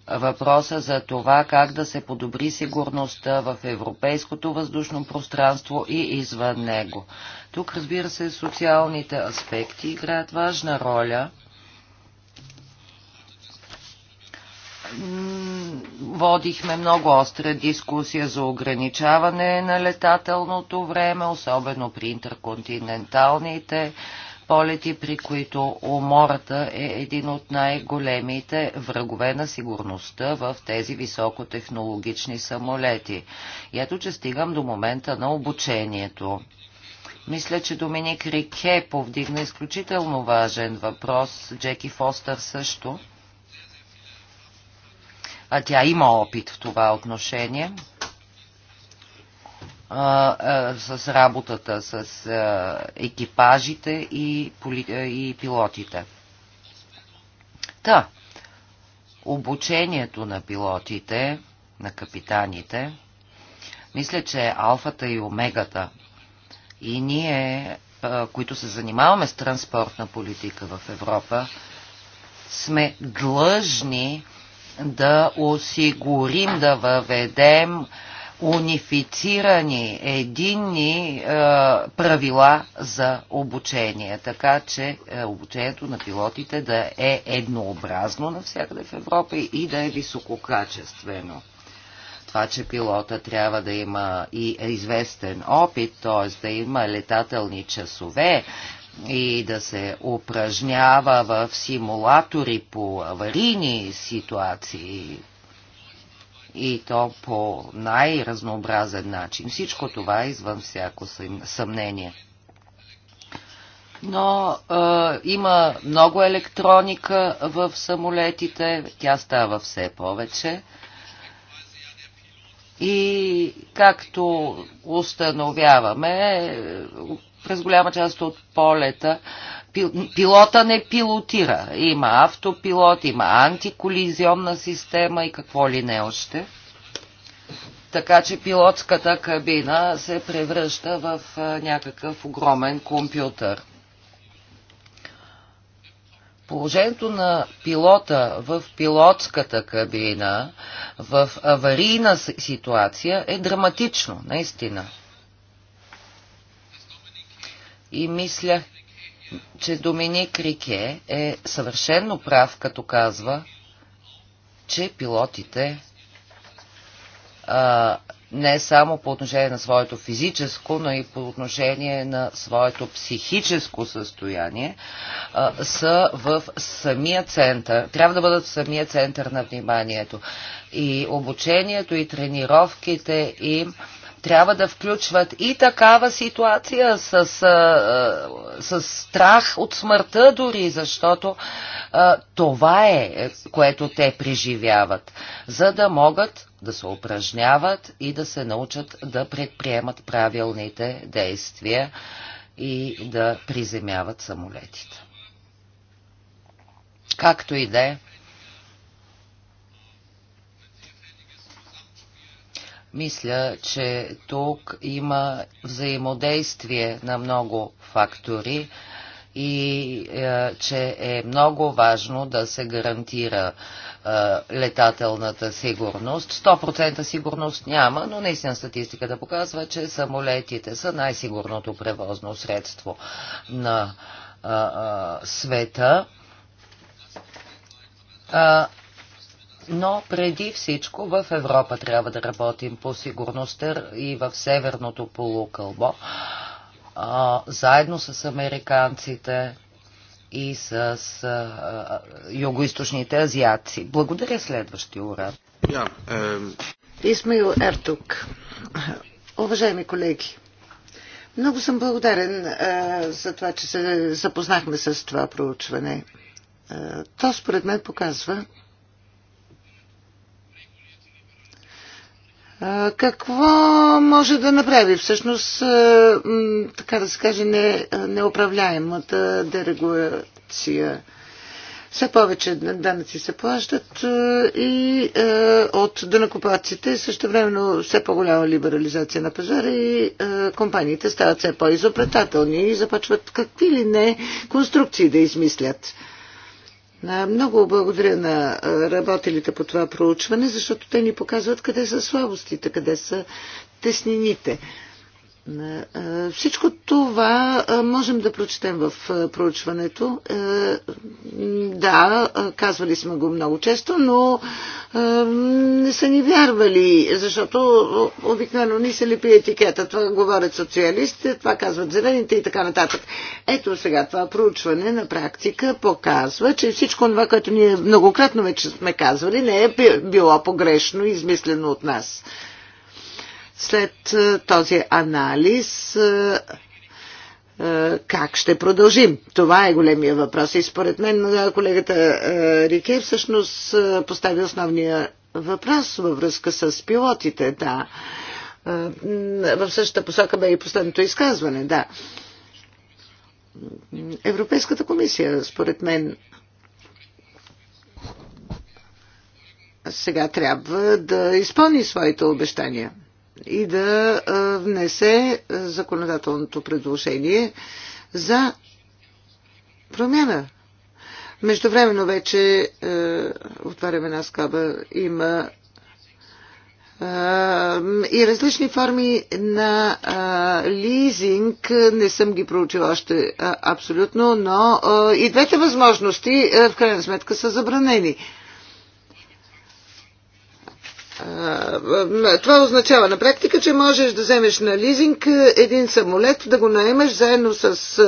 въпроса за това как да се подобри сигурността в европейското въздушно пространство и извън него. Тук, разбира се, социалните аспекти играят важна роля водихме много остра дискусия за ограничаване на летателното време, особено при интерконтиненталните полети, при които умората е един от най-големите врагове на сигурността в тези високотехнологични самолети. И ето, че стигам до момента на обучението. Мисля, че Доминик Рике повдигна изключително важен въпрос, Джеки Фостър също а тя има опит в това отношение а, а, с работата с а, екипажите и, поли, а, и пилотите. Та, обучението на пилотите, на капитаните, мисля, че е алфата и омегата. И ние, които се занимаваме с транспортна политика в Европа, сме длъжни да осигурим, да въведем унифицирани, единни е, правила за обучение, така че е, обучението на пилотите да е еднообразно навсякъде в Европа и да е висококачествено. Това, че пилота трябва да има и известен опит, т.е. да има летателни часове, и да се упражнява в симулатори по аварийни ситуации и то по най-разнообразен начин. Всичко това е извън всяко съмнение. Но е, има много електроника в самолетите, тя става все повече. И както установяваме, през голяма част от полета пилота не пилотира. Има автопилот, има антиколизионна система и какво ли не още. Така че пилотската кабина се превръща в някакъв огромен компютър. Положението на пилота в пилотската кабина в аварийна ситуация е драматично, наистина и мисля, че Доминик Рике е съвършенно прав, като казва, че пилотите а, не само по отношение на своето физическо, но и по отношение на своето психическо състояние, а, са в самия център, трябва да бъдат в самия център на вниманието. И обучението, и тренировките им трябва да включват и такава ситуация с, с страх от смъртта дори, защото това е, което те преживяват, за да могат да се упражняват и да се научат да предприемат правилните действия и да приземяват самолетите. Както и да е. Мисля, че тук има взаимодействие на много фактори и е, че е много важно да се гарантира е, летателната сигурност. 100% сигурност няма, но наистина статистиката показва, че самолетите са най-сигурното превозно средство на е, е, света но преди всичко в Европа трябва да работим по сигурността и в северното полукълбо, а, заедно с американците и с а, югоисточните азиаци. Благодаря следващия ура. Yeah, um... Исмаил Ертук. Уважаеми колеги, много съм благодарен а, за това, че се запознахме с това проучване. А, то според мен показва, Какво може да направи всъщност, така да се каже, не, неуправляемата дерегулация? Все повече данъци се плащат и е, от дънакопаците също времено все по-голяма либерализация на пазара и е, компаниите стават все по изопретателни и започват какви ли не конструкции да измислят. Много благодаря на работилите по това проучване, защото те ни показват къде са слабостите, къде са теснините. Е, е, всичко това е, можем да прочетем в проучването. Да, казвали сме го много често, но не са ни вярвали, защото обикновено ни се лепи етикета. Това говорят социалистите, това казват зелените и така нататък. Ето сега това проучване на практика показва, че всичко това, което ние многократно вече сме казвали, не е било погрешно, измислено от нас. След е, този анализ е, е, как ще продължим? Това е големия въпрос. И според мен колегата Рике всъщност постави основния въпрос във връзка с пилотите. Да. В същата посока бе и последното изказване. Да. Европейската комисия, според мен, сега трябва да изпълни своите обещания и да внесе законодателното предложение за промяна. Междувременно вече отваряме една скаба, Има и различни форми на лизинг. Не съм ги проучила още абсолютно, но и двете възможности в крайна сметка са забранени това означава на практика, че можеш да вземеш на лизинг един самолет, да го наемаш, заедно с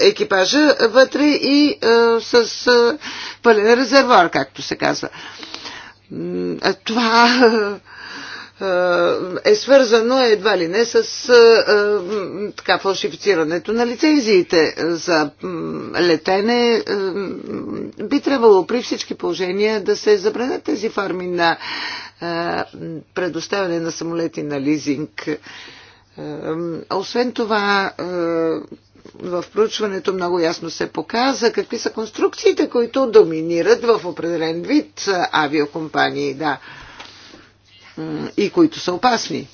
екипажа вътре и с пълен резервуар, както се казва. Това е свързано едва ли не с е, е, така, фалшифицирането на лицензиите за летене. Е, би трябвало при всички положения да се забранят тези форми на предоставяне на самолети на лизинг. Освен това, в проучването много ясно се показа какви са конструкциите, които доминират в определен вид авиокомпании. Да и които са опасни.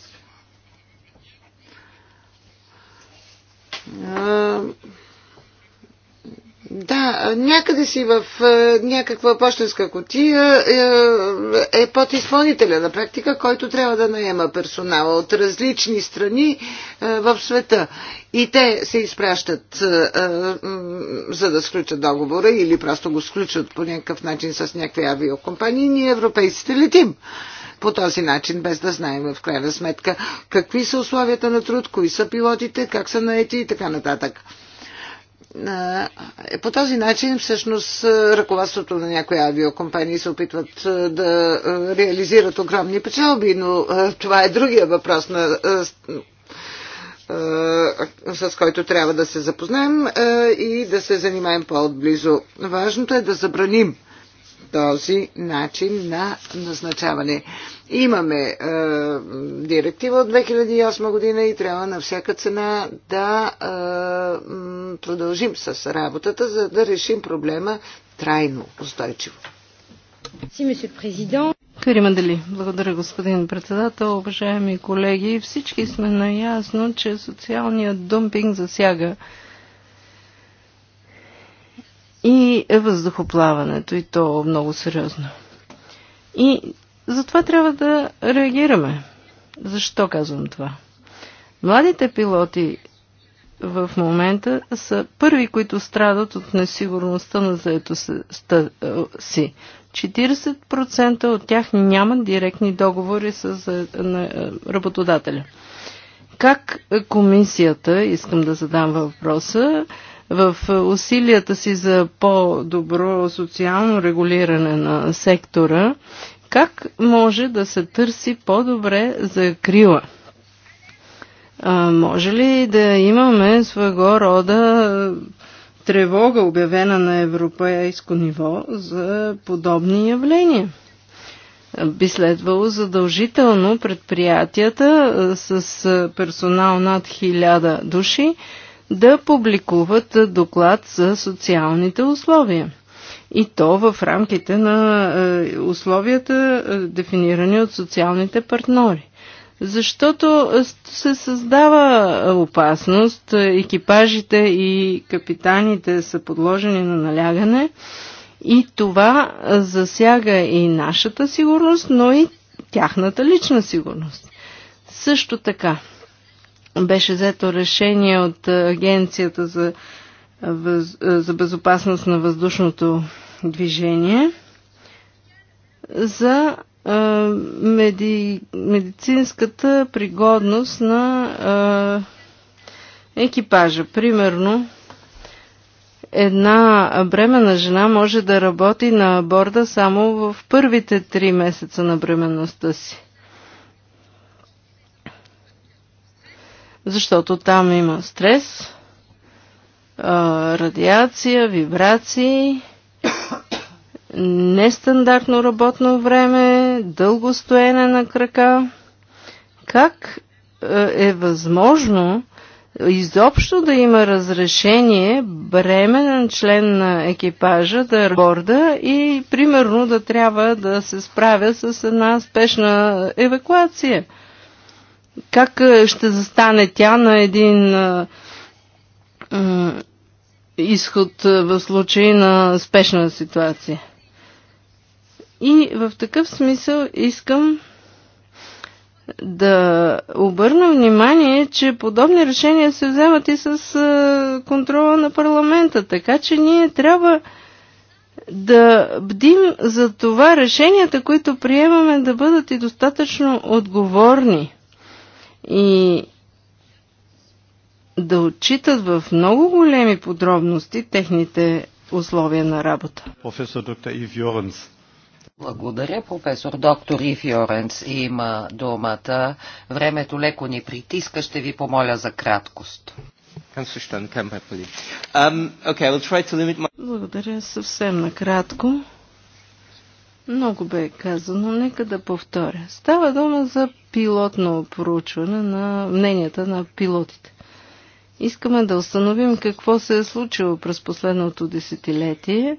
Да, някъде си в някаква почтенска котия е, е, под подизпълнителя на практика, който трябва да наема персонала от различни страни в света. И те се изпращат за да сключат договора или просто го сключат по някакъв начин с някакви авиокомпании. Ние европейците летим по този начин, без да знаем в крайна сметка какви са условията на труд, кои са пилотите, как са наети и така нататък. Е, по този начин всъщност ръководството на някои авиокомпании се опитват да реализират огромни печалби, но това е другия въпрос на с който трябва да се запознаем и да се занимаем по-отблизо. Важното е да забраним този начин на назначаване. Имаме е, директива от 2008 година и трябва на всяка цена да е, продължим с работата, за да решим проблема трайно, устойчиво. Каримандели, благодаря господин председател, уважаеми колеги. Всички сме наясно, че социалният думпинг засяга и въздухоплаването, и то много сериозно. И затова трябва да реагираме. Защо казвам това? Младите пилоти в момента са първи, които страдат от несигурността на заедостта е, си. 40% от тях нямат директни договори с е, е, работодателя. Как комисията, искам да задам въпроса, в усилията си за по-добро социално регулиране на сектора, как може да се търси по-добре закрила? А, може ли да имаме своего рода тревога, обявена на европейско ниво за подобни явления? би следвало задължително предприятията с персонал над 1000 души да публикуват доклад за социалните условия. И то в рамките на е, условията, е, дефинирани от социалните партньори защото е, се създава опасност, екипажите и капитаните са подложени на налягане и това засяга и нашата сигурност, но и тяхната лична сигурност. Също така, беше взето решение от Агенцията за, за безопасност на въздушното движение за меди, медицинската пригодност на екипажа. Примерно, една бремена жена може да работи на борда само в първите три месеца на бременността си. защото там има стрес, радиация, вибрации, нестандартно работно време, дълго стоене на крака. Как е възможно изобщо да има разрешение бременен член на екипажа да борда и примерно да трябва да се справя с една спешна евакуация? Как е, ще застане тя на един е, е, изход в случай на спешна ситуация? И в такъв смисъл искам да обърна внимание, че подобни решения се вземат и с контрола на парламента, така че ние трябва да бдим за това решенията, които приемаме да бъдат и достатъчно отговорни и да отчитат в много големи подробности техните условия на работа. Професор доктор Ив Йоренс. Благодаря, професор доктор Ив Йоренс. Има думата. Времето леко ни притиска. Ще ви помоля за краткост. Um, Благодаря съвсем накратко. Много бе казано, нека да повторя. Става дума за пилотно проучване на мненията на пилотите. Искаме да установим какво се е случило през последното десетилетие.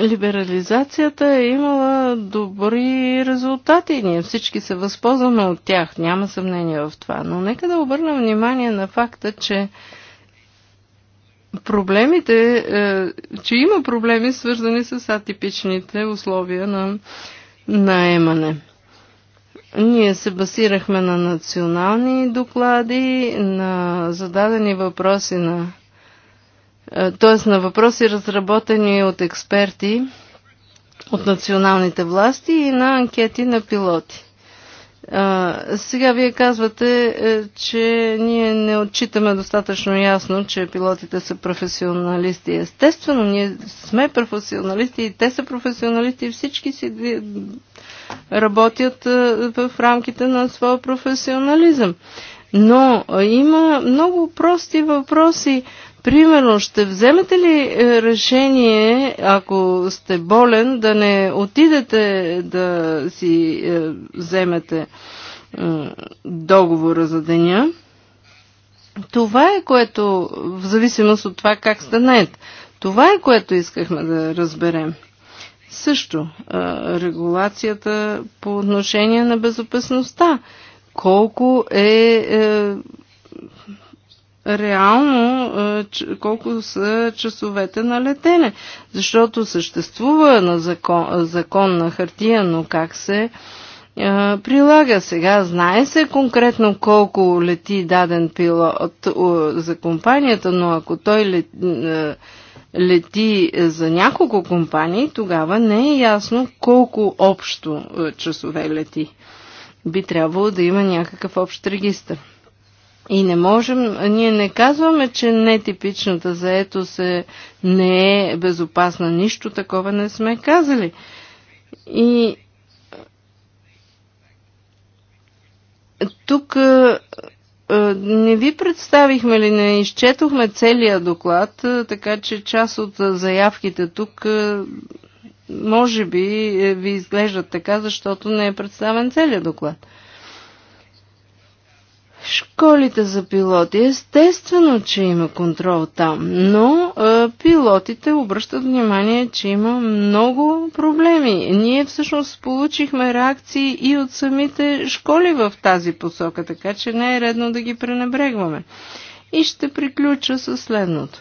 Либерализацията е имала добри резултати и ние всички се възползваме от тях, няма съмнение в това. Но нека да обърнем внимание на факта, че проблемите, е, че има проблеми свързани с атипичните условия на наемане. Ние се басирахме на национални доклади, на зададени въпроси на е, т.е. на въпроси разработени от експерти от националните власти и на анкети на пилоти. А, сега вие казвате, е, че ние не отчитаме достатъчно ясно, че пилотите са професионалисти. Естествено, ние сме професионалисти и те са професионалисти и всички си работят е, в рамките на своя професионализъм. Но е, има много прости въпроси. Примерно, ще вземете ли е, решение, ако сте болен, да не отидете да си е, вземете договора за деня? Това е което, в зависимост от това как сте нает, това е което искахме да разберем. Също, е, регулацията по отношение на безопасността. Колко е реално колко са часовете на летене. Защото съществува на закон, закон на хартия, но как се прилага сега. Знае се конкретно колко лети даден пилот за компанията, но ако той лети, за няколко компании, тогава не е ясно колко общо часове лети. Би трябвало да има някакъв общ регистр. И не можем, ние не казваме, че нетипичната заетост е, не е безопасна. Нищо такова не сме казали. И тук не ви представихме ли, не изчетохме целия доклад, така че част от заявките тук може би е, ви изглеждат така, защото не е представен целият доклад школите за пилоти. Естествено, че има контрол там, но а, пилотите обръщат внимание, че има много проблеми. Ние всъщност получихме реакции и от самите школи в тази посока, така че не е редно да ги пренебрегваме. И ще приключа със следното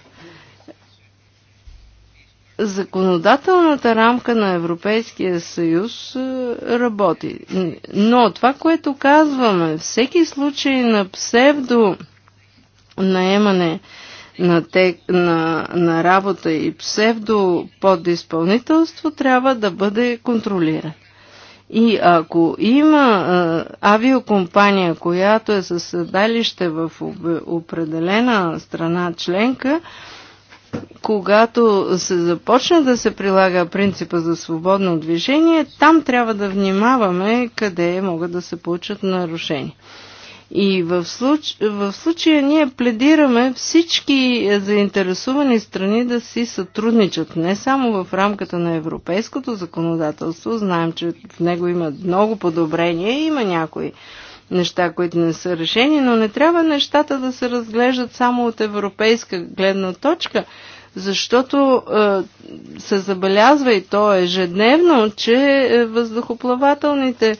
законодателната рамка на Европейския съюз е, работи. Но това, което казваме, всеки случай на псевдо наемане на, тек, на, на работа и псевдо подизпълнителство трябва да бъде контролиран. И ако има а, е, авиокомпания, която е със седалище в определена страна членка, а, когато се започне да се прилага принципа за свободно движение, там трябва да внимаваме къде могат да се получат нарушения. И в, случ... в случая ние пледираме всички заинтересувани страни да си сътрудничат, не само в рамката на европейското законодателство, знаем, че в него има много подобрения, има някои неща, които не са решени, но не трябва нещата да се разглеждат само от европейска гледна точка, защото е, се забелязва и то ежедневно, че е, въздухоплавателните е,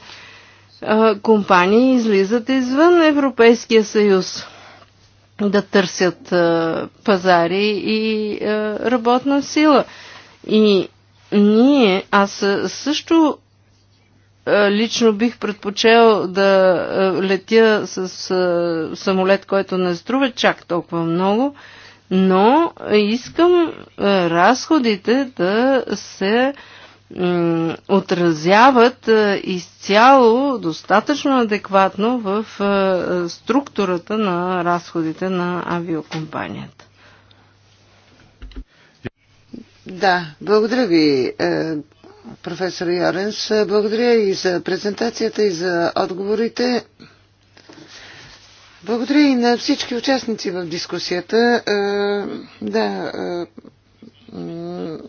компании излизат извън Европейския съюз да търсят е, пазари и е, работна сила. И ние, аз също е, лично бих предпочел да е, летя с е, самолет, който не струва чак толкова много, но искам разходите да се отразяват изцяло достатъчно адекватно в структурата на разходите на авиокомпанията. Да, благодаря ви, професор Яренс. Благодаря и за презентацията и за отговорите. Благодаря и на всички участници в дискусията. Е, да, е,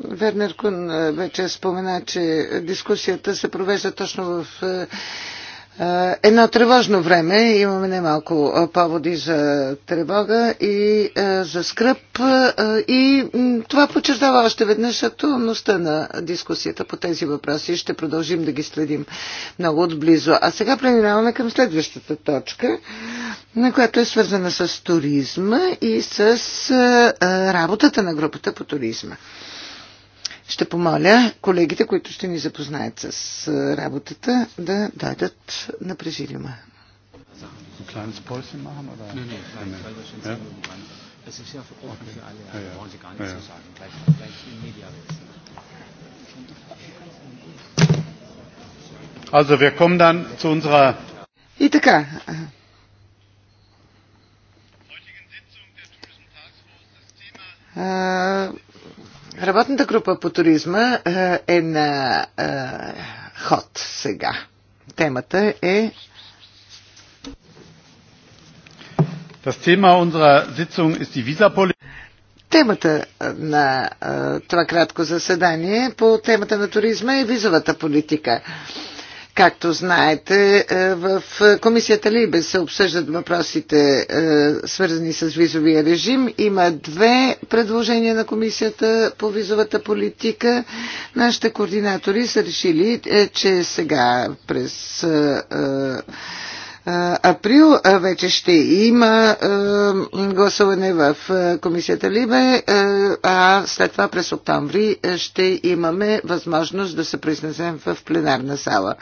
Вернер Кун е, вече спомена, че дискусията се провежда точно в е, едно тревожно време. Имаме немалко е, поводи за тревога и е, за скръп. И това подчертава още веднъж актуалността на дискусията по тези въпроси. Ще продължим да ги следим много отблизо. А сега преминаваме към следващата точка, на която е свързана с туризма и с работата на групата по туризма. Ще помоля колегите, които ще ни запознаят с работата, да дойдат на президиума. Also, wir kommen dann zu unserer Работната група по туризма е, е на е, ход сега. Темата е Das Thema unserer Sitzung ist die Visapolitik. Темата на е, това кратко заседание по темата на туризма е визовата политика. Както знаете, е, в комисията Либе се обсъждат въпросите е, свързани с визовия режим. Има две предложения на комисията по визовата политика. Нашите координатори са решили, е, че сега през април вече ще има гласуване в комисията Либе, а след това през октомври ще имаме възможност да се произнесем в пленарна сала.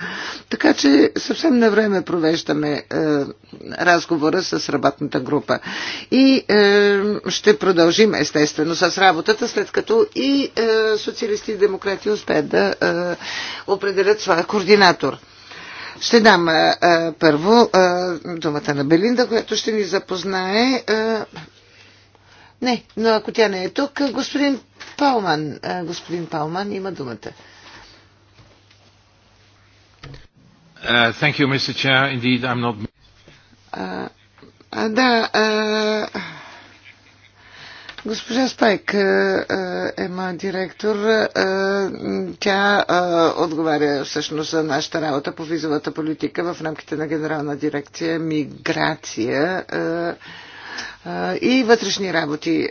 Така че съвсем на време провеждаме разговора с работната група. И ще продължим естествено с работата, след като и социалисти и демократи успеят да определят своя координатор. Ще дам а, а, първо а, думата на Белинда, която ще ни запознае. А, не, но ако тя не е тук, господин Палман, а, господин Палман има думата. Uh, thank you, Mr. Chair. Indeed, I'm not... Uh, uh, да, uh... Госпожа Спайк е, е, е моят директор. Е, тя отговаря всъщност за нашата работа по визовата политика в рамките на Генерална дирекция Миграция и вътрешни работи.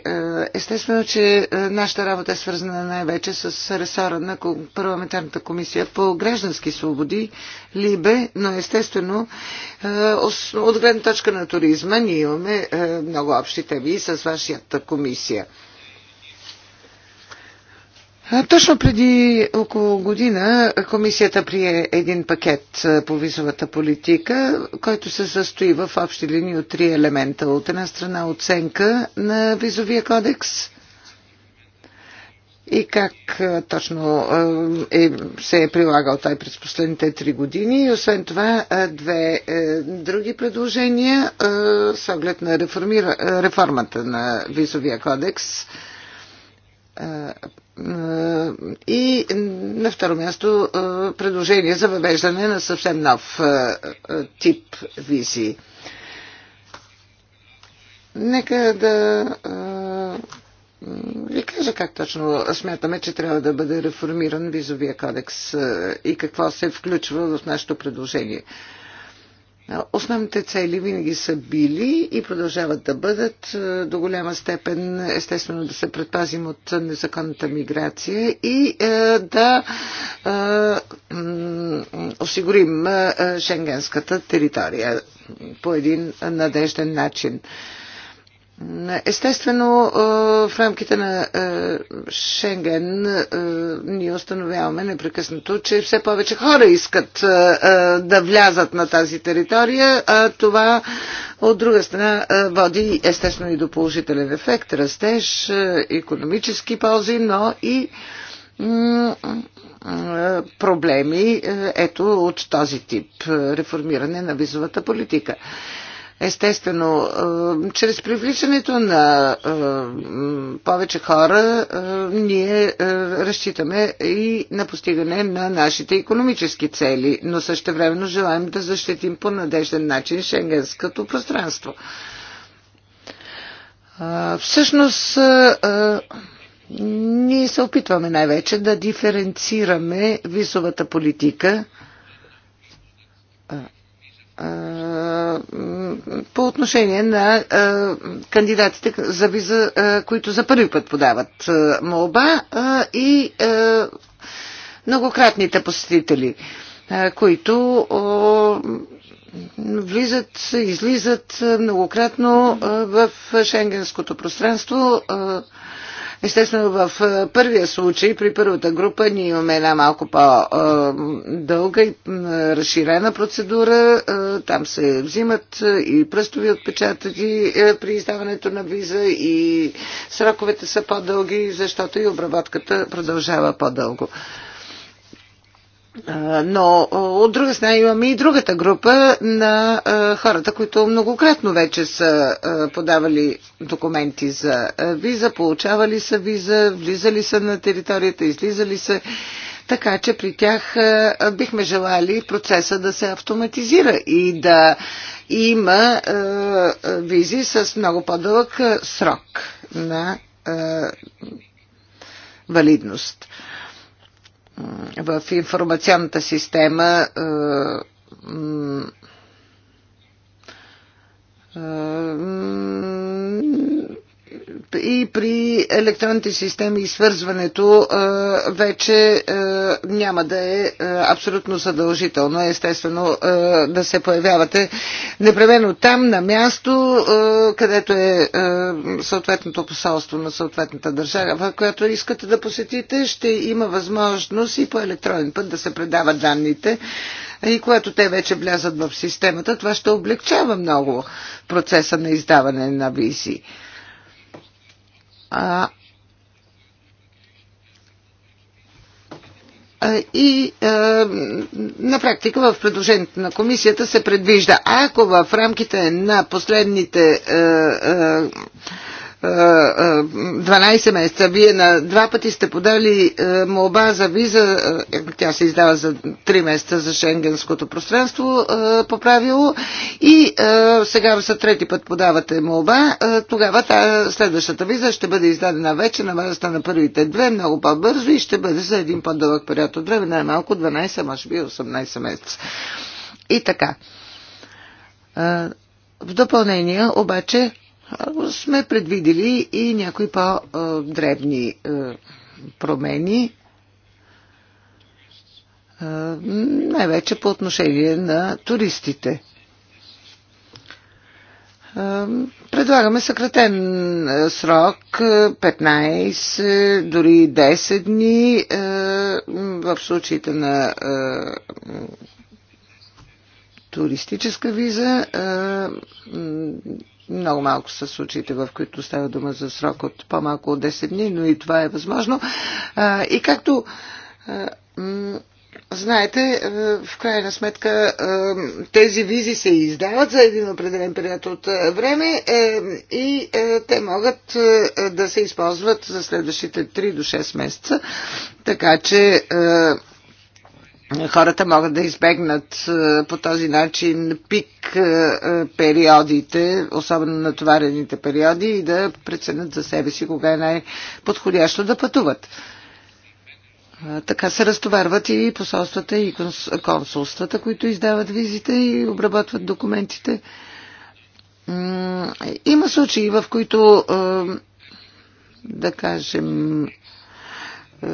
Естествено, че нашата работа е свързана най-вече с ресора на парламентарната комисия по граждански свободи, Либе, но естествено от гледна точка на туризма ние имаме много общи теми с вашата комисия. Точно преди около година комисията прие един пакет по визовата политика, който се състои в общи линии от три елемента. От една страна оценка на визовия кодекс и как точно е, се е прилагал той през последните три години. И освен това две е, други предложения е, с оглед на реформира, реформата на визовия кодекс е, и на второ място е, предложение за въвеждане на съвсем нов е, тип визи. Нека да ви кажа как точно смятаме, че трябва да бъде реформиран визовия кодекс и какво се включва в нашето предложение. Основните цели винаги са били и продължават да бъдат до голяма степен, естествено, да се предпазим от незаконната миграция и да осигурим шенгенската територия по един надежден начин. Естествено, в рамките на Шенген ние установяваме непрекъснато, че все повече хора искат да влязат на тази територия, а това от друга страна води естествено и до положителен ефект, растеж, економически ползи, но и проблеми ето от този тип реформиране на визовата политика. Естествено, е, чрез привличането на е, повече хора, е, ние разчитаме и на постигане на нашите економически цели, но времено желаем да защитим по надежден начин шенгенското пространство. Всъщност, ние се опитваме най-вече да диференцираме висовата политика по отношение на кандидатите за виза, които за първи път подават молба и многократните посетители, които влизат, излизат многократно в шенгенското пространство Естествено, в е, първия случай, при първата група, ние имаме една малко по-дълга и е, разширена процедура. Е, там се взимат и пръстови отпечатъци при издаването на виза и сроковете са по-дълги, защото и обработката продължава по-дълго. Но от друга страна имаме и другата група на хората, които многократно вече са подавали документи за виза, получавали са виза, влизали са на територията, излизали са. Така че при тях бихме желали процеса да се автоматизира и да има визи с много по-дълъг срок на валидност в информационната система е, е, и при електронните системи и свързването вече няма да е абсолютно задължително, естествено, да се появявате непременно там, на място, където е съответното посолство на съответната държава, която искате да посетите, ще има възможност и по електронен път да се предават данните и когато те вече влязат в системата, това ще облегчава много процеса на издаване на визи и е, на практика в предложението на комисията се предвижда, ако в рамките на последните е, 12 е, е, месеца. Вие на два пъти сте подали е, молба за виза, тя се издава за 3 месеца за шенгенското пространство по правило и сега за трети път подавате молба, тогава та, следващата виза ще бъде издадена вече на базата на първите две, много по-бързо и ще бъде за един по-дълъг период от време, най-малко 12, може би 18 месеца. И така. В допълнение, обаче, сме предвидели и някои по-дребни е, промени, е, най-вече по отношение на туристите. Е, предлагаме съкратен срок 15, дори 10 дни в случаите на туристическа виза много малко са случаите, в които става дума за срок от по-малко от 10 дни, но и това е възможно. И както Знаете, в крайна сметка тези визи се издават за един определен период от време и те могат да се използват за следващите 3 до 6 месеца. Така че хората могат да избегнат е, по този начин пик е, е, периодите, особено натоварените периоди и да преценят за себе си кога е най-подходящо да пътуват. Така се разтоварват и посолствата и консулствата, които издават визите и обработват документите. Има случаи, в които, да кажем, е,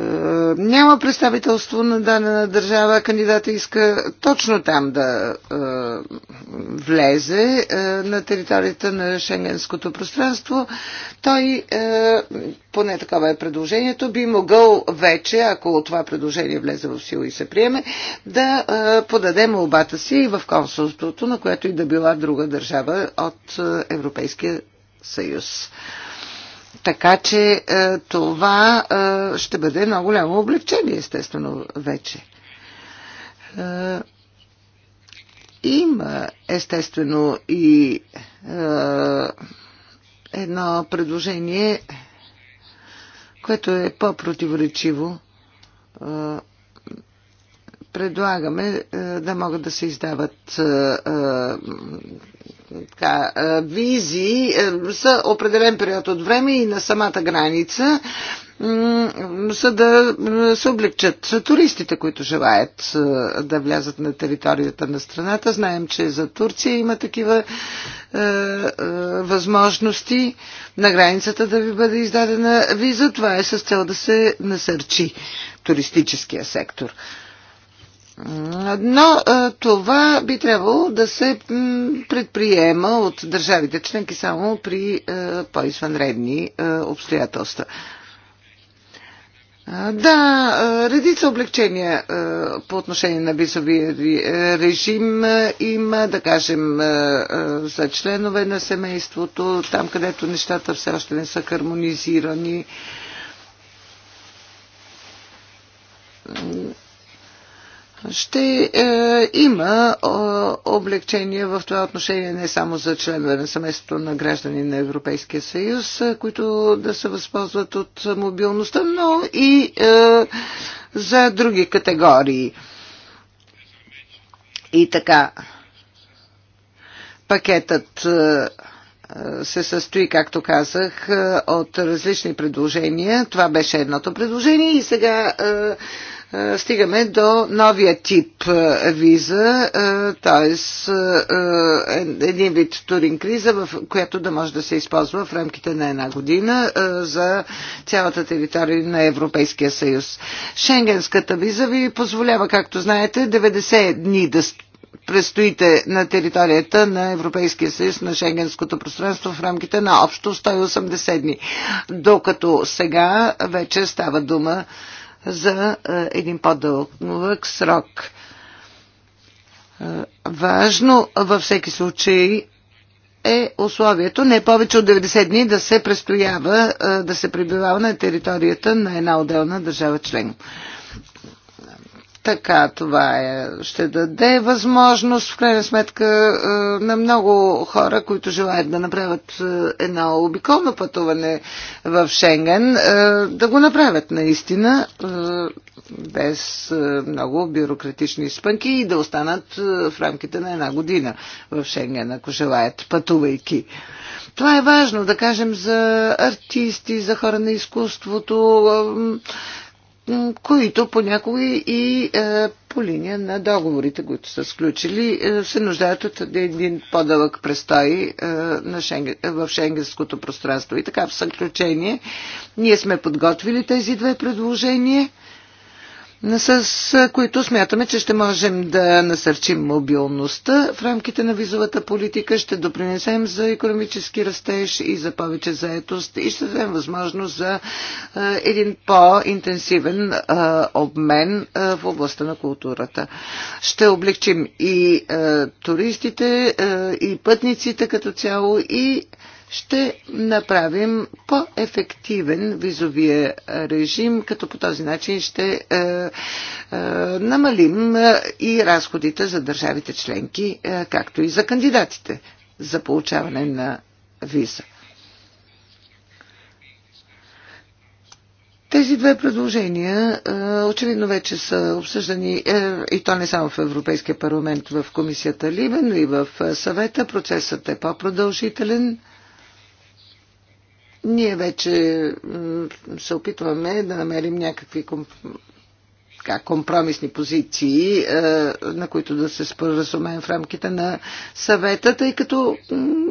няма представителство на дадена държава, кандидата иска точно там да е, влезе е, на територията на шенгенското пространство, той, е, поне такова е предложението, би могъл вече, ако това предложение влезе в сила и се приеме, да е, подаде молбата си в консулството, на което и да била друга държава от е, Европейския съюз. Така че е, това е, ще бъде много голямо облегчение, естествено, вече. Е, има, естествено, и едно предложение, което е по-противоречиво. Предлагаме да могат да се издават така, визи за е, определен период от време и на самата граница, за да се облегчат туристите, които желаят да влязат на територията на страната. Знаем, че за Турция има такива е, е, възможности на границата да ви бъде издадена виза. Това е с цел да се насърчи туристическия сектор. Но това би трябвало да се предприема от държавите членки само при по-извънредни обстоятелства. Да, редица облегчения по отношение на визовия режим има, да кажем, за членове на семейството, там където нещата все още не са хармонизирани ще е, има е, облегчение в това отношение не само за членове на семейството на граждани на Европейския съюз, е, които да се възползват от мобилността, но и е, за други категории. И така, пакетът е, се състои, както казах, е, от различни предложения. Това беше едното предложение и сега. Е, е, стигаме до новия тип е, виза, т.е. Е, един вид туринг криза, в която да може да се използва в рамките на една година за цялата територия на Европейския съюз. Шенгенската виза ви позволява, както знаете, 90 дни да престоите на територията на Европейския съюз, на Шенгенското пространство в рамките на общо 180 дни. Докато сега вече става дума за е, един по-дълъг срок. Е, важно във всеки случай е условието не повече от 90 дни да се престоява, е, да се пребивава на територията на една отделна държава член. Така, това е. Ще даде възможност, в крайна сметка, е, на много хора, които желаят да направят е, едно обиколно пътуване в Шенген, е, да го направят наистина без много бюрократични спънки и да останат в рамките на една година в Шенген, ако желаят, пътувайки. Това е важно, да кажем, за артисти, за хора на изкуството, които понякога и е, по линия на договорите, които са сключили, е, се нуждаят от един по-дълъг престой е, Шенген, в шенгенското пространство. И така, в съключение, ние сме подготвили тези две предложения – с които смятаме, че ще можем да насърчим мобилността в рамките на визовата политика, ще допринесем за економически растеж и за повече заетост и ще дадем възможност за е, един по-интенсивен е, обмен е, в областта на културата. Ще облегчим и туристите, и пътниците като цяло, и ще направим по-ефективен визовия режим, като по този начин ще е, е, намалим е, и разходите за държавите членки, е, както и за кандидатите за получаване на виза. Тези две предложения е, очевидно вече са обсъждани е, и то не само в Европейския парламент, в комисията Либе, но и в съвета. Процесът е по-продължителен. Ние вече се опитваме да намерим някакви компромисни позиции, е, на които да се споразумеем в рамките на съвета, тъй като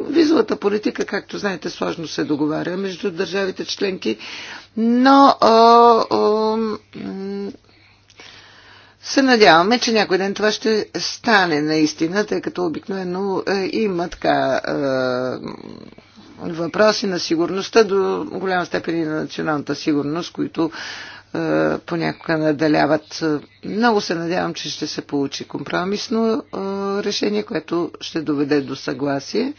визовата политика, както знаете, сложно се договаря между държавите членки, но се надяваме, че някой ден това ще стане наистина, тъй като обикновено е, има така е, въпроси на сигурността до голяма степен и на националната сигурност, които е, понякога наделяват. Много се надявам, че ще се получи компромисно е, решение, което ще доведе до съгласие.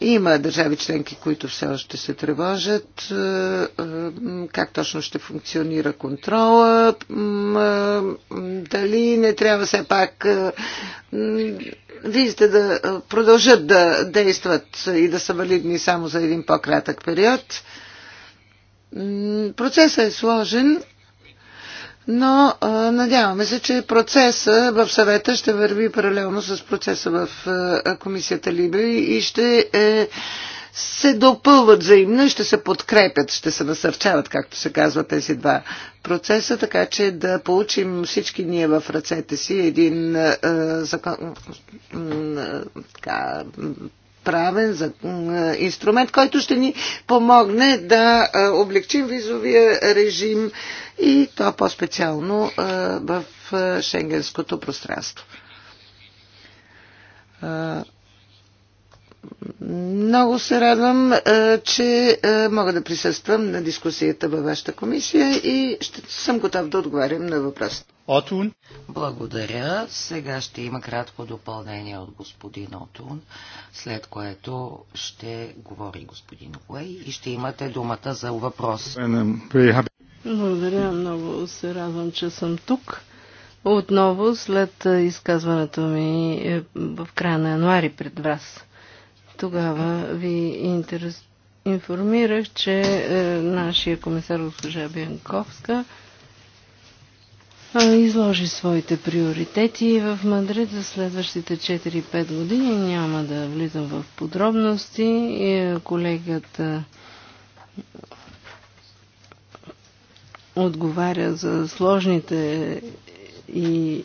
Има държави членки, които все още се тревожат е, е, как точно ще функционира контрола, е, дали не трябва все пак визите да продължат да действат и да са валидни само за един по-кратък период. Процесът е сложен но а, надяваме се, че процеса в съвета ще върви паралелно с процеса в а, комисията Либри и ще е, се допълват взаимно и ще се подкрепят, ще се насърчават, както се казва, тези два процеса, така че да получим всички ние в ръцете си един а, закон, а, така, правен за, е, инструмент, който ще ни помогне да е, облегчим визовия режим и то по-специално е, в шенгенското пространство. Много се радвам, е, че е, мога да присъствам на дискусията във вашата комисия и ще съм готов да отговарям на въпроса. Отун. Благодаря. Сега ще има кратко допълнение от господин Отун, след което ще говори господин Уей и ще имате думата за въпрос. Благодаря. Много се радвам, че съм тук. Отново след е, изказването ми в края на януари пред вас. Тогава ви интерес... информирах, че е, нашия комисар госпожа Бянковска е, изложи своите приоритети в Мадрид за следващите 4-5 години. Няма да влизам в подробности. Е, колегата отговаря за сложните и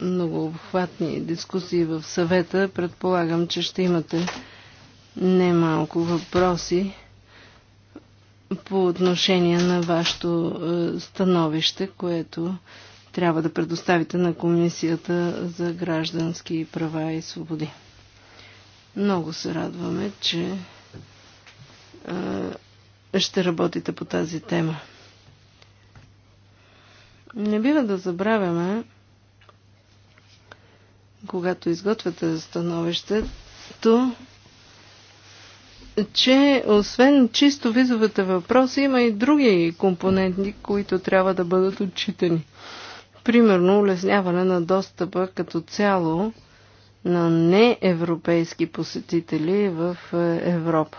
многообхватни дискусии в съвета. Предполагам, че ще имате немалко въпроси по отношение на вашето е, становище, което трябва да предоставите на Комисията за граждански права и свободи. Много се радваме, че е, ще работите по тази тема. Не бива да забравяме, когато изготвяте становището, че освен чисто визовете въпроси, има и други компоненти, които трябва да бъдат отчитани. Примерно, улесняване на достъпа като цяло на неевропейски посетители в е, Европа.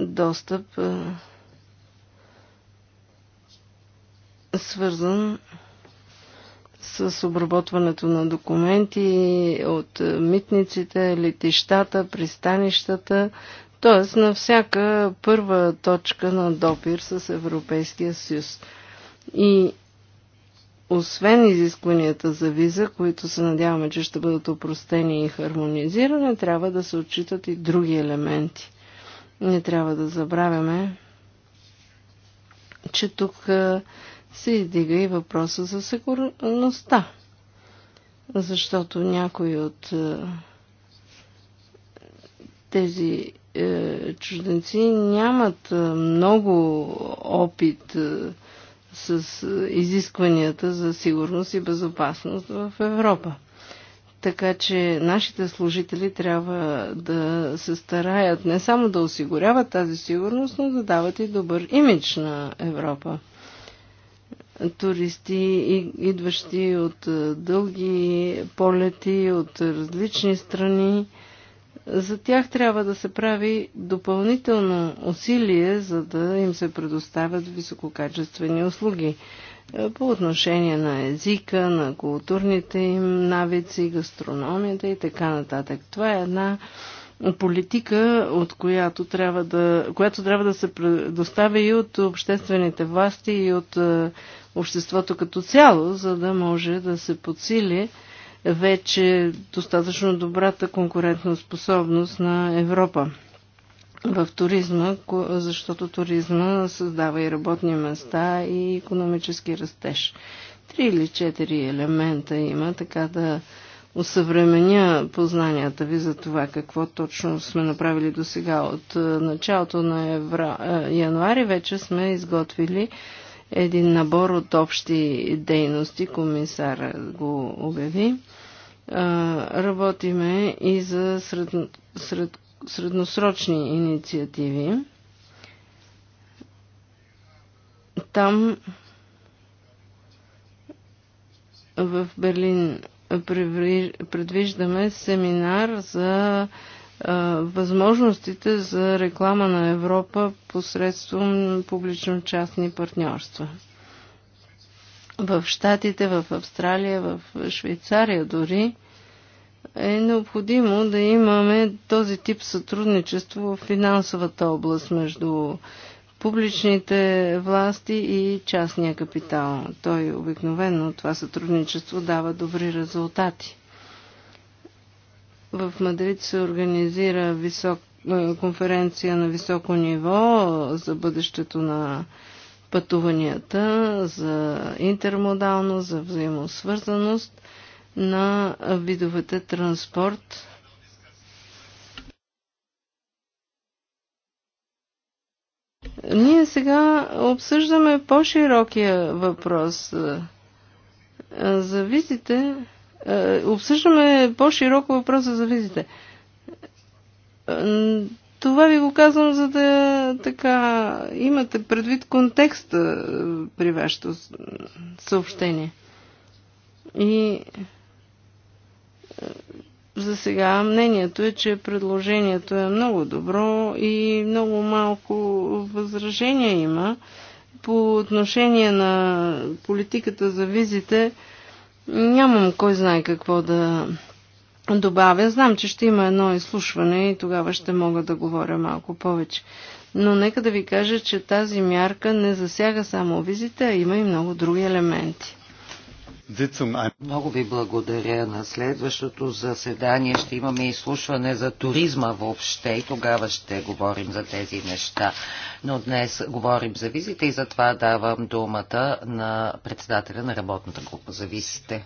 Достъп е, свързан с обработването на документи от митниците, летищата, пристанищата, т.е. на всяка първа точка на допир с Европейския съюз. И освен изискванията за виза, които се надяваме, че ще бъдат опростени и хармонизирани, трябва да се отчитат и други елементи. Не трябва да забравяме, че тук се издига и въпроса за сигурността. Защото някои от е, тези е, чужденци нямат е, много опит с изискванията за сигурност и безопасност в Европа. Така че нашите служители трябва да се стараят не само да осигуряват тази сигурност, но да дават и добър имидж на Европа туристи, идващи от дълги полети, от различни страни. За тях трябва да се прави допълнително усилие, за да им се предоставят висококачествени услуги по отношение на езика, на културните им навици, гастрономията и така нататък. Това е една политика, от която трябва да, която трябва да се предоставя и от обществените власти и от е, обществото като цяло, за да може да се подсили вече достатъчно добрата конкурентна способност на Европа в туризма, защото туризма създава и работни места и економически растеж. Три или четири елемента има, така да усъвременя познанията ви за това какво точно сме направили до сега. От е, началото на евра... Е, януари вече сме изготвили един набор от общи дейности, комисар го обяви. Е, работиме и за сред... Сред... средносрочни инициативи. Там в Берлин предвиждаме семинар за възможностите за реклама на Европа посредством публично-частни партньорства. В Штатите, в Австралия, в Швейцария дори е необходимо да имаме този тип сътрудничество в финансовата област между публичните власти и частния капитал. Той обикновено това сътрудничество дава добри резултати. В Мадрид се организира висок, е, конференция на високо ниво за бъдещето на пътуванията, за интермодалност, за взаимосвързаност на видовете транспорт – Ние сега обсъждаме по-широкия въпрос е, за визите. Е, обсъждаме по-широко въпроса за визите. Е, това ви го казвам, за да така имате предвид контекста при вашето съобщение. И за сега мнението е, че предложението е много добро и много малко възражения има. По отношение на политиката за визите, нямам кой знае какво да добавя. Знам, че ще има едно изслушване и тогава ще мога да говоря малко повече. Но нека да ви кажа, че тази мярка не засяга само визите, а има и много други елементи. Много ви благодаря. На следващото заседание ще имаме изслушване за туризма въобще и тогава ще говорим за тези неща. Но днес говорим за визите и затова давам думата на председателя на работната група за визите.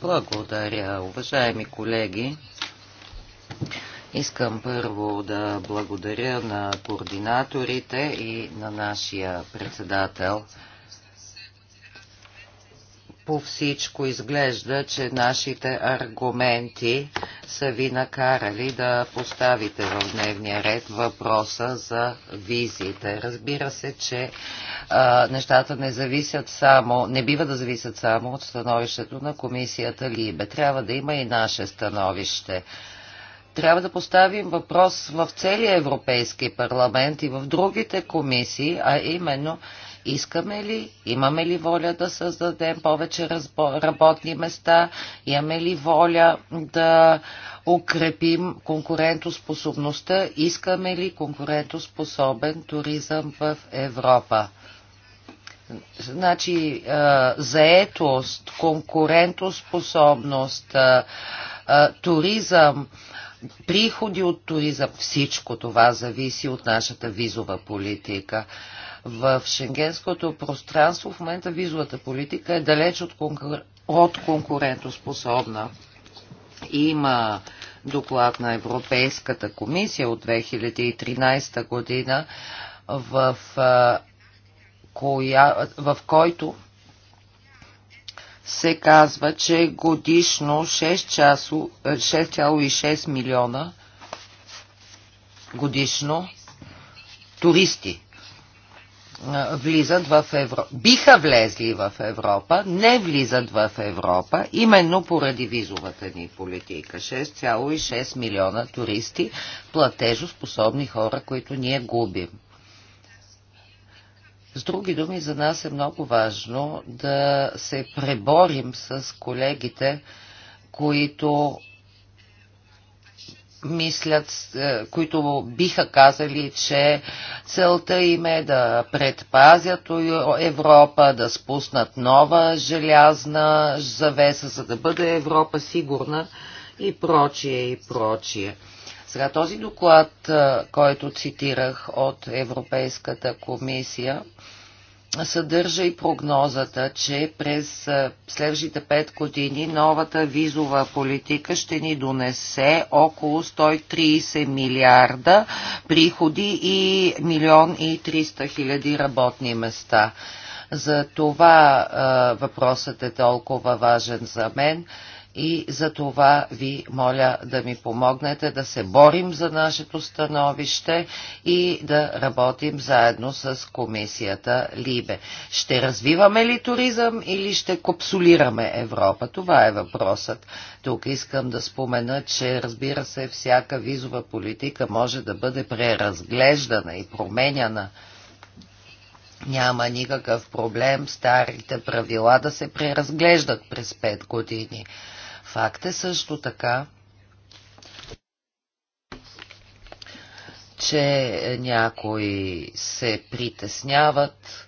Благодаря, уважаеми колеги. Искам първо да благодаря на координаторите и на нашия председател по всичко изглежда, че нашите аргументи са ви накарали да поставите в дневния ред въпроса за визите. Разбира се, че а, нещата не зависят само, не бива да зависят само от становището на комисията Либе. Трябва да има и наше становище трябва да поставим въпрос в целия Европейски парламент и в другите комисии, а именно Искаме ли, имаме ли воля да създадем повече работни места, имаме ли воля да укрепим конкурентоспособността, искаме ли конкурентоспособен туризъм в Европа? Значи, заетост, конкурентоспособност, туризъм, приходи от туризъм, всичко това зависи от нашата визова политика. В шенгенското пространство в момента визовата политика е далеч от, конкур... от конкурентоспособна. Има доклад на Европейската комисия от 2013 година, в, коя... в който се казва, че годишно 6,6 милиона годишно туристи влизат в Европа, биха влезли в Европа, не влизат в Европа, именно поради визовата ни политика. 6,6 милиона туристи, платежоспособни хора, които ние губим. С други думи, за нас е много важно да се преборим с колегите, които мислят, е, които биха казали, че целта им е да предпазят Европа, да спуснат нова желязна завеса, за да бъде Европа сигурна и прочие, и прочие. Сега този доклад, е, който цитирах от Европейската комисия, съдържа и прогнозата, че през следващите 5 години новата визова политика ще ни донесе около 130 милиарда приходи и милион и 300 хиляди работни места. За това въпросът е толкова важен за мен и за това ви моля да ми помогнете да се борим за нашето становище и да работим заедно с комисията Либе. Ще развиваме ли туризъм или ще капсулираме Европа? Това е въпросът. Тук искам да спомена, че разбира се всяка визова политика може да бъде преразглеждана и променяна. Няма никакъв проблем старите правила да се преразглеждат през 5 години. Факт е също така, че някои се притесняват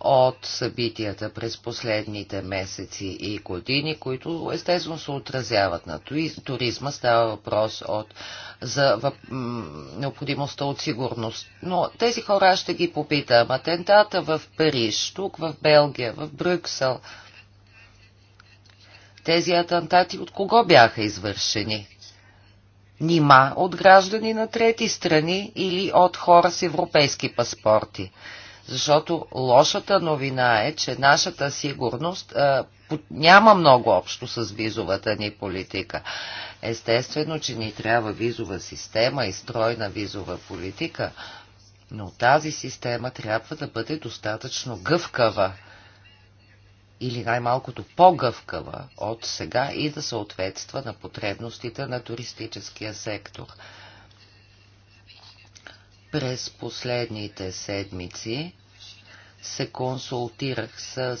от събитията през последните месеци и години, които естествено се отразяват на туризма. Става въпрос от, за въп, необходимостта от сигурност. Но тези хора ще ги попитам. Атентата в Париж, тук в Белгия, в Брюксел – тези атентати от кого бяха извършени? Нима от граждани на трети страни или от хора с европейски паспорти? Защото лошата новина е, че нашата сигурност а, няма много общо с визовата ни политика. Естествено, че ни трябва визова система и стройна визова политика, но тази система трябва да бъде достатъчно гъвкава, или най-малкото по-гъвкава от сега и да съответства на потребностите на туристическия сектор. През последните седмици се консултирах с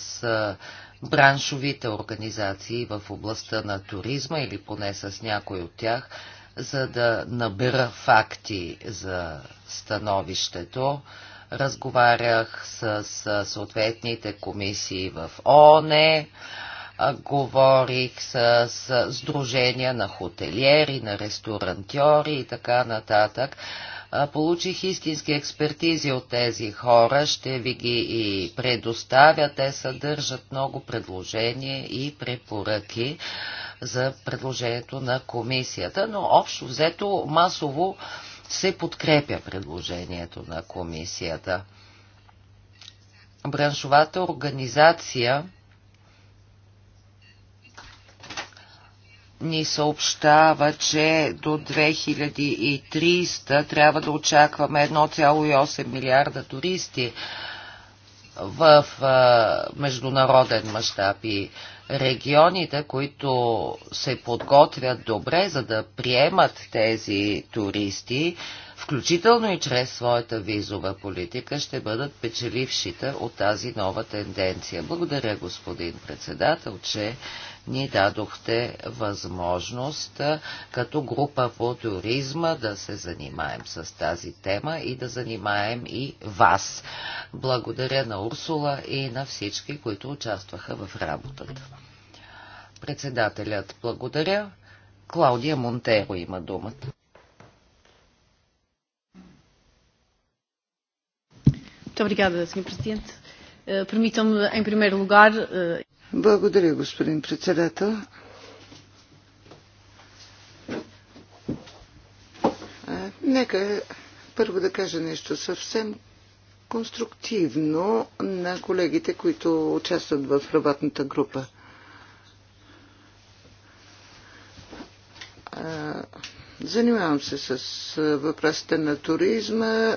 браншовите организации в областта на туризма или поне с някой от тях, за да набера факти за становището Разговарях с, с съответните комисии в ОНЕ, говорих с, с сдружения на хотелиери, на ресторантьори и така нататък. Получих истински експертизи от тези хора, ще ви ги и предоставя. Те съдържат много предложения и препоръки за предложението на комисията, но общо взето масово се подкрепя предложението на комисията. Браншовата организация ни съобщава, че до 2300 трябва да очакваме 1,8 милиарда туристи в международен мащаб и регионите, които се подготвят добре, за да приемат тези туристи, включително и чрез своята визова политика, ще бъдат печелившите от тази нова тенденция. Благодаря, господин председател, че ни дадохте възможност като група по туризма да се занимаем с тази тема и да занимаем и вас. Благодаря на Урсула и на всички, които участваха в работата. Председателят благодаря. Клаудия Монтеро има думата. obrigada, Sr. Presidente. Permitam-me, em primeiro lugar. Благодаря, господин председател. Нека първо да кажа нещо съвсем конструктивно на колегите, които участват в работната група. Занимавам се с въпросите на туризма.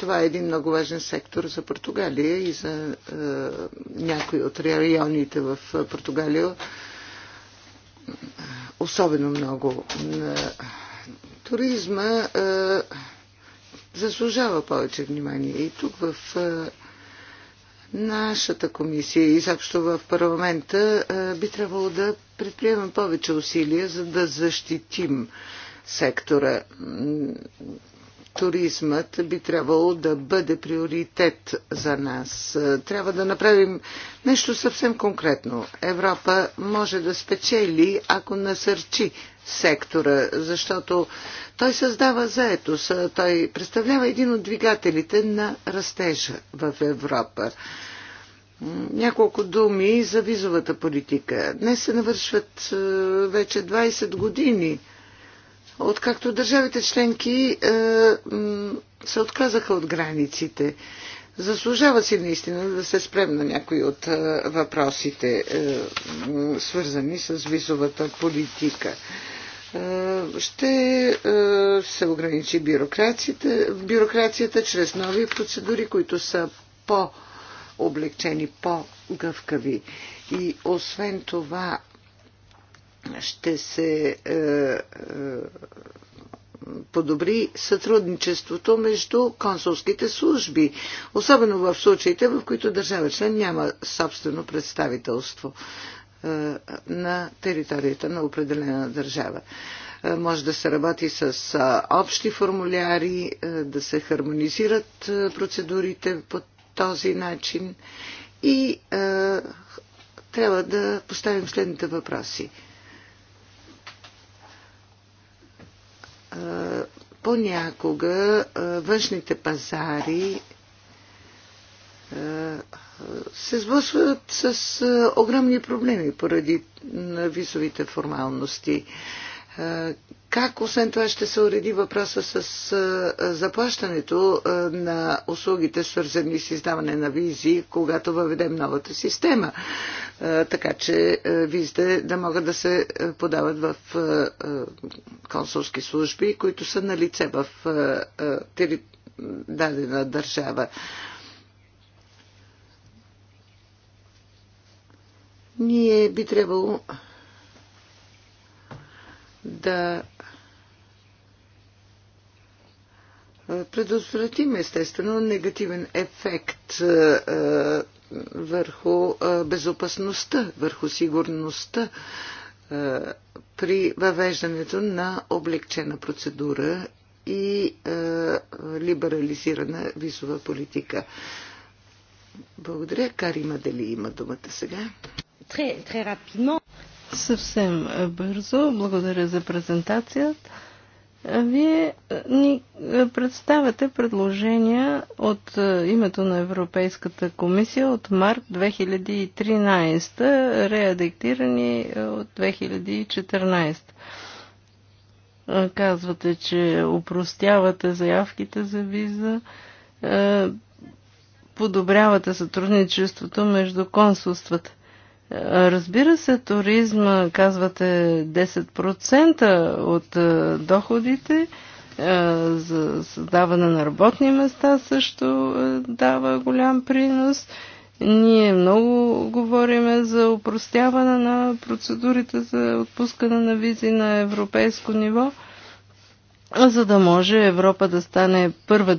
Това е един много важен сектор за Португалия и за е, някои от районите в Португалия. Особено много. на е, Туризма е, заслужава повече внимание. И тук в е, нашата комисия и изобщо в парламента е, би трябвало да предприемем повече усилия, за да защитим сектора туризмът би трябвало да бъде приоритет за нас. Трябва да направим нещо съвсем конкретно. Европа може да спечели, ако насърчи сектора, защото той създава заетост, той представлява един от двигателите на растежа в Европа. Няколко думи за визовата политика. Днес се навършват е, вече 20 години откакто държавите членки е, се отказаха от границите. Заслужава си наистина да се спрем на някои от е, въпросите, е, свързани с визовата политика. Ще се ограничи бюрокрацията, бюрокрацията чрез нови процедури, които са по-облегчени, по-гъвкави. И освен това, ще се е, е, подобри сътрудничеството между консулските служби, особено в случаите, в които държава член няма собствено представителство е, на територията на определена държава. Е, може да се работи с е, общи формуляри, е, да се хармонизират е, процедурите по този начин и е, трябва да поставим следните въпроси. понякога външните пазари се сблъскват с огромни проблеми поради визовите формалности. Е, как освен това ще се уреди въпроса с е, заплащането е, на услугите, свързани с издаване на визи, когато въведем новата система, така че визите да могат да се подават в консулски служби, които са на лице в дадена държава. Ние би трябвало да предотвратим естествено негативен ефект върху безопасността, върху сигурността при въвеждането на облегчена процедура и либерализирана визова политика. Благодаря. Карима дали има думата сега? Très, très Съвсем бързо. Благодаря за презентацията. Вие ни представяте предложения от е, името на Европейската комисия от март 2013, реадектирани е, от 2014. Е, казвате, че упростявате заявките за виза, подобрявате сътрудничеството между консулствата. Разбира се, туризма, казвате, 10% от е, доходите е, за създаване на работни места също е, дава голям принос. Ние много говориме за упростяване на процедурите за отпускане на визи на европейско ниво, за да може Европа да стане първа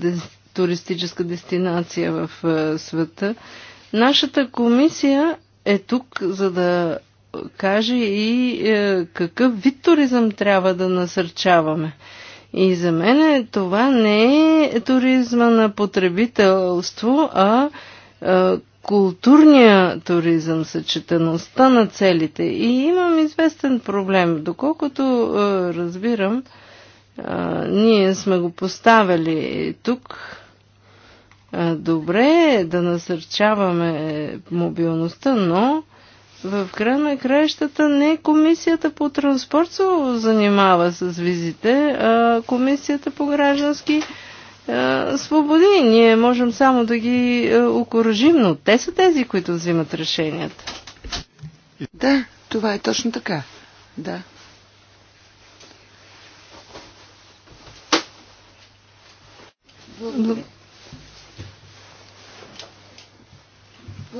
туристическа дестинация в света. Нашата комисия е тук, за да каже и е, какъв вид туризъм трябва да насърчаваме. И за мен е, това не е туризма на потребителство, а е, културния туризъм, съчетаността на целите. И имам известен проблем. Доколкото е, разбирам, е, ние сме го поставили тук Добре е да насърчаваме е, мобилността, но в края на краищата не комисията по транспорт се занимава с визите, а комисията по граждански свободи. Ние можем само да ги е, окоръжим, но те са тези, които взимат решенията. Да, това е точно така. Да. Благодаря.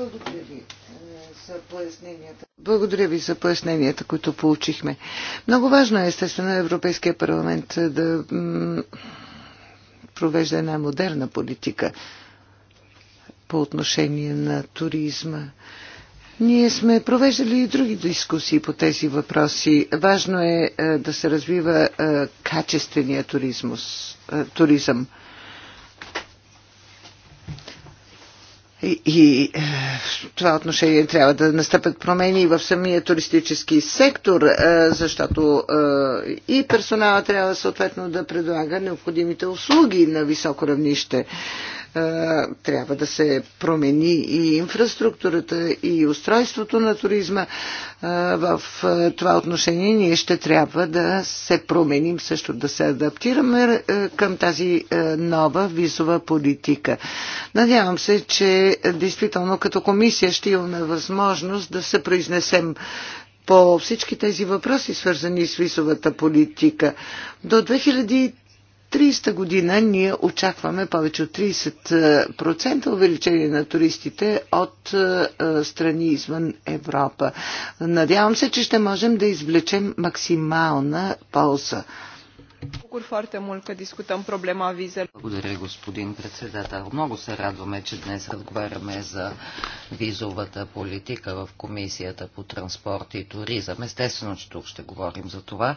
Благодаря ви е, за поясненията. Благодаря ви за поясненията, които получихме. Много важно е, естествено, Европейския парламент да провежда една модерна политика по отношение на туризма. Ние сме провеждали и други дискусии по тези въпроси. Важно е, е да се развива е, качествения туризмус, туризъм. И, и е, в това отношение трябва да настъпят промени и в самия туристически сектор, е, защото е, и персонала трябва съответно да предлага необходимите услуги на високо равнище трябва да се промени и инфраструктурата, и устройството на туризма. В това отношение ние ще трябва да се променим, също да се адаптираме към тази нова визова политика. Надявам се, че действително като комисия ще имаме възможност да се произнесем по всички тези въпроси, свързани с висовата политика. До 30-та година ние очакваме повече от 30% увеличение на туристите от е, страни извън Европа. Надявам се, че ще можем да извлечем максимална полза. Благодаря, господин председател. Много се радваме, че днес разговаряме за визовата политика в Комисията по транспорт и туризъм. Естествено, че тук ще говорим за това.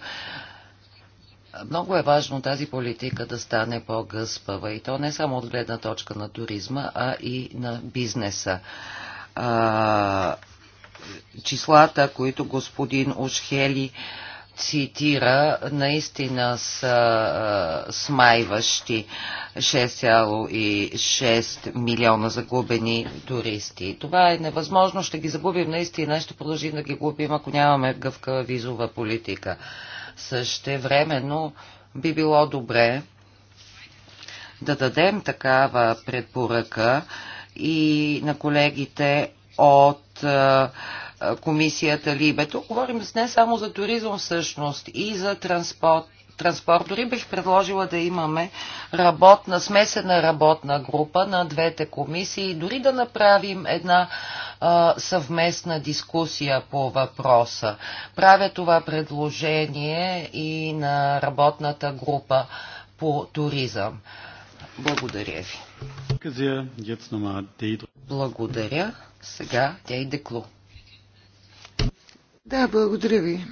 Много е важно тази политика да стане по-гъспава и то не само от гледна точка на туризма, а и на бизнеса. А, числата, които господин Ушхели цитира, наистина са а, смайващи 6,6 милиона загубени туристи. Това е невъзможно, ще ги загубим наистина, ще продължим да ги губим, ако нямаме гъвка визова политика времено би било добре да дадем такава предпоръка и на колегите от комисията Либе. Тук говорим не само за туризъм всъщност и за транспорт, транспорт. Дори бих предложила да имаме работна, смесена работна група на двете комисии, дори да направим една а, съвместна дискусия по въпроса. Правя това предложение и на работната група по туризъм. Благодаря ви. Благодаря. Сега тя и Да, благодаря ви.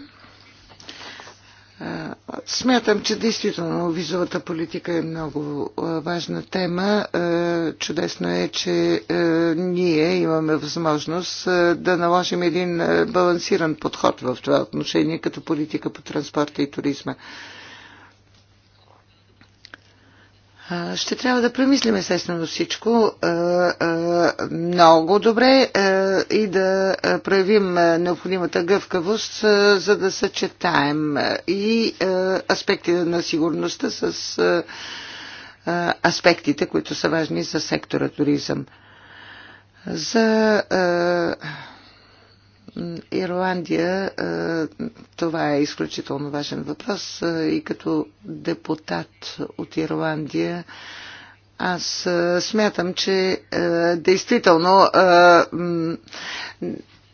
Смятам, че действително визовата политика е много важна тема. Чудесно е, че ние имаме възможност да наложим един балансиран подход в това отношение като политика по транспорта и туризма. Ще трябва да премислим естествено всичко много добре и да проявим необходимата гъвкавост, за да съчетаем и аспектите на сигурността с аспектите, които са важни за сектора туризъм. За Ирландия, това е изключително важен въпрос и като депутат от Ирландия аз смятам, че действително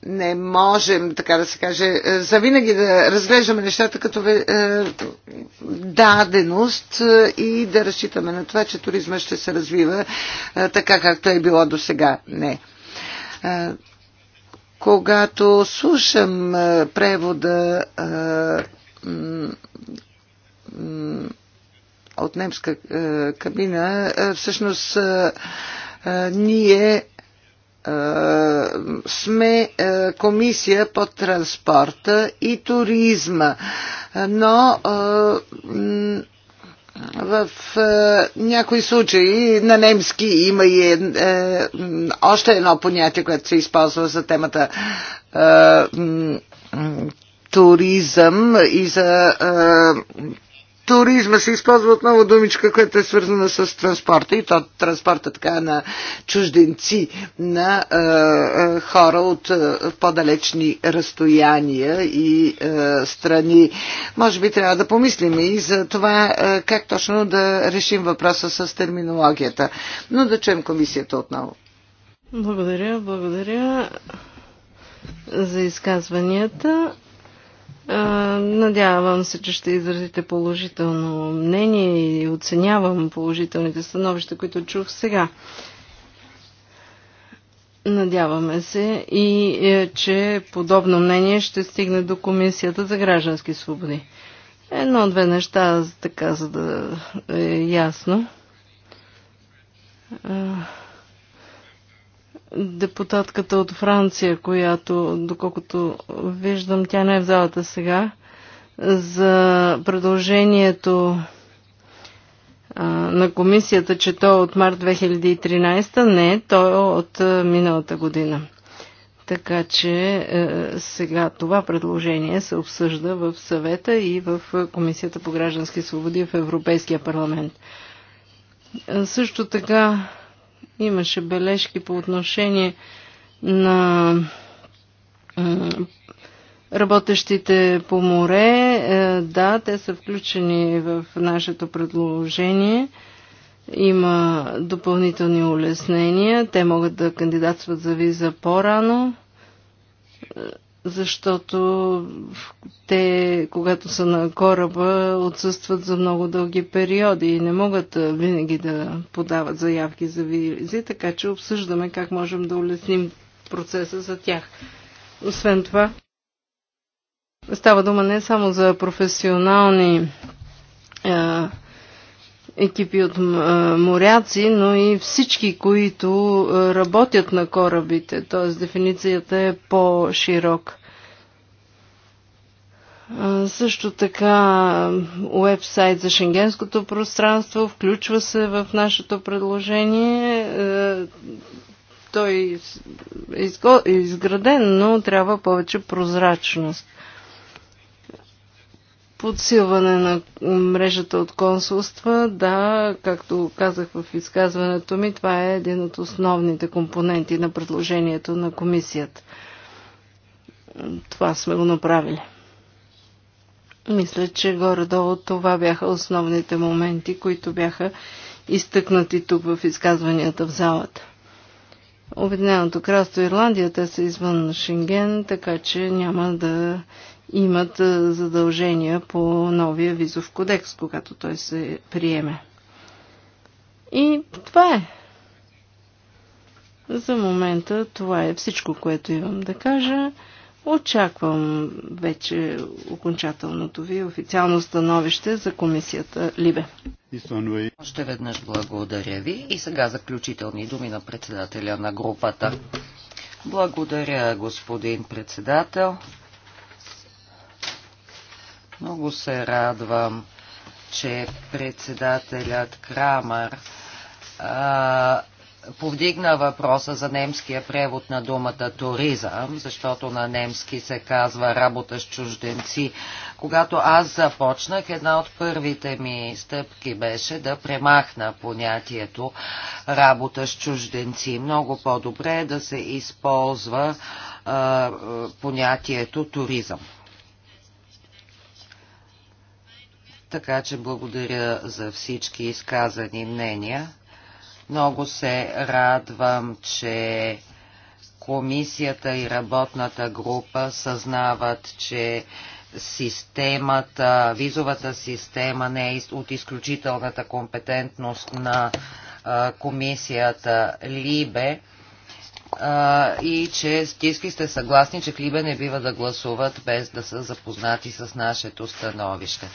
не можем, така да се каже, завинаги да разглеждаме нещата като даденост и да разчитаме на това, че туризма ще се развива така, както е било до сега. Не когато слушам превода от немска кабина, всъщност ние сме комисия по транспорта и туризма, но в е, някои случаи на немски има и е, е, още едно понятие, което се използва за темата е, туризъм и за е, туризма се използва отново думичка, която е свързана с транспорта и то транспорта така на чужденци, на е, е, хора от е, по-далечни разстояния и е, страни. Може би трябва да помислим и за това е, как точно да решим въпроса с терминологията. Но да чуем комисията отново. Благодаря, благодаря за изказванията. Надявам се, че ще изразите положително мнение и оценявам положителните становища, които чух сега. Надяваме се и е, че подобно мнение ще стигне до Комисията за граждански свободи. Едно-две неща, така за да е ясно депутатката от Франция, която, доколкото виждам, тя не е в залата сега, за предложението на комисията, че то е от март 2013, не, то е от миналата година. Така че е, сега това предложение се обсъжда в съвета и в Комисията по граждански свободи в Европейския парламент. Е, също така Имаше бележки по отношение на работещите по море. Е, да, те са включени в нашето предложение. Има допълнителни улеснения. Те могат да кандидатстват за виза по-рано защото те, когато са на кораба, отсъстват за много дълги периоди и не могат винаги да подават заявки за визи, така че обсъждаме как можем да улесним процеса за тях. Освен това, става дума не само за професионални екипи от моряци, но и всички, които работят на корабите. Т.е. дефиницията е по-широк. Също така уебсайт за шенгенското пространство включва се в нашето предложение. Той е изграден, но трябва повече прозрачност подсилване на мрежата от консулства, да, както казах в изказването ми, това е един от основните компоненти на предложението на комисията. Това сме го направили. Мисля, че горе-долу това бяха основните моменти, които бяха изтъкнати тук в изказванията в залата. Обединеното кралство Ирландия, те са извън Шенген, така че няма да имат задължения по новия визов кодекс, когато той се приеме. И това е. За момента това е всичко, което имам да кажа. Очаквам вече окончателното ви официално становище за комисията Либе. Още веднъж благодаря ви и сега заключителни думи на председателя на групата. Благодаря, господин председател. Много се радвам, че председателят Крамър а, повдигна въпроса за немския превод на думата туризъм, защото на немски се казва работа с чужденци. Когато аз започнах, една от първите ми стъпки беше да премахна понятието работа с чужденци. Много по-добре е да се използва а, понятието туризъм. Така че благодаря за всички изказани мнения. Много се радвам, че комисията и работната група съзнават, че системата, визовата система не е от изключителната компетентност на комисията Либе и че стиски сте съгласни, че в Либе не бива да гласуват без да са запознати с нашето становище.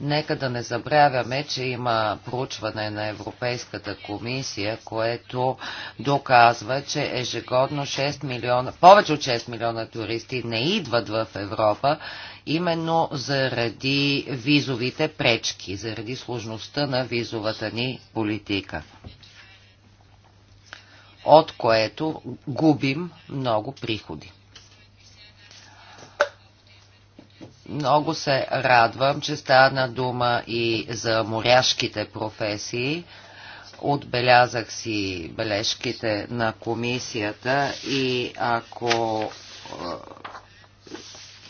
Нека да не забравяме, че има проучване на Европейската комисия, което доказва, че ежегодно 6 милиона, повече от 6 милиона туристи не идват в Европа, именно заради визовите пречки, заради сложността на визовата ни политика от което губим много приходи. Много се радвам, че стана дума и за моряшките професии. Отбелязах си бележките на комисията и ако е,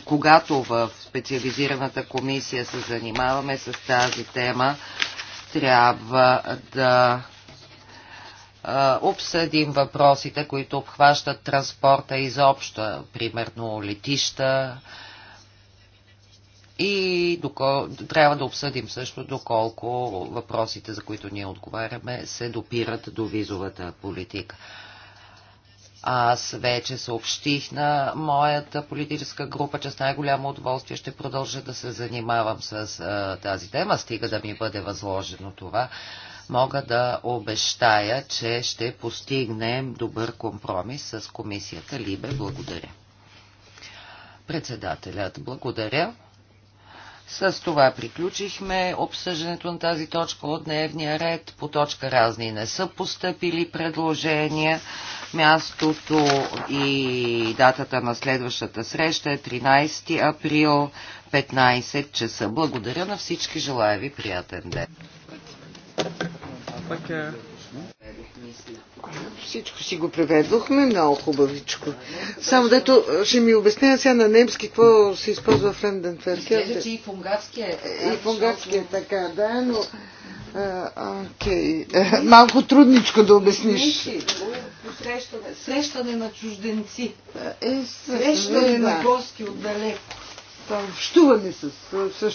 когато в специализираната комисия се занимаваме с тази тема, трябва да е, обсъдим въпросите, които обхващат транспорта изобщо, примерно летища, и докол... трябва да обсъдим също доколко въпросите, за които ние отговаряме, се допират до визовата политика. Аз вече съобщих на моята политическа група, че с най-голямо удоволствие ще продължа да се занимавам с а, тази тема, стига да ми бъде възложено това. Мога да обещая, че ще постигнем добър компромис с комисията Либе. Благодаря. Председателят, благодаря. С това приключихме обсъждането на тази точка от дневния ред. По точка разни не са поступили предложения. Мястото и датата на следващата среща е 13 април 15 часа. Благодаря на всички. Желая ви приятен ден мисля. Всичко си го преведохме, много хубавичко. Само дето ще ми обясня сега на немски какво се използва в Френденферкер. Изглежда, че и фунгарски е. И фунгарски е така, да, но... Окей. Е, малко трудничко да обясниш. Срещане, срещане на чужденци. Е, е, срещане на гости отдалеко. Общуване с...